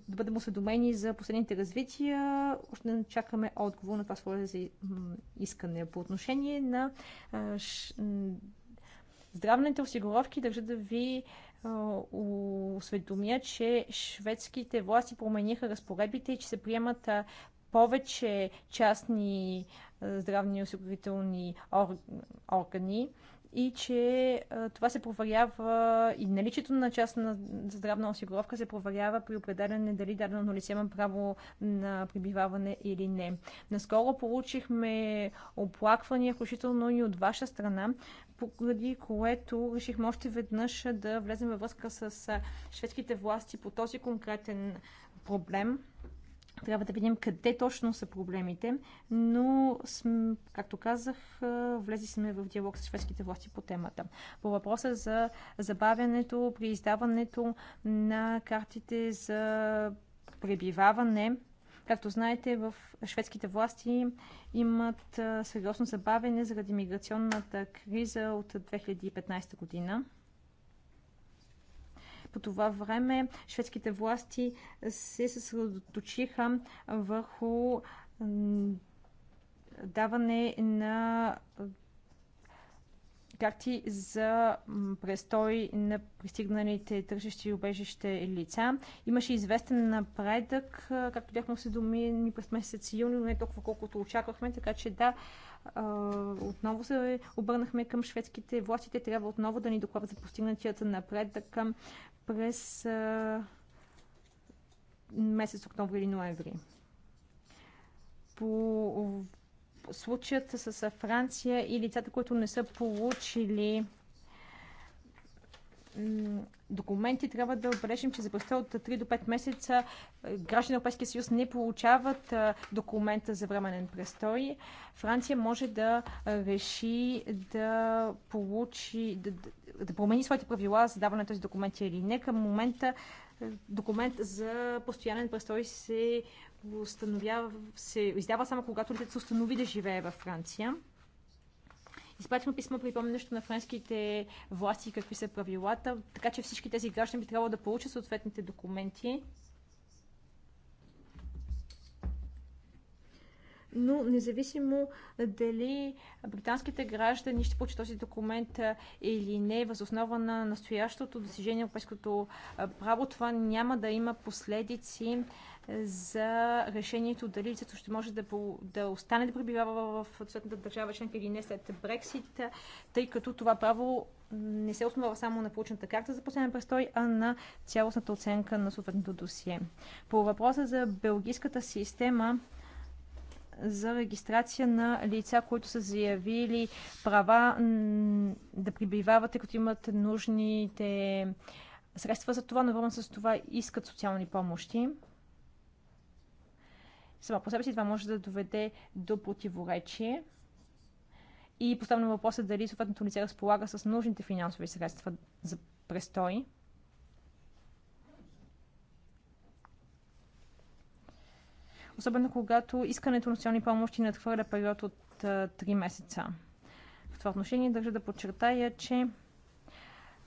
бъдем осведомени за последните развития. Още чакаме отговор на това свое искане. По отношение на здравните осигуровки, държа да ви осведомя, че шведските власти промениха разпоредбите и че се приемат повече частни здравни осигурителни органи и че това се проверява и наличието на част на здравна осигуровка се проверява при определяне дали дадено лице има право на прибиваване или не. Наскоро получихме оплаквания, включително и от ваша страна, поради което решихме още веднъж да влезем във връзка с шведските власти по този конкретен проблем трябва да видим къде точно са проблемите, но, както казах, влезли сме в диалог с шведските власти по темата. По въпроса за забавянето при издаването на картите за пребиваване, Както знаете, в шведските власти имат сериозно забавяне заради миграционната криза от 2015 година. По това време шведските власти се съсредоточиха върху даване на карти за престой на пристигналите и обежище лица. Имаше известен напредък, както бяхме осведомени през месец юни, но не толкова колкото очаквахме, така че да, отново се обърнахме към шведските власти. Те трябва отново да ни докладат за постигнатията напредък към през месец октомври или ноември. По случаята с Франция и лицата, които не са получили документи трябва да отбележим, че за пръста от 3 до 5 месеца е, граждани на Европейския съюз не получават е, документа за временен престой. Франция може да реши да получи, да, да промени своите правила за даване на тези документи или не. Към момента е, документ за постоянен престой се установява, се издава само когато лицето се установи да живее във Франция. Изпратихме писмо, припомнящо на френските власти какви са правилата, така че всички тези граждани би трябвало да получат съответните документи но независимо дали британските граждани ще получат този документ или не, въз основа на настоящото достижение на европейското право, това няма да има последици за решението дали лицето ще може да, да остане да пребивава в съответната държава членка или не след Брексит, тъй като това право не се основава само на получената карта за последен престой, а на цялостната оценка на съответното досие. По въпроса за белгийската система, за регистрация на лица, които са заявили права да прибивават, като имат нужните средства за това, но върна с това искат социални помощи. Само по себе си това може да доведе до противоречие. И поставям въпроса дали съответното лице разполага с нужните финансови средства за престой. особено когато искането на социални помощи надхвърля период от 3 месеца. В това отношение държа да подчертая, че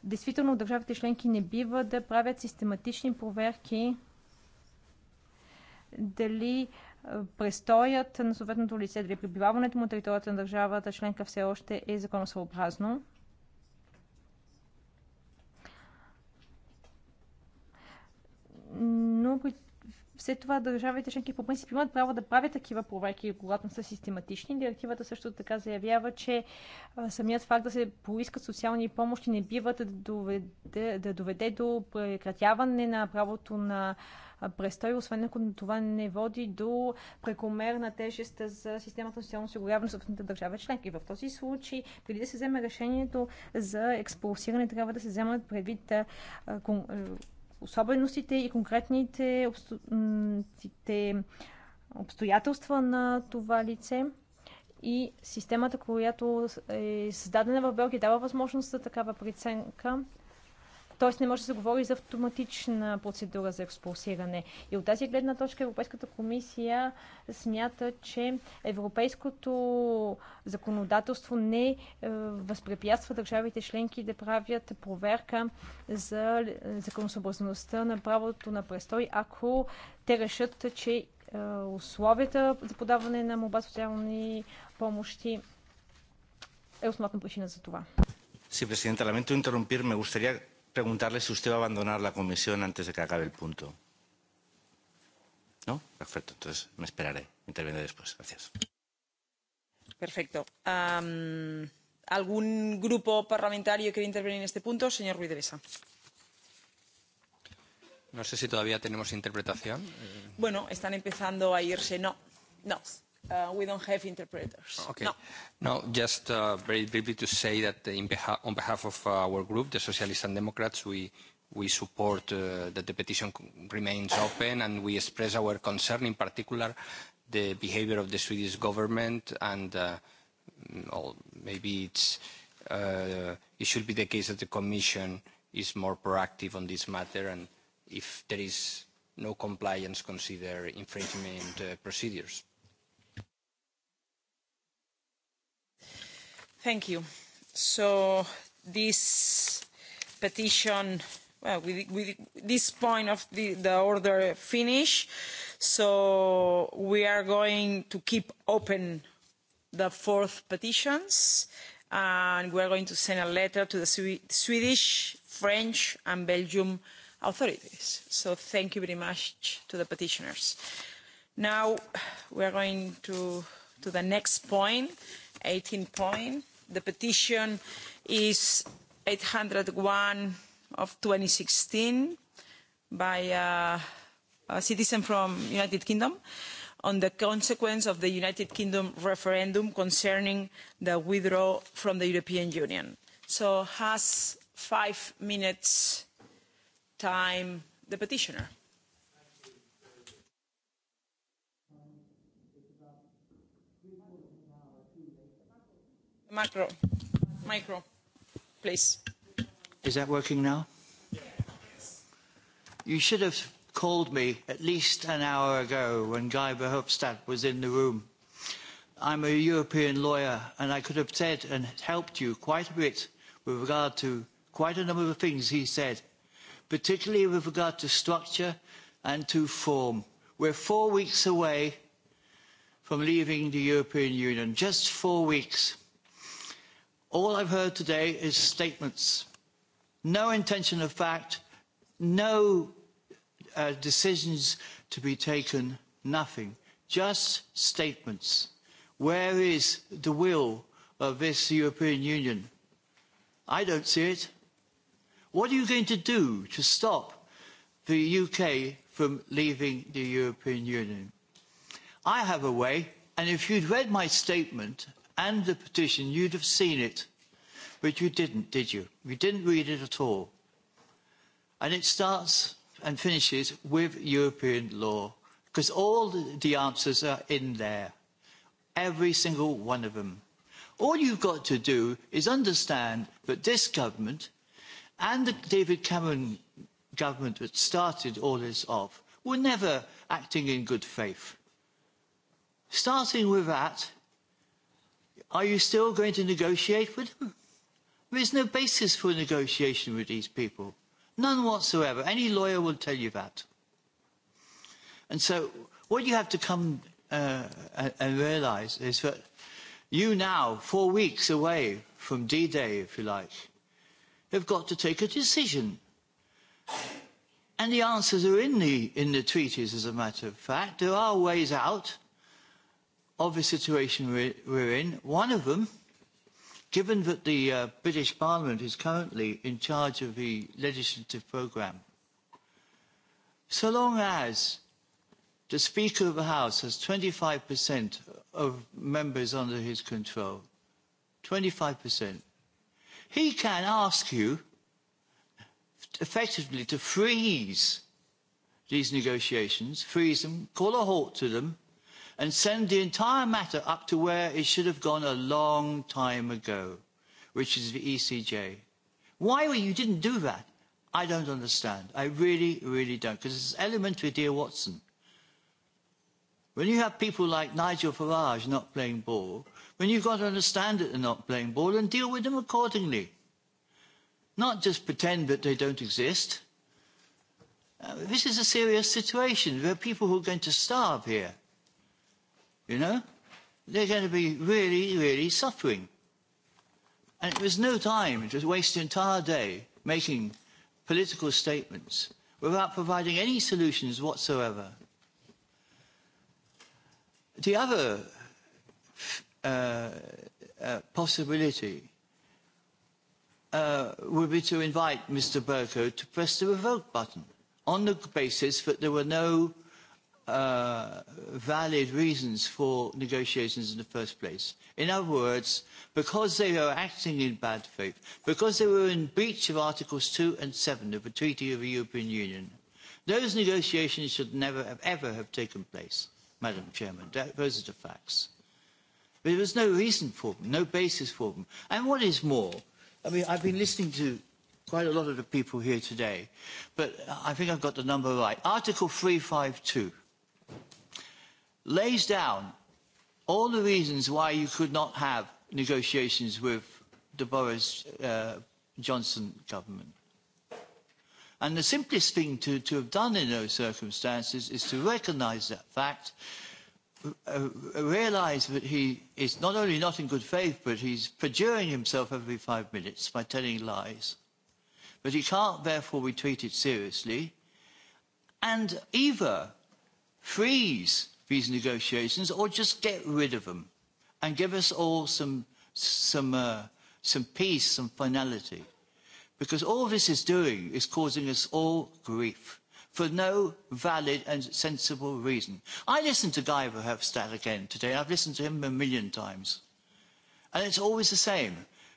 действително държавите членки не бива да правят систематични проверки дали престоят на съответното лице, дали прибиваването му на територията на държавата членка все още е законосъобразно. Но при след това държавите членки по принцип имат право да правят такива проверки, когато не са систематични. Директивата също така заявява, че самият факт да се поискат социални помощи не бива да доведе, да доведе до прекратяване на правото на престой, освен ако това не води до прекомерна тежест за системата на социално осигуряване на собствената държава членки. В този случай, преди да се вземе решението за експулсиране, трябва да се вземат предвид особеностите и конкретните обсто... обстоятелства на това лице. И системата, която е създадена в Белгия, дава възможност за такава преценка. Тоест не може да се говори за автоматична процедура за експулсиране. И от тази гледна точка Европейската комисия смята, че европейското законодателство не е, възпрепятства държавите членки да правят проверка за законосъобразността на правото на престой, ако те решат, че е, условията за подаване на моба социални помощи е основна причина за това. Sí, Presidenta, lamento interrumpir. Me gustaría preguntarle si usted va a abandonar la comisión antes de que acabe el punto. ¿No? Perfecto. Entonces me esperaré. Intervendré después. Gracias. Perfecto. Um, ¿Algún grupo parlamentario quiere intervenir en este punto? Señor Ruiz de Besa. No sé si todavía tenemos interpretación. Bueno, están empezando a irse. No, no uh, we don't have interpreters. Okay. No, no just uh, very briefly to say that in behalf, on behalf of our group, the Socialists and Democrats, we we support uh, that the petition remains open and we express our concern in particular the behavior of the Swedish government and uh, well, maybe it's, uh, it should be the case that the Commission is more proactive on this matter and if there is no compliance consider infringement uh, procedures. Thank you. So this petition, well, with, with this point of the, the order finish, so we are going to keep open the fourth petitions and we are going to send a letter to the Swedish, French and Belgium authorities. So thank you very much to the petitioners. Now we are going to, to the next point, 18 point The petition is 801 of 2016 by a citizen from the United Kingdom on the consequence of the United Kingdom referendum concerning the withdrawal from the European Union. So has five minutes time the petitioner. Micro. Micro, please. Is that working now? You should have called me at least an hour ago when Guy Verhofstadt was in the room. I'm a European lawyer and I could have said and helped you quite a bit with regard to quite a number of things he said, particularly with regard to structure and to form. We're four weeks away from leaving the European Union, just four weeks All I've heard today is statements. No intention of fact, no uh, decisions to be taken, nothing. Just statements. Where is the will of this European Union? I don't see it. What are you going to do to stop the UK from leaving the European Union? I have a way, and if you'd read my statement, and the petition, you'd have seen it. But you didn't, did you? You didn't read it at all. And it starts and finishes with European law, because all the answers are in there, every single one of them. All you've got to do is understand that this government and the David Cameron government that started all this off were never acting in good faith. Starting with that, are you still going to negotiate with them? There is no basis for negotiation with these people. None whatsoever. Any lawyer will tell you that. And so what you have to come uh, and realise is that you now, four weeks away from D-Day, if you like, have got to take a decision. And the answers are in the, in the treaties, as a matter of fact. There are ways out of the situation we're, we're in. One of them, given that the uh, British Parliament is currently in charge of the legislative programme, so long as the Speaker of the House has 25% of members under his control, 25%, he can ask you effectively to freeze these negotiations, freeze them, call a halt to them, and send the entire matter up to where it should have gone a long time ago, which is the ECJ. Why you didn't do that, I don't understand. I really, really don't, because it's elementary, dear Watson. When you have people like Nigel Farage not playing ball, when you've got to understand that they're not playing ball and deal with them accordingly. Not just pretend that they don't exist. Uh, this is a serious situation. There are people who are going to starve here you know? They're going to be really, really suffering. And it was no time to waste an entire day making political statements without providing any solutions whatsoever. The other uh, uh, possibility uh, would be to invite Mr. Burko to press the revoke button on the basis that there were no uh, valid reasons for negotiations in the first place. In other words, because they are acting in bad faith, because they were in breach of Articles 2 and 7 of the Treaty of the European Union, those negotiations should never have ever have taken place, Madam Chairman. That, those are the facts. There was no reason for them, no basis for them. And what is more, I mean, I've been listening to quite a lot of the people here today, but I think I've got the number right. Article 352 lays down all the reasons why you could not have negotiations with the Boris uh, Johnson government. And the simplest thing to, to have done in those circumstances is to recognise that fact, uh, realise that he is not only not in good faith, but he's perjuring himself every five minutes by telling lies. But he can't therefore be treated seriously. And either freeze these negotiations, or just get rid of them and give us all some, some, uh, some peace, some finality. Because all this is doing is causing us all grief for no valid and sensible reason. I listened to Guy Verhofstadt again today. I've listened to him a million times. And it's always the same.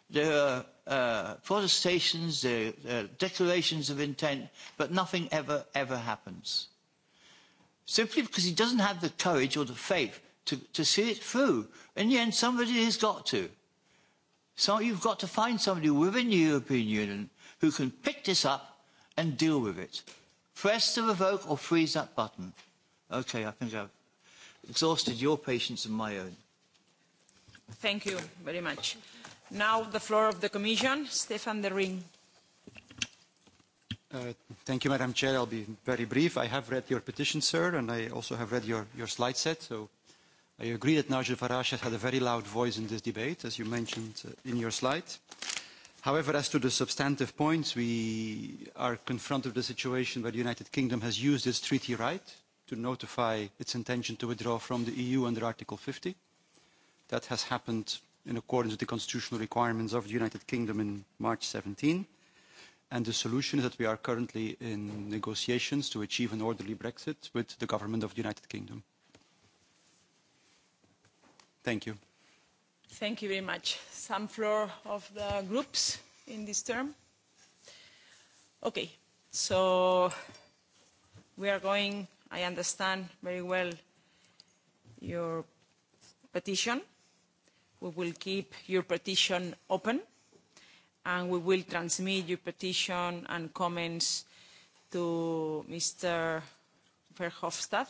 There are uh, protestations, there are declarations of intent, but nothing ever, ever happens simply because he doesn't have the courage or the faith to, to see it through. In the end, somebody has got to. So you've got to find somebody within the European Union who can pick this up and deal with it. Press the revoke or freeze that button. Okay, I think I've exhausted your patience and my own. Thank you very much. Now the floor of the Commission, Stefan de Ring Thank you, Madam Chair. I'll be very brief. I have read your petition, sir, and I also have read your, your slide set. So I agree that Nigel Farage has had a very loud voice in this debate, as you mentioned in your slide. However, as to the substantive points, we are confronted with a situation where the United Kingdom has used its treaty right to notify its intention to withdraw from the EU under Article 50. That has happened in accordance with the constitutional requirements of the United Kingdom in March 17 and the solution is that we are currently in negotiations to achieve an orderly Brexit with the government of the United Kingdom. Thank you. Thank you very much. Some floor of the groups in this term? Okay, so we are going, I understand very well your petition. We will keep your petition open and we will transmit your petition and comments to Mr. Verhofstadt.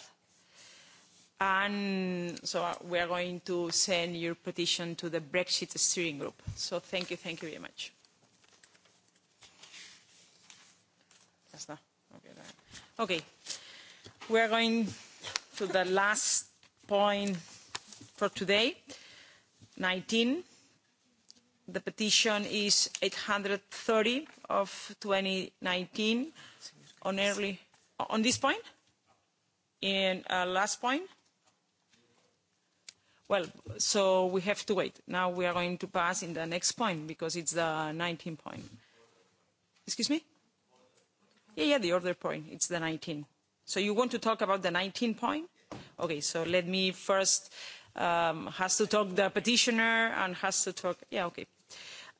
And so we are going to send your petition to the Brexit steering group. So thank you, thank you very much. Okay, we are going to the last point for today, 19 The petition is eight hundred thirty of twenty nineteen. on early on this point and uh, last point. Well, so we have to wait. Now we are going to pass in the next point because it's the 19 point. Excuse me? Yeah, yeah, the order point. It's the 19. So you want to talk about the 19 point? Okay, so let me first um, has to talk the petitioner and has to talk. Yeah, okay.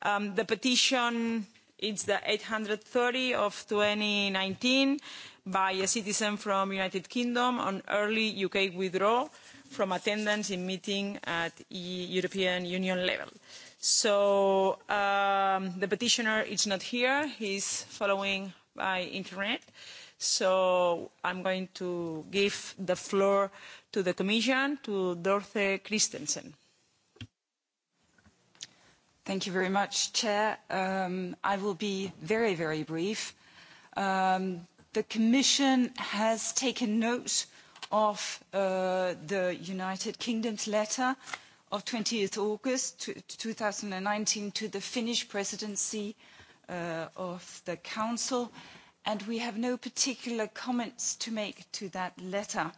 Um, the petition is the 830 of 2019 by a citizen from United Kingdom on early UK withdrawal from attendance in meeting at European Union level. So um, the petitioner is not here. He's following by internet. So I'm going to give the floor to the Commission, to Dorothy Christensen. Thank you very much, Chair. I will be very, very brief. the Commission has taken note of the United Kingdom's letter of 20th August nineteen to the Finnish presidency of the Council, and we have no particular comments to make to that letter.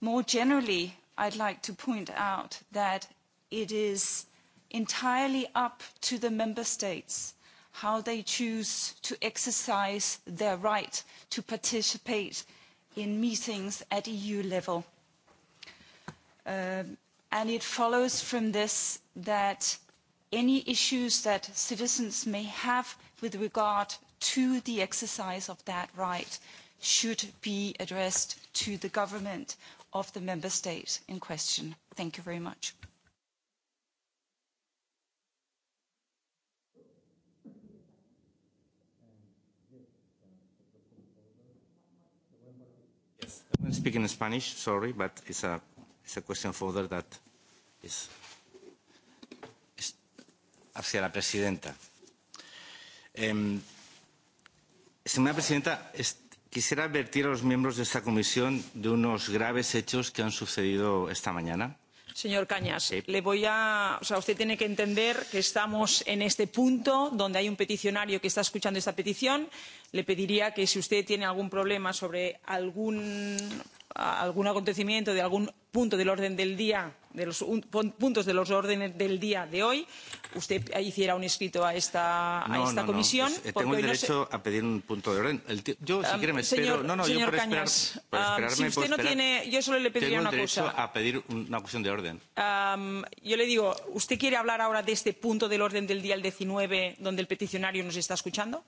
More generally, I'd like to point out that it is entirely up to the member states how they choose to exercise their right to participate in meetings at EU level. and it follows from this that any issues that citizens may have with regard to the exercise of that right should be addressed to the government of the member state in question. Thank you very much. speaking in Spanish, sorry, but it's a, it's a question further that is, is hacia la presidenta. Eh, señora presidenta, quisiera advertir a los miembros de esta comisión de unos graves hechos que han sucedido esta mañana Señor Cañas, le voy a, o sea, usted tiene que entender que estamos en este punto donde hay un peticionario que está escuchando esta petición. Le pediría que si usted tiene algún problema sobre algún algún acontecimiento de algún punto del orden del día de los puntos de los órdenes del día de hoy usted hiciera un escrito a esta, a esta comisión tengo el derecho a pedir un punto de orden yo si quiere me espero no no yo por Cañas, si usted no tiene yo solo le pediría una cosa a pedir una cuestión de orden yo le digo usted quiere hablar ahora de este punto del orden del día el 19 donde el peticionario nos está escuchando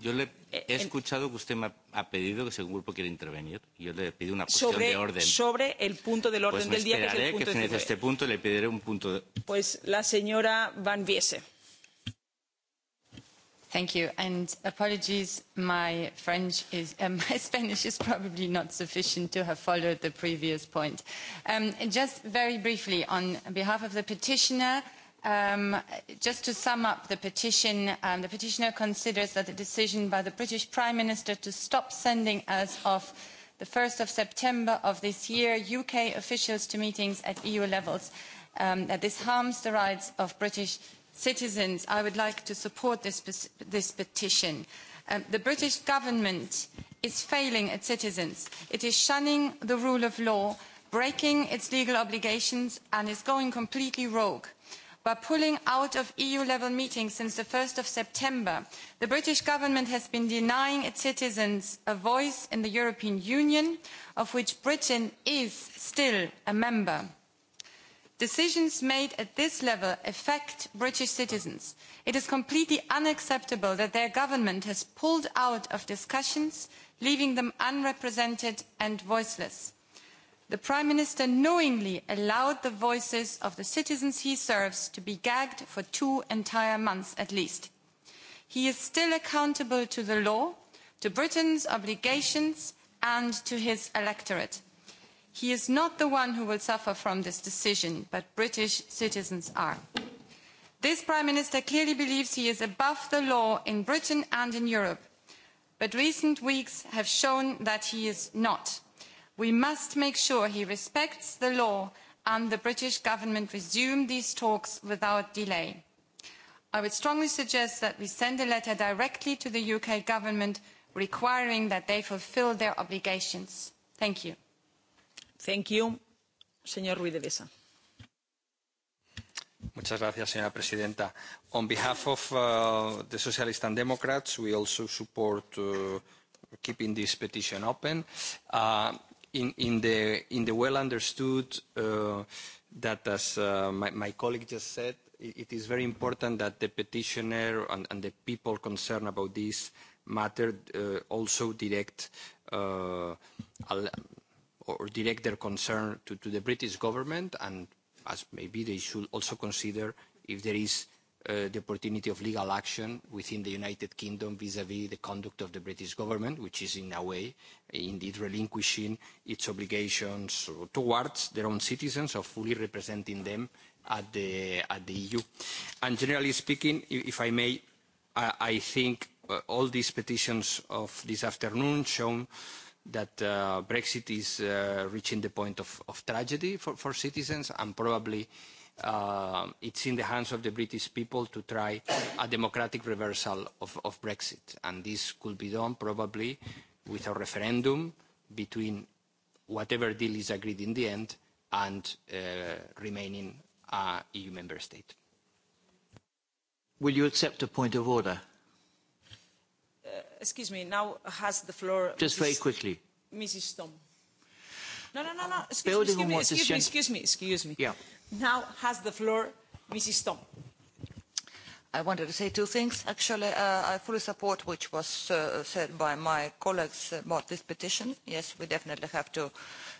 Yo le he escuchado que usted me ha pedido que si grupo quiere intervenir. Yo le he pedido una posición sobre, de orden. Sobre el punto del orden pues del día, que es el punto que finalice este punto y le pediré un punto de... Pues la señora Van Viese. Thank you, and apologies, my French is, uh, my Spanish is probably not sufficient to have followed the previous point. Um, just very briefly, on behalf of the petitioner, just to sum up the petition, um, the petitioner considers that the decision by the British Prime Minister to stop sending as of the 1st of September of this year UK officials to meetings at EU levels, um, that this harms the rights of British citizens. I would like to support this, this petition. Um, the British government is failing its citizens. It is shunning the rule of law, breaking its legal obligations and is going completely rogue by pulling out of EU-level meetings since the 1 of September. The British government has been denying its citizens a voice in the European Union, of which Britain is still a member. Decisions made at this level affect British citizens. It is completely unacceptable that their government has pulled out of discussions, leaving them unrepresented and voiceless the prime minister knowingly allowed the voices of the citizens he serves to be gagged for two entire months at least. he is still accountable to the law to britain's obligations and to his electorate. he is not the one who will suffer from this decision but british citizens are. this prime minister clearly believes he is above the law in britain and in europe but recent weeks have shown that he is not We must make sure he respects the law and the British government resume these talks without delay. I would strongly suggest that we send a letter directly to the UK government requiring that they fulfil their obligations. Thank you. Thank you. Señor Ruiz de Besa. Muchas gracias, señora presidenta. On behalf of uh, the Socialists and Democrats, we also support uh, keeping this petition open. Uh, in, in, the, in the well understood uh, that, as uh, my, my colleague just said, it, it is very important that the petitioner and, and the people concerned about this matter uh, also direct uh, or direct their concern to, to the British government and as maybe they should also consider if there is the opportunity of legal action within the United Kingdom vis-à-vis the conduct of the British government, which is in a way indeed relinquishing its obligations towards their own citizens of fully representing them at the, at the EU. And generally speaking, if I may, I, think all these petitions of this afternoon show that Brexit is uh, reaching the point of, tragedy for, for citizens and probably uh, it's in the hands of the British people to try a democratic reversal of, of Brexit. And this could be done probably with a referendum between whatever deal is agreed in the end and uh, remaining a EU member state. Will you accept a point of order? Uh, excuse me, now has the floor... Just very quickly. Mrs. Tom. No, no, no, no. Excuse me, excuse me, excuse me, excuse me. Yeah. Now has the floor Mrs. Tom. I wanted to say two things. Actually, uh, I fully support which was uh, said by my colleagues about this petition. Yes, we definitely have to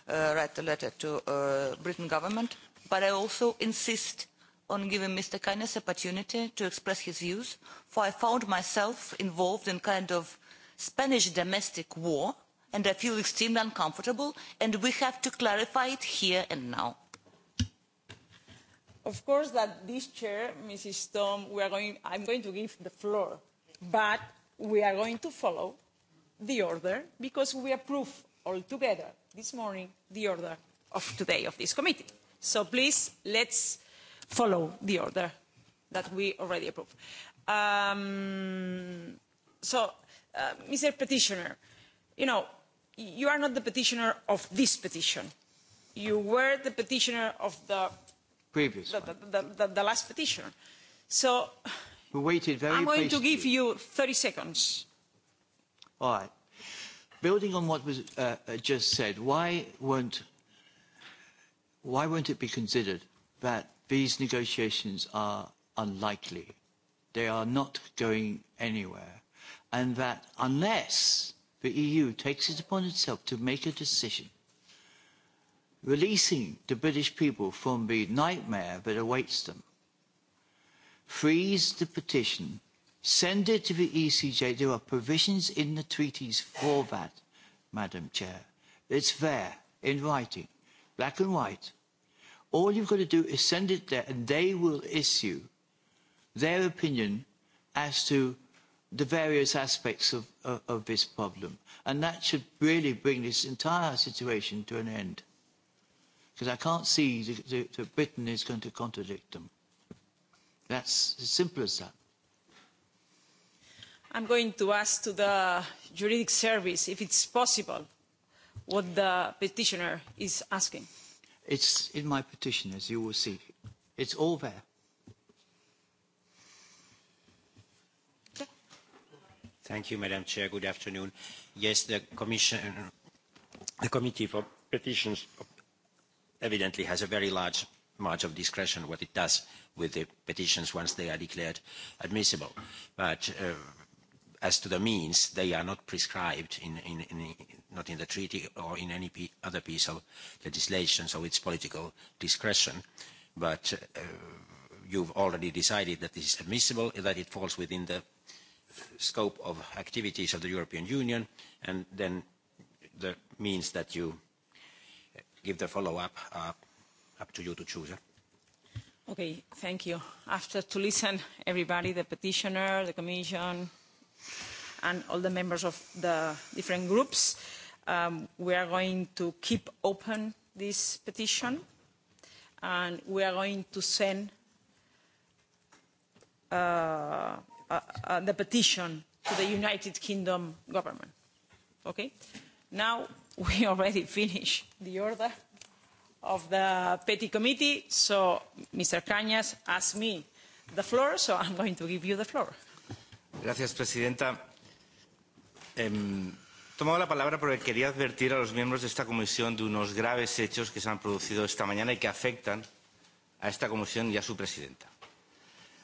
uh, write a letter to uh, Britain government. But I also insist on giving Mr. Kainas opportunity to express his views, for I found myself involved in kind of Spanish domestic war, and I feel extremely uncomfortable, and we have to clarify it here and now Of course, that this chair, Mrs. Stone, we are going, I'm going to give the floor, but we are going to follow the order because we approve all together this morning the order of today of this committee. So please, let's follow the order that we already approved. Um, so, uh, Mr. Petitioner, you know, you are not the petitioner of this petition. You were the petitioner of the Previous the, the, the, the last petition. So we waited very I'm going to give you 30 seconds. All right. Building on what was uh, just said, why won't why won't it be considered that these negotiations are unlikely? They are not going anywhere, and that unless the EU takes it upon itself to make a decision releasing the British people from the nightmare that awaits them. Freeze the petition. Send it to the ECJ. There are provisions in the treaties for that, Madam Chair. It's there in writing, black and white. All you've got to do is send it there and they will issue their opinion as to the various aspects of, of, of this problem. And that should really bring this entire situation to an end because I can't see that, Britain is going to contradict them. That's as simple as that. I'm going to ask to the juridic service if it's possible what the petitioner is asking. It's in my petition, as you will see. It's all there. Thank you, Madam Chair. Good afternoon. Yes, the Commission, the Committee for Petitions evidently has a very large margin of discretion what it does with the petitions once they are declared admissible. But uh, as to the means, they are not prescribed in, in, in, not in the treaty or in any p other piece of legislation, so it's political discretion. But uh, you've already decided that this is admissible, that it falls within the scope of activities of the European Union, and then the means that you give the follow-up. Uh, up to you to choose. Okay, thank you. After to listen everybody, the petitioner, the commission, and all the members of the different groups, um, we are going to keep open this petition and we are going to send uh, uh, uh, the petition to the United Kingdom government. Okay? Now we already finished the order of the Petty Committee, so Mr. Cañas asked me the floor, so I'm going to give you the floor. Gracias, Presidenta. he tomado la palabra porque quería advertir a los miembros de esta comisión de unos graves hechos que se han producido esta mañana y que afectan a esta comisión y a su presidenta.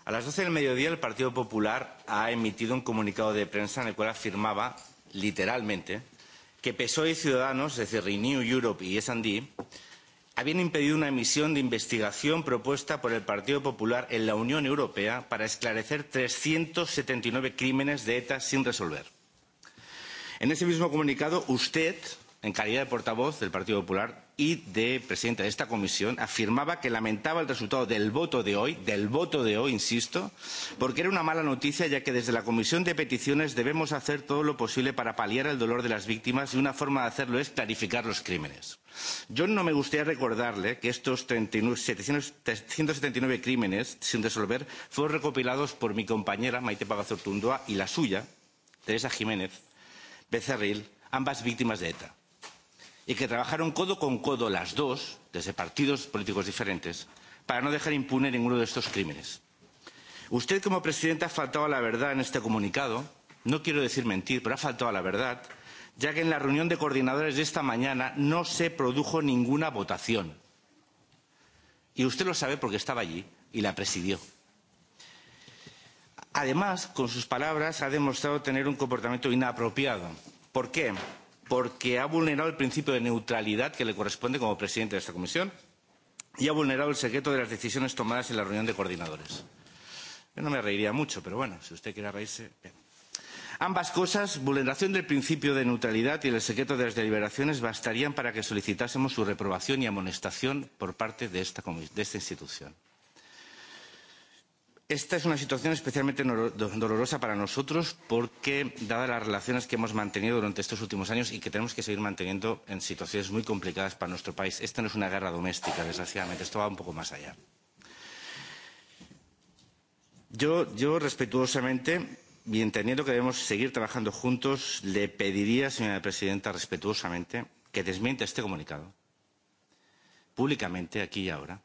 A las 12 del mediodía el Partido Popular ha emitido un comunicado de prensa en el cual afirmaba, literalmente, que PSOE y Ciudadanos, es decir, Renew Europe y S&D, habían impedido una misión de investigación propuesta por el Partido Popular en la Unión Europea para esclarecer trescientos setenta y nueve crímenes de ETA sin resolver. En ese mismo comunicado, usted en calidad de portavoz del Partido Popular y de presidenta de esta comisión, afirmaba que lamentaba el resultado del voto de hoy, del voto de hoy, insisto, porque era una mala noticia, ya que desde la Comisión de Peticiones debemos hacer todo lo posible para paliar el dolor de las víctimas y una forma de hacerlo es clarificar los crímenes. Yo no me gustaría recordarle que estos 39, 779 crímenes sin resolver fueron recopilados por mi compañera Maite Pagazortundúa y la suya, Teresa Jiménez Becerril, ambas víctimas de ETA y que trabajaron codo con codo las dos, desde partidos políticos diferentes, para no dejar impune ninguno de estos crímenes. Usted como presidenta ha faltado a la verdad en este comunicado. No quiero decir mentir, pero ha faltado a la verdad, ya que en la reunión de coordinadores de esta mañana no se produjo ninguna votación. Y usted lo sabe porque estaba allí y la presidió. Además, con sus palabras ha demostrado tener un comportamiento inapropiado. ¿Por qué? porque ha vulnerado el principio de neutralidad que le corresponde como presidente de esta comisión y ha vulnerado el secreto de las decisiones tomadas en la reunión de coordinadores. Yo no me reiría mucho, pero bueno, si usted quiere reírse, bien. Ambas cosas, vulneración del principio de neutralidad y el secreto de las deliberaciones, bastarían para que solicitásemos su reprobación y amonestación por parte de esta, de esta institución. Esta es una situación especialmente dolorosa para nosotros porque, dadas las relaciones que hemos mantenido durante estos últimos años y que tenemos que seguir manteniendo en situaciones muy complicadas para nuestro país, esta no es una guerra doméstica, desgraciadamente, esto va un poco más allá. Yo, yo respetuosamente y entendiendo que debemos seguir trabajando juntos, le pediría, señora presidenta, respetuosamente, que desmienta este comunicado públicamente aquí y ahora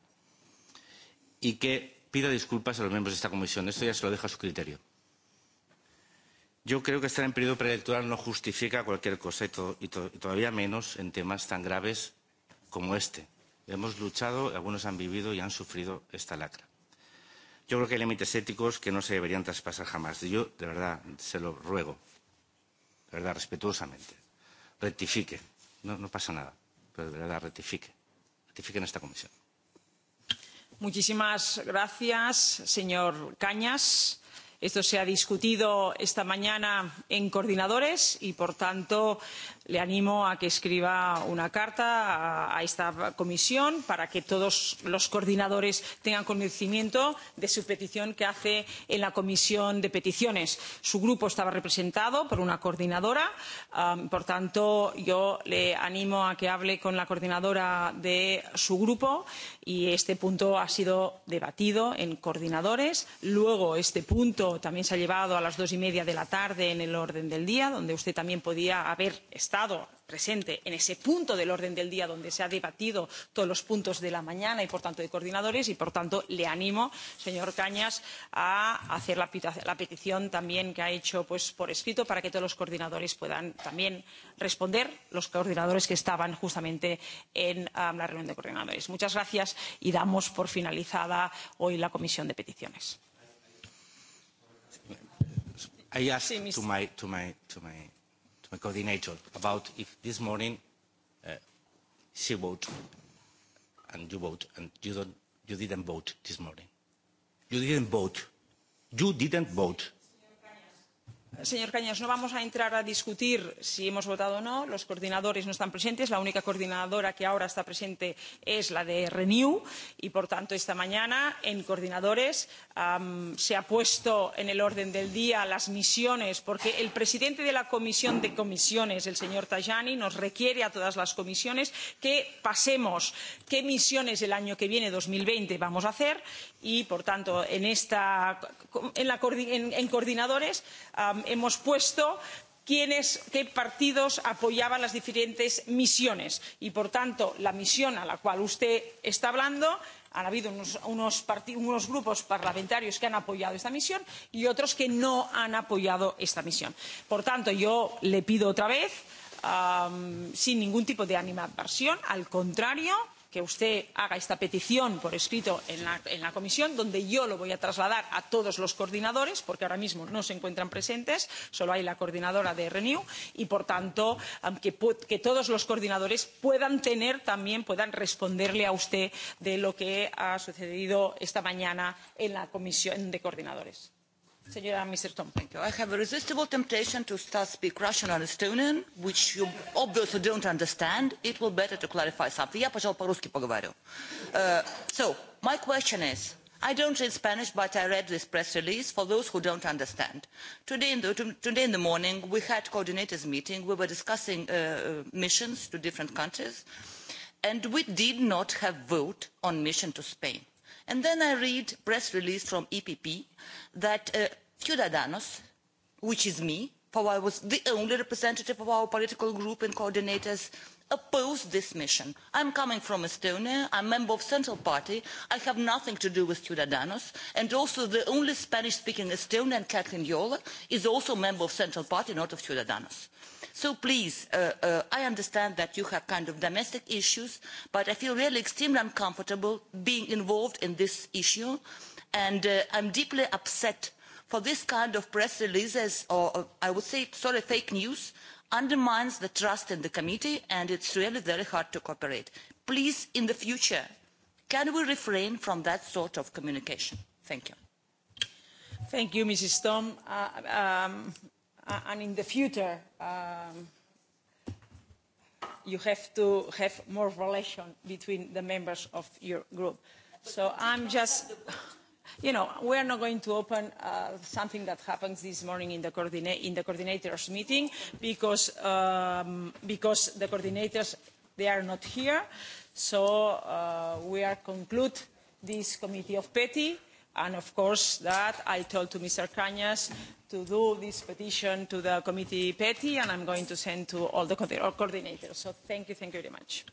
y que pida disculpas a los miembros de esta comisión. Esto ya se lo dejo a su criterio. Yo creo que estar en periodo preelectoral no justifica cualquier cosa y, to y, to y todavía menos en temas tan graves como este. Hemos luchado, algunos han vivido y han sufrido esta lacra. Yo creo que hay límites éticos que no se deberían traspasar jamás. Yo, de verdad, se lo ruego, de verdad, respetuosamente, rectifique. No, no pasa nada, pero de verdad, rectifique. Rectifique en esta comisión. Muchísimas gracias, señor Cañas. Esto se ha discutido esta mañana en coordinadores y, por tanto, le animo a que escriba una carta a, esta comisión para que todos los coordinadores tengan conocimiento de su petición que hace en la comisión de peticiones. Su grupo estaba representado por una coordinadora, por tanto yo le animo a que hable con la coordinadora de su grupo y este punto ha sido debatido en coordinadores. Luego este punto también se ha llevado a las dos y media de la tarde en el orden del día, donde usted también podía haber estado estado presente en ese punto del orden del día donde se han debatido todos los puntos de la mañana y por tanto de coordinadores y por tanto le animo señor cañas a hacer la petición también que ha hecho por escrito para que todos los coordinadores puedan también responder los coordinadores que estaban justamente en la reunión de coordinadores. muchas gracias y damos por finalizada hoy la comisión de peticiones. I to my, to my, to my my coordinator, about if this morning uh, she vote and you vote and you, don't, you didn't vote this morning. You didn't vote. You didn't vote Señor Cañas, no vamos a entrar a discutir si hemos votado o no. Los coordinadores no están presentes. La única coordinadora que ahora está presente es la de Renew y, por tanto, esta mañana en coordinadores se ha puesto en el orden del día las misiones porque el presidente de la Comisión de Comisiones, el señor Tajani, nos requiere a todas las comisiones que pasemos qué misiones el año que viene, dos mil veinte, vamos a hacer y, por tanto, en, coordinadores hemos puesto qué partidos apoyaban las diferentes misiones y por tanto en la misión de la cual usted está hablando ha habido unos grupos parlamentarios que han apoyado esta misión y otros que no han apoyado esta misión. por tanto yo le pido otra vez sin ningún tipo de animadversión al contrario que usted haga esta petición por escrito en la, comisión, donde yo lo voy a trasladar a todos los coordinadores, porque ahora mismo no se encuentran presentes, solo hay la coordinadora de Renew, y por tanto que, todos los coordinadores puedan tener también, puedan responderle a usted de lo que ha sucedido esta mañana en la comisión de coordinadores. Señora Miserton. Thank you. I have a resistible temptation to start speak Russian and Estonian, which you obviously don't understand. It will better to clarify something. Я, пожалуй, по-русски поговорю. so, my question is, I don't read Spanish, but I read this press release for those who don't understand. Today in the, to today in the morning, we had coordinators meeting. We were discussing uh, missions to different countries, and we did not have vote on mission to Spain. And then I read press release from EPP that uh Ciudadanos, which is me, for I was the only representative of our political group and coordinators, opposed this mission. I coming from Estonia, I am a member of the Central Party, I have nothing to do with Ciudadanos, and also the only Spanish-speaking Estonian, Kathleen Yola, is also a member of the Central Party, not of Ciudadanos. So please, I understand that you have kind of domestic issues, but I feel really extremely uncomfortable being involved in this issue, and I am deeply upset for this kind of press releases, or I would say, sorry, fake news, undermines the trust in the committee, and it's really very hard to cooperate. Please, in the future, can we refrain from that sort of communication? Thank you. Thank you, Mrs. Uh uh and in the future, um you have to have more relation between the members of your group. So I'm just you know, we are not going to open uh, something that happens this morning in the, coordina in the coordinators meeting because, um, because the coordinators, they are not here. So uh, we are conclude this committee of petty. And of course that I told to Mr. Cañas to do this petition to the committee petty and I'm going to send to all the coordinators. So thank you, thank you very much.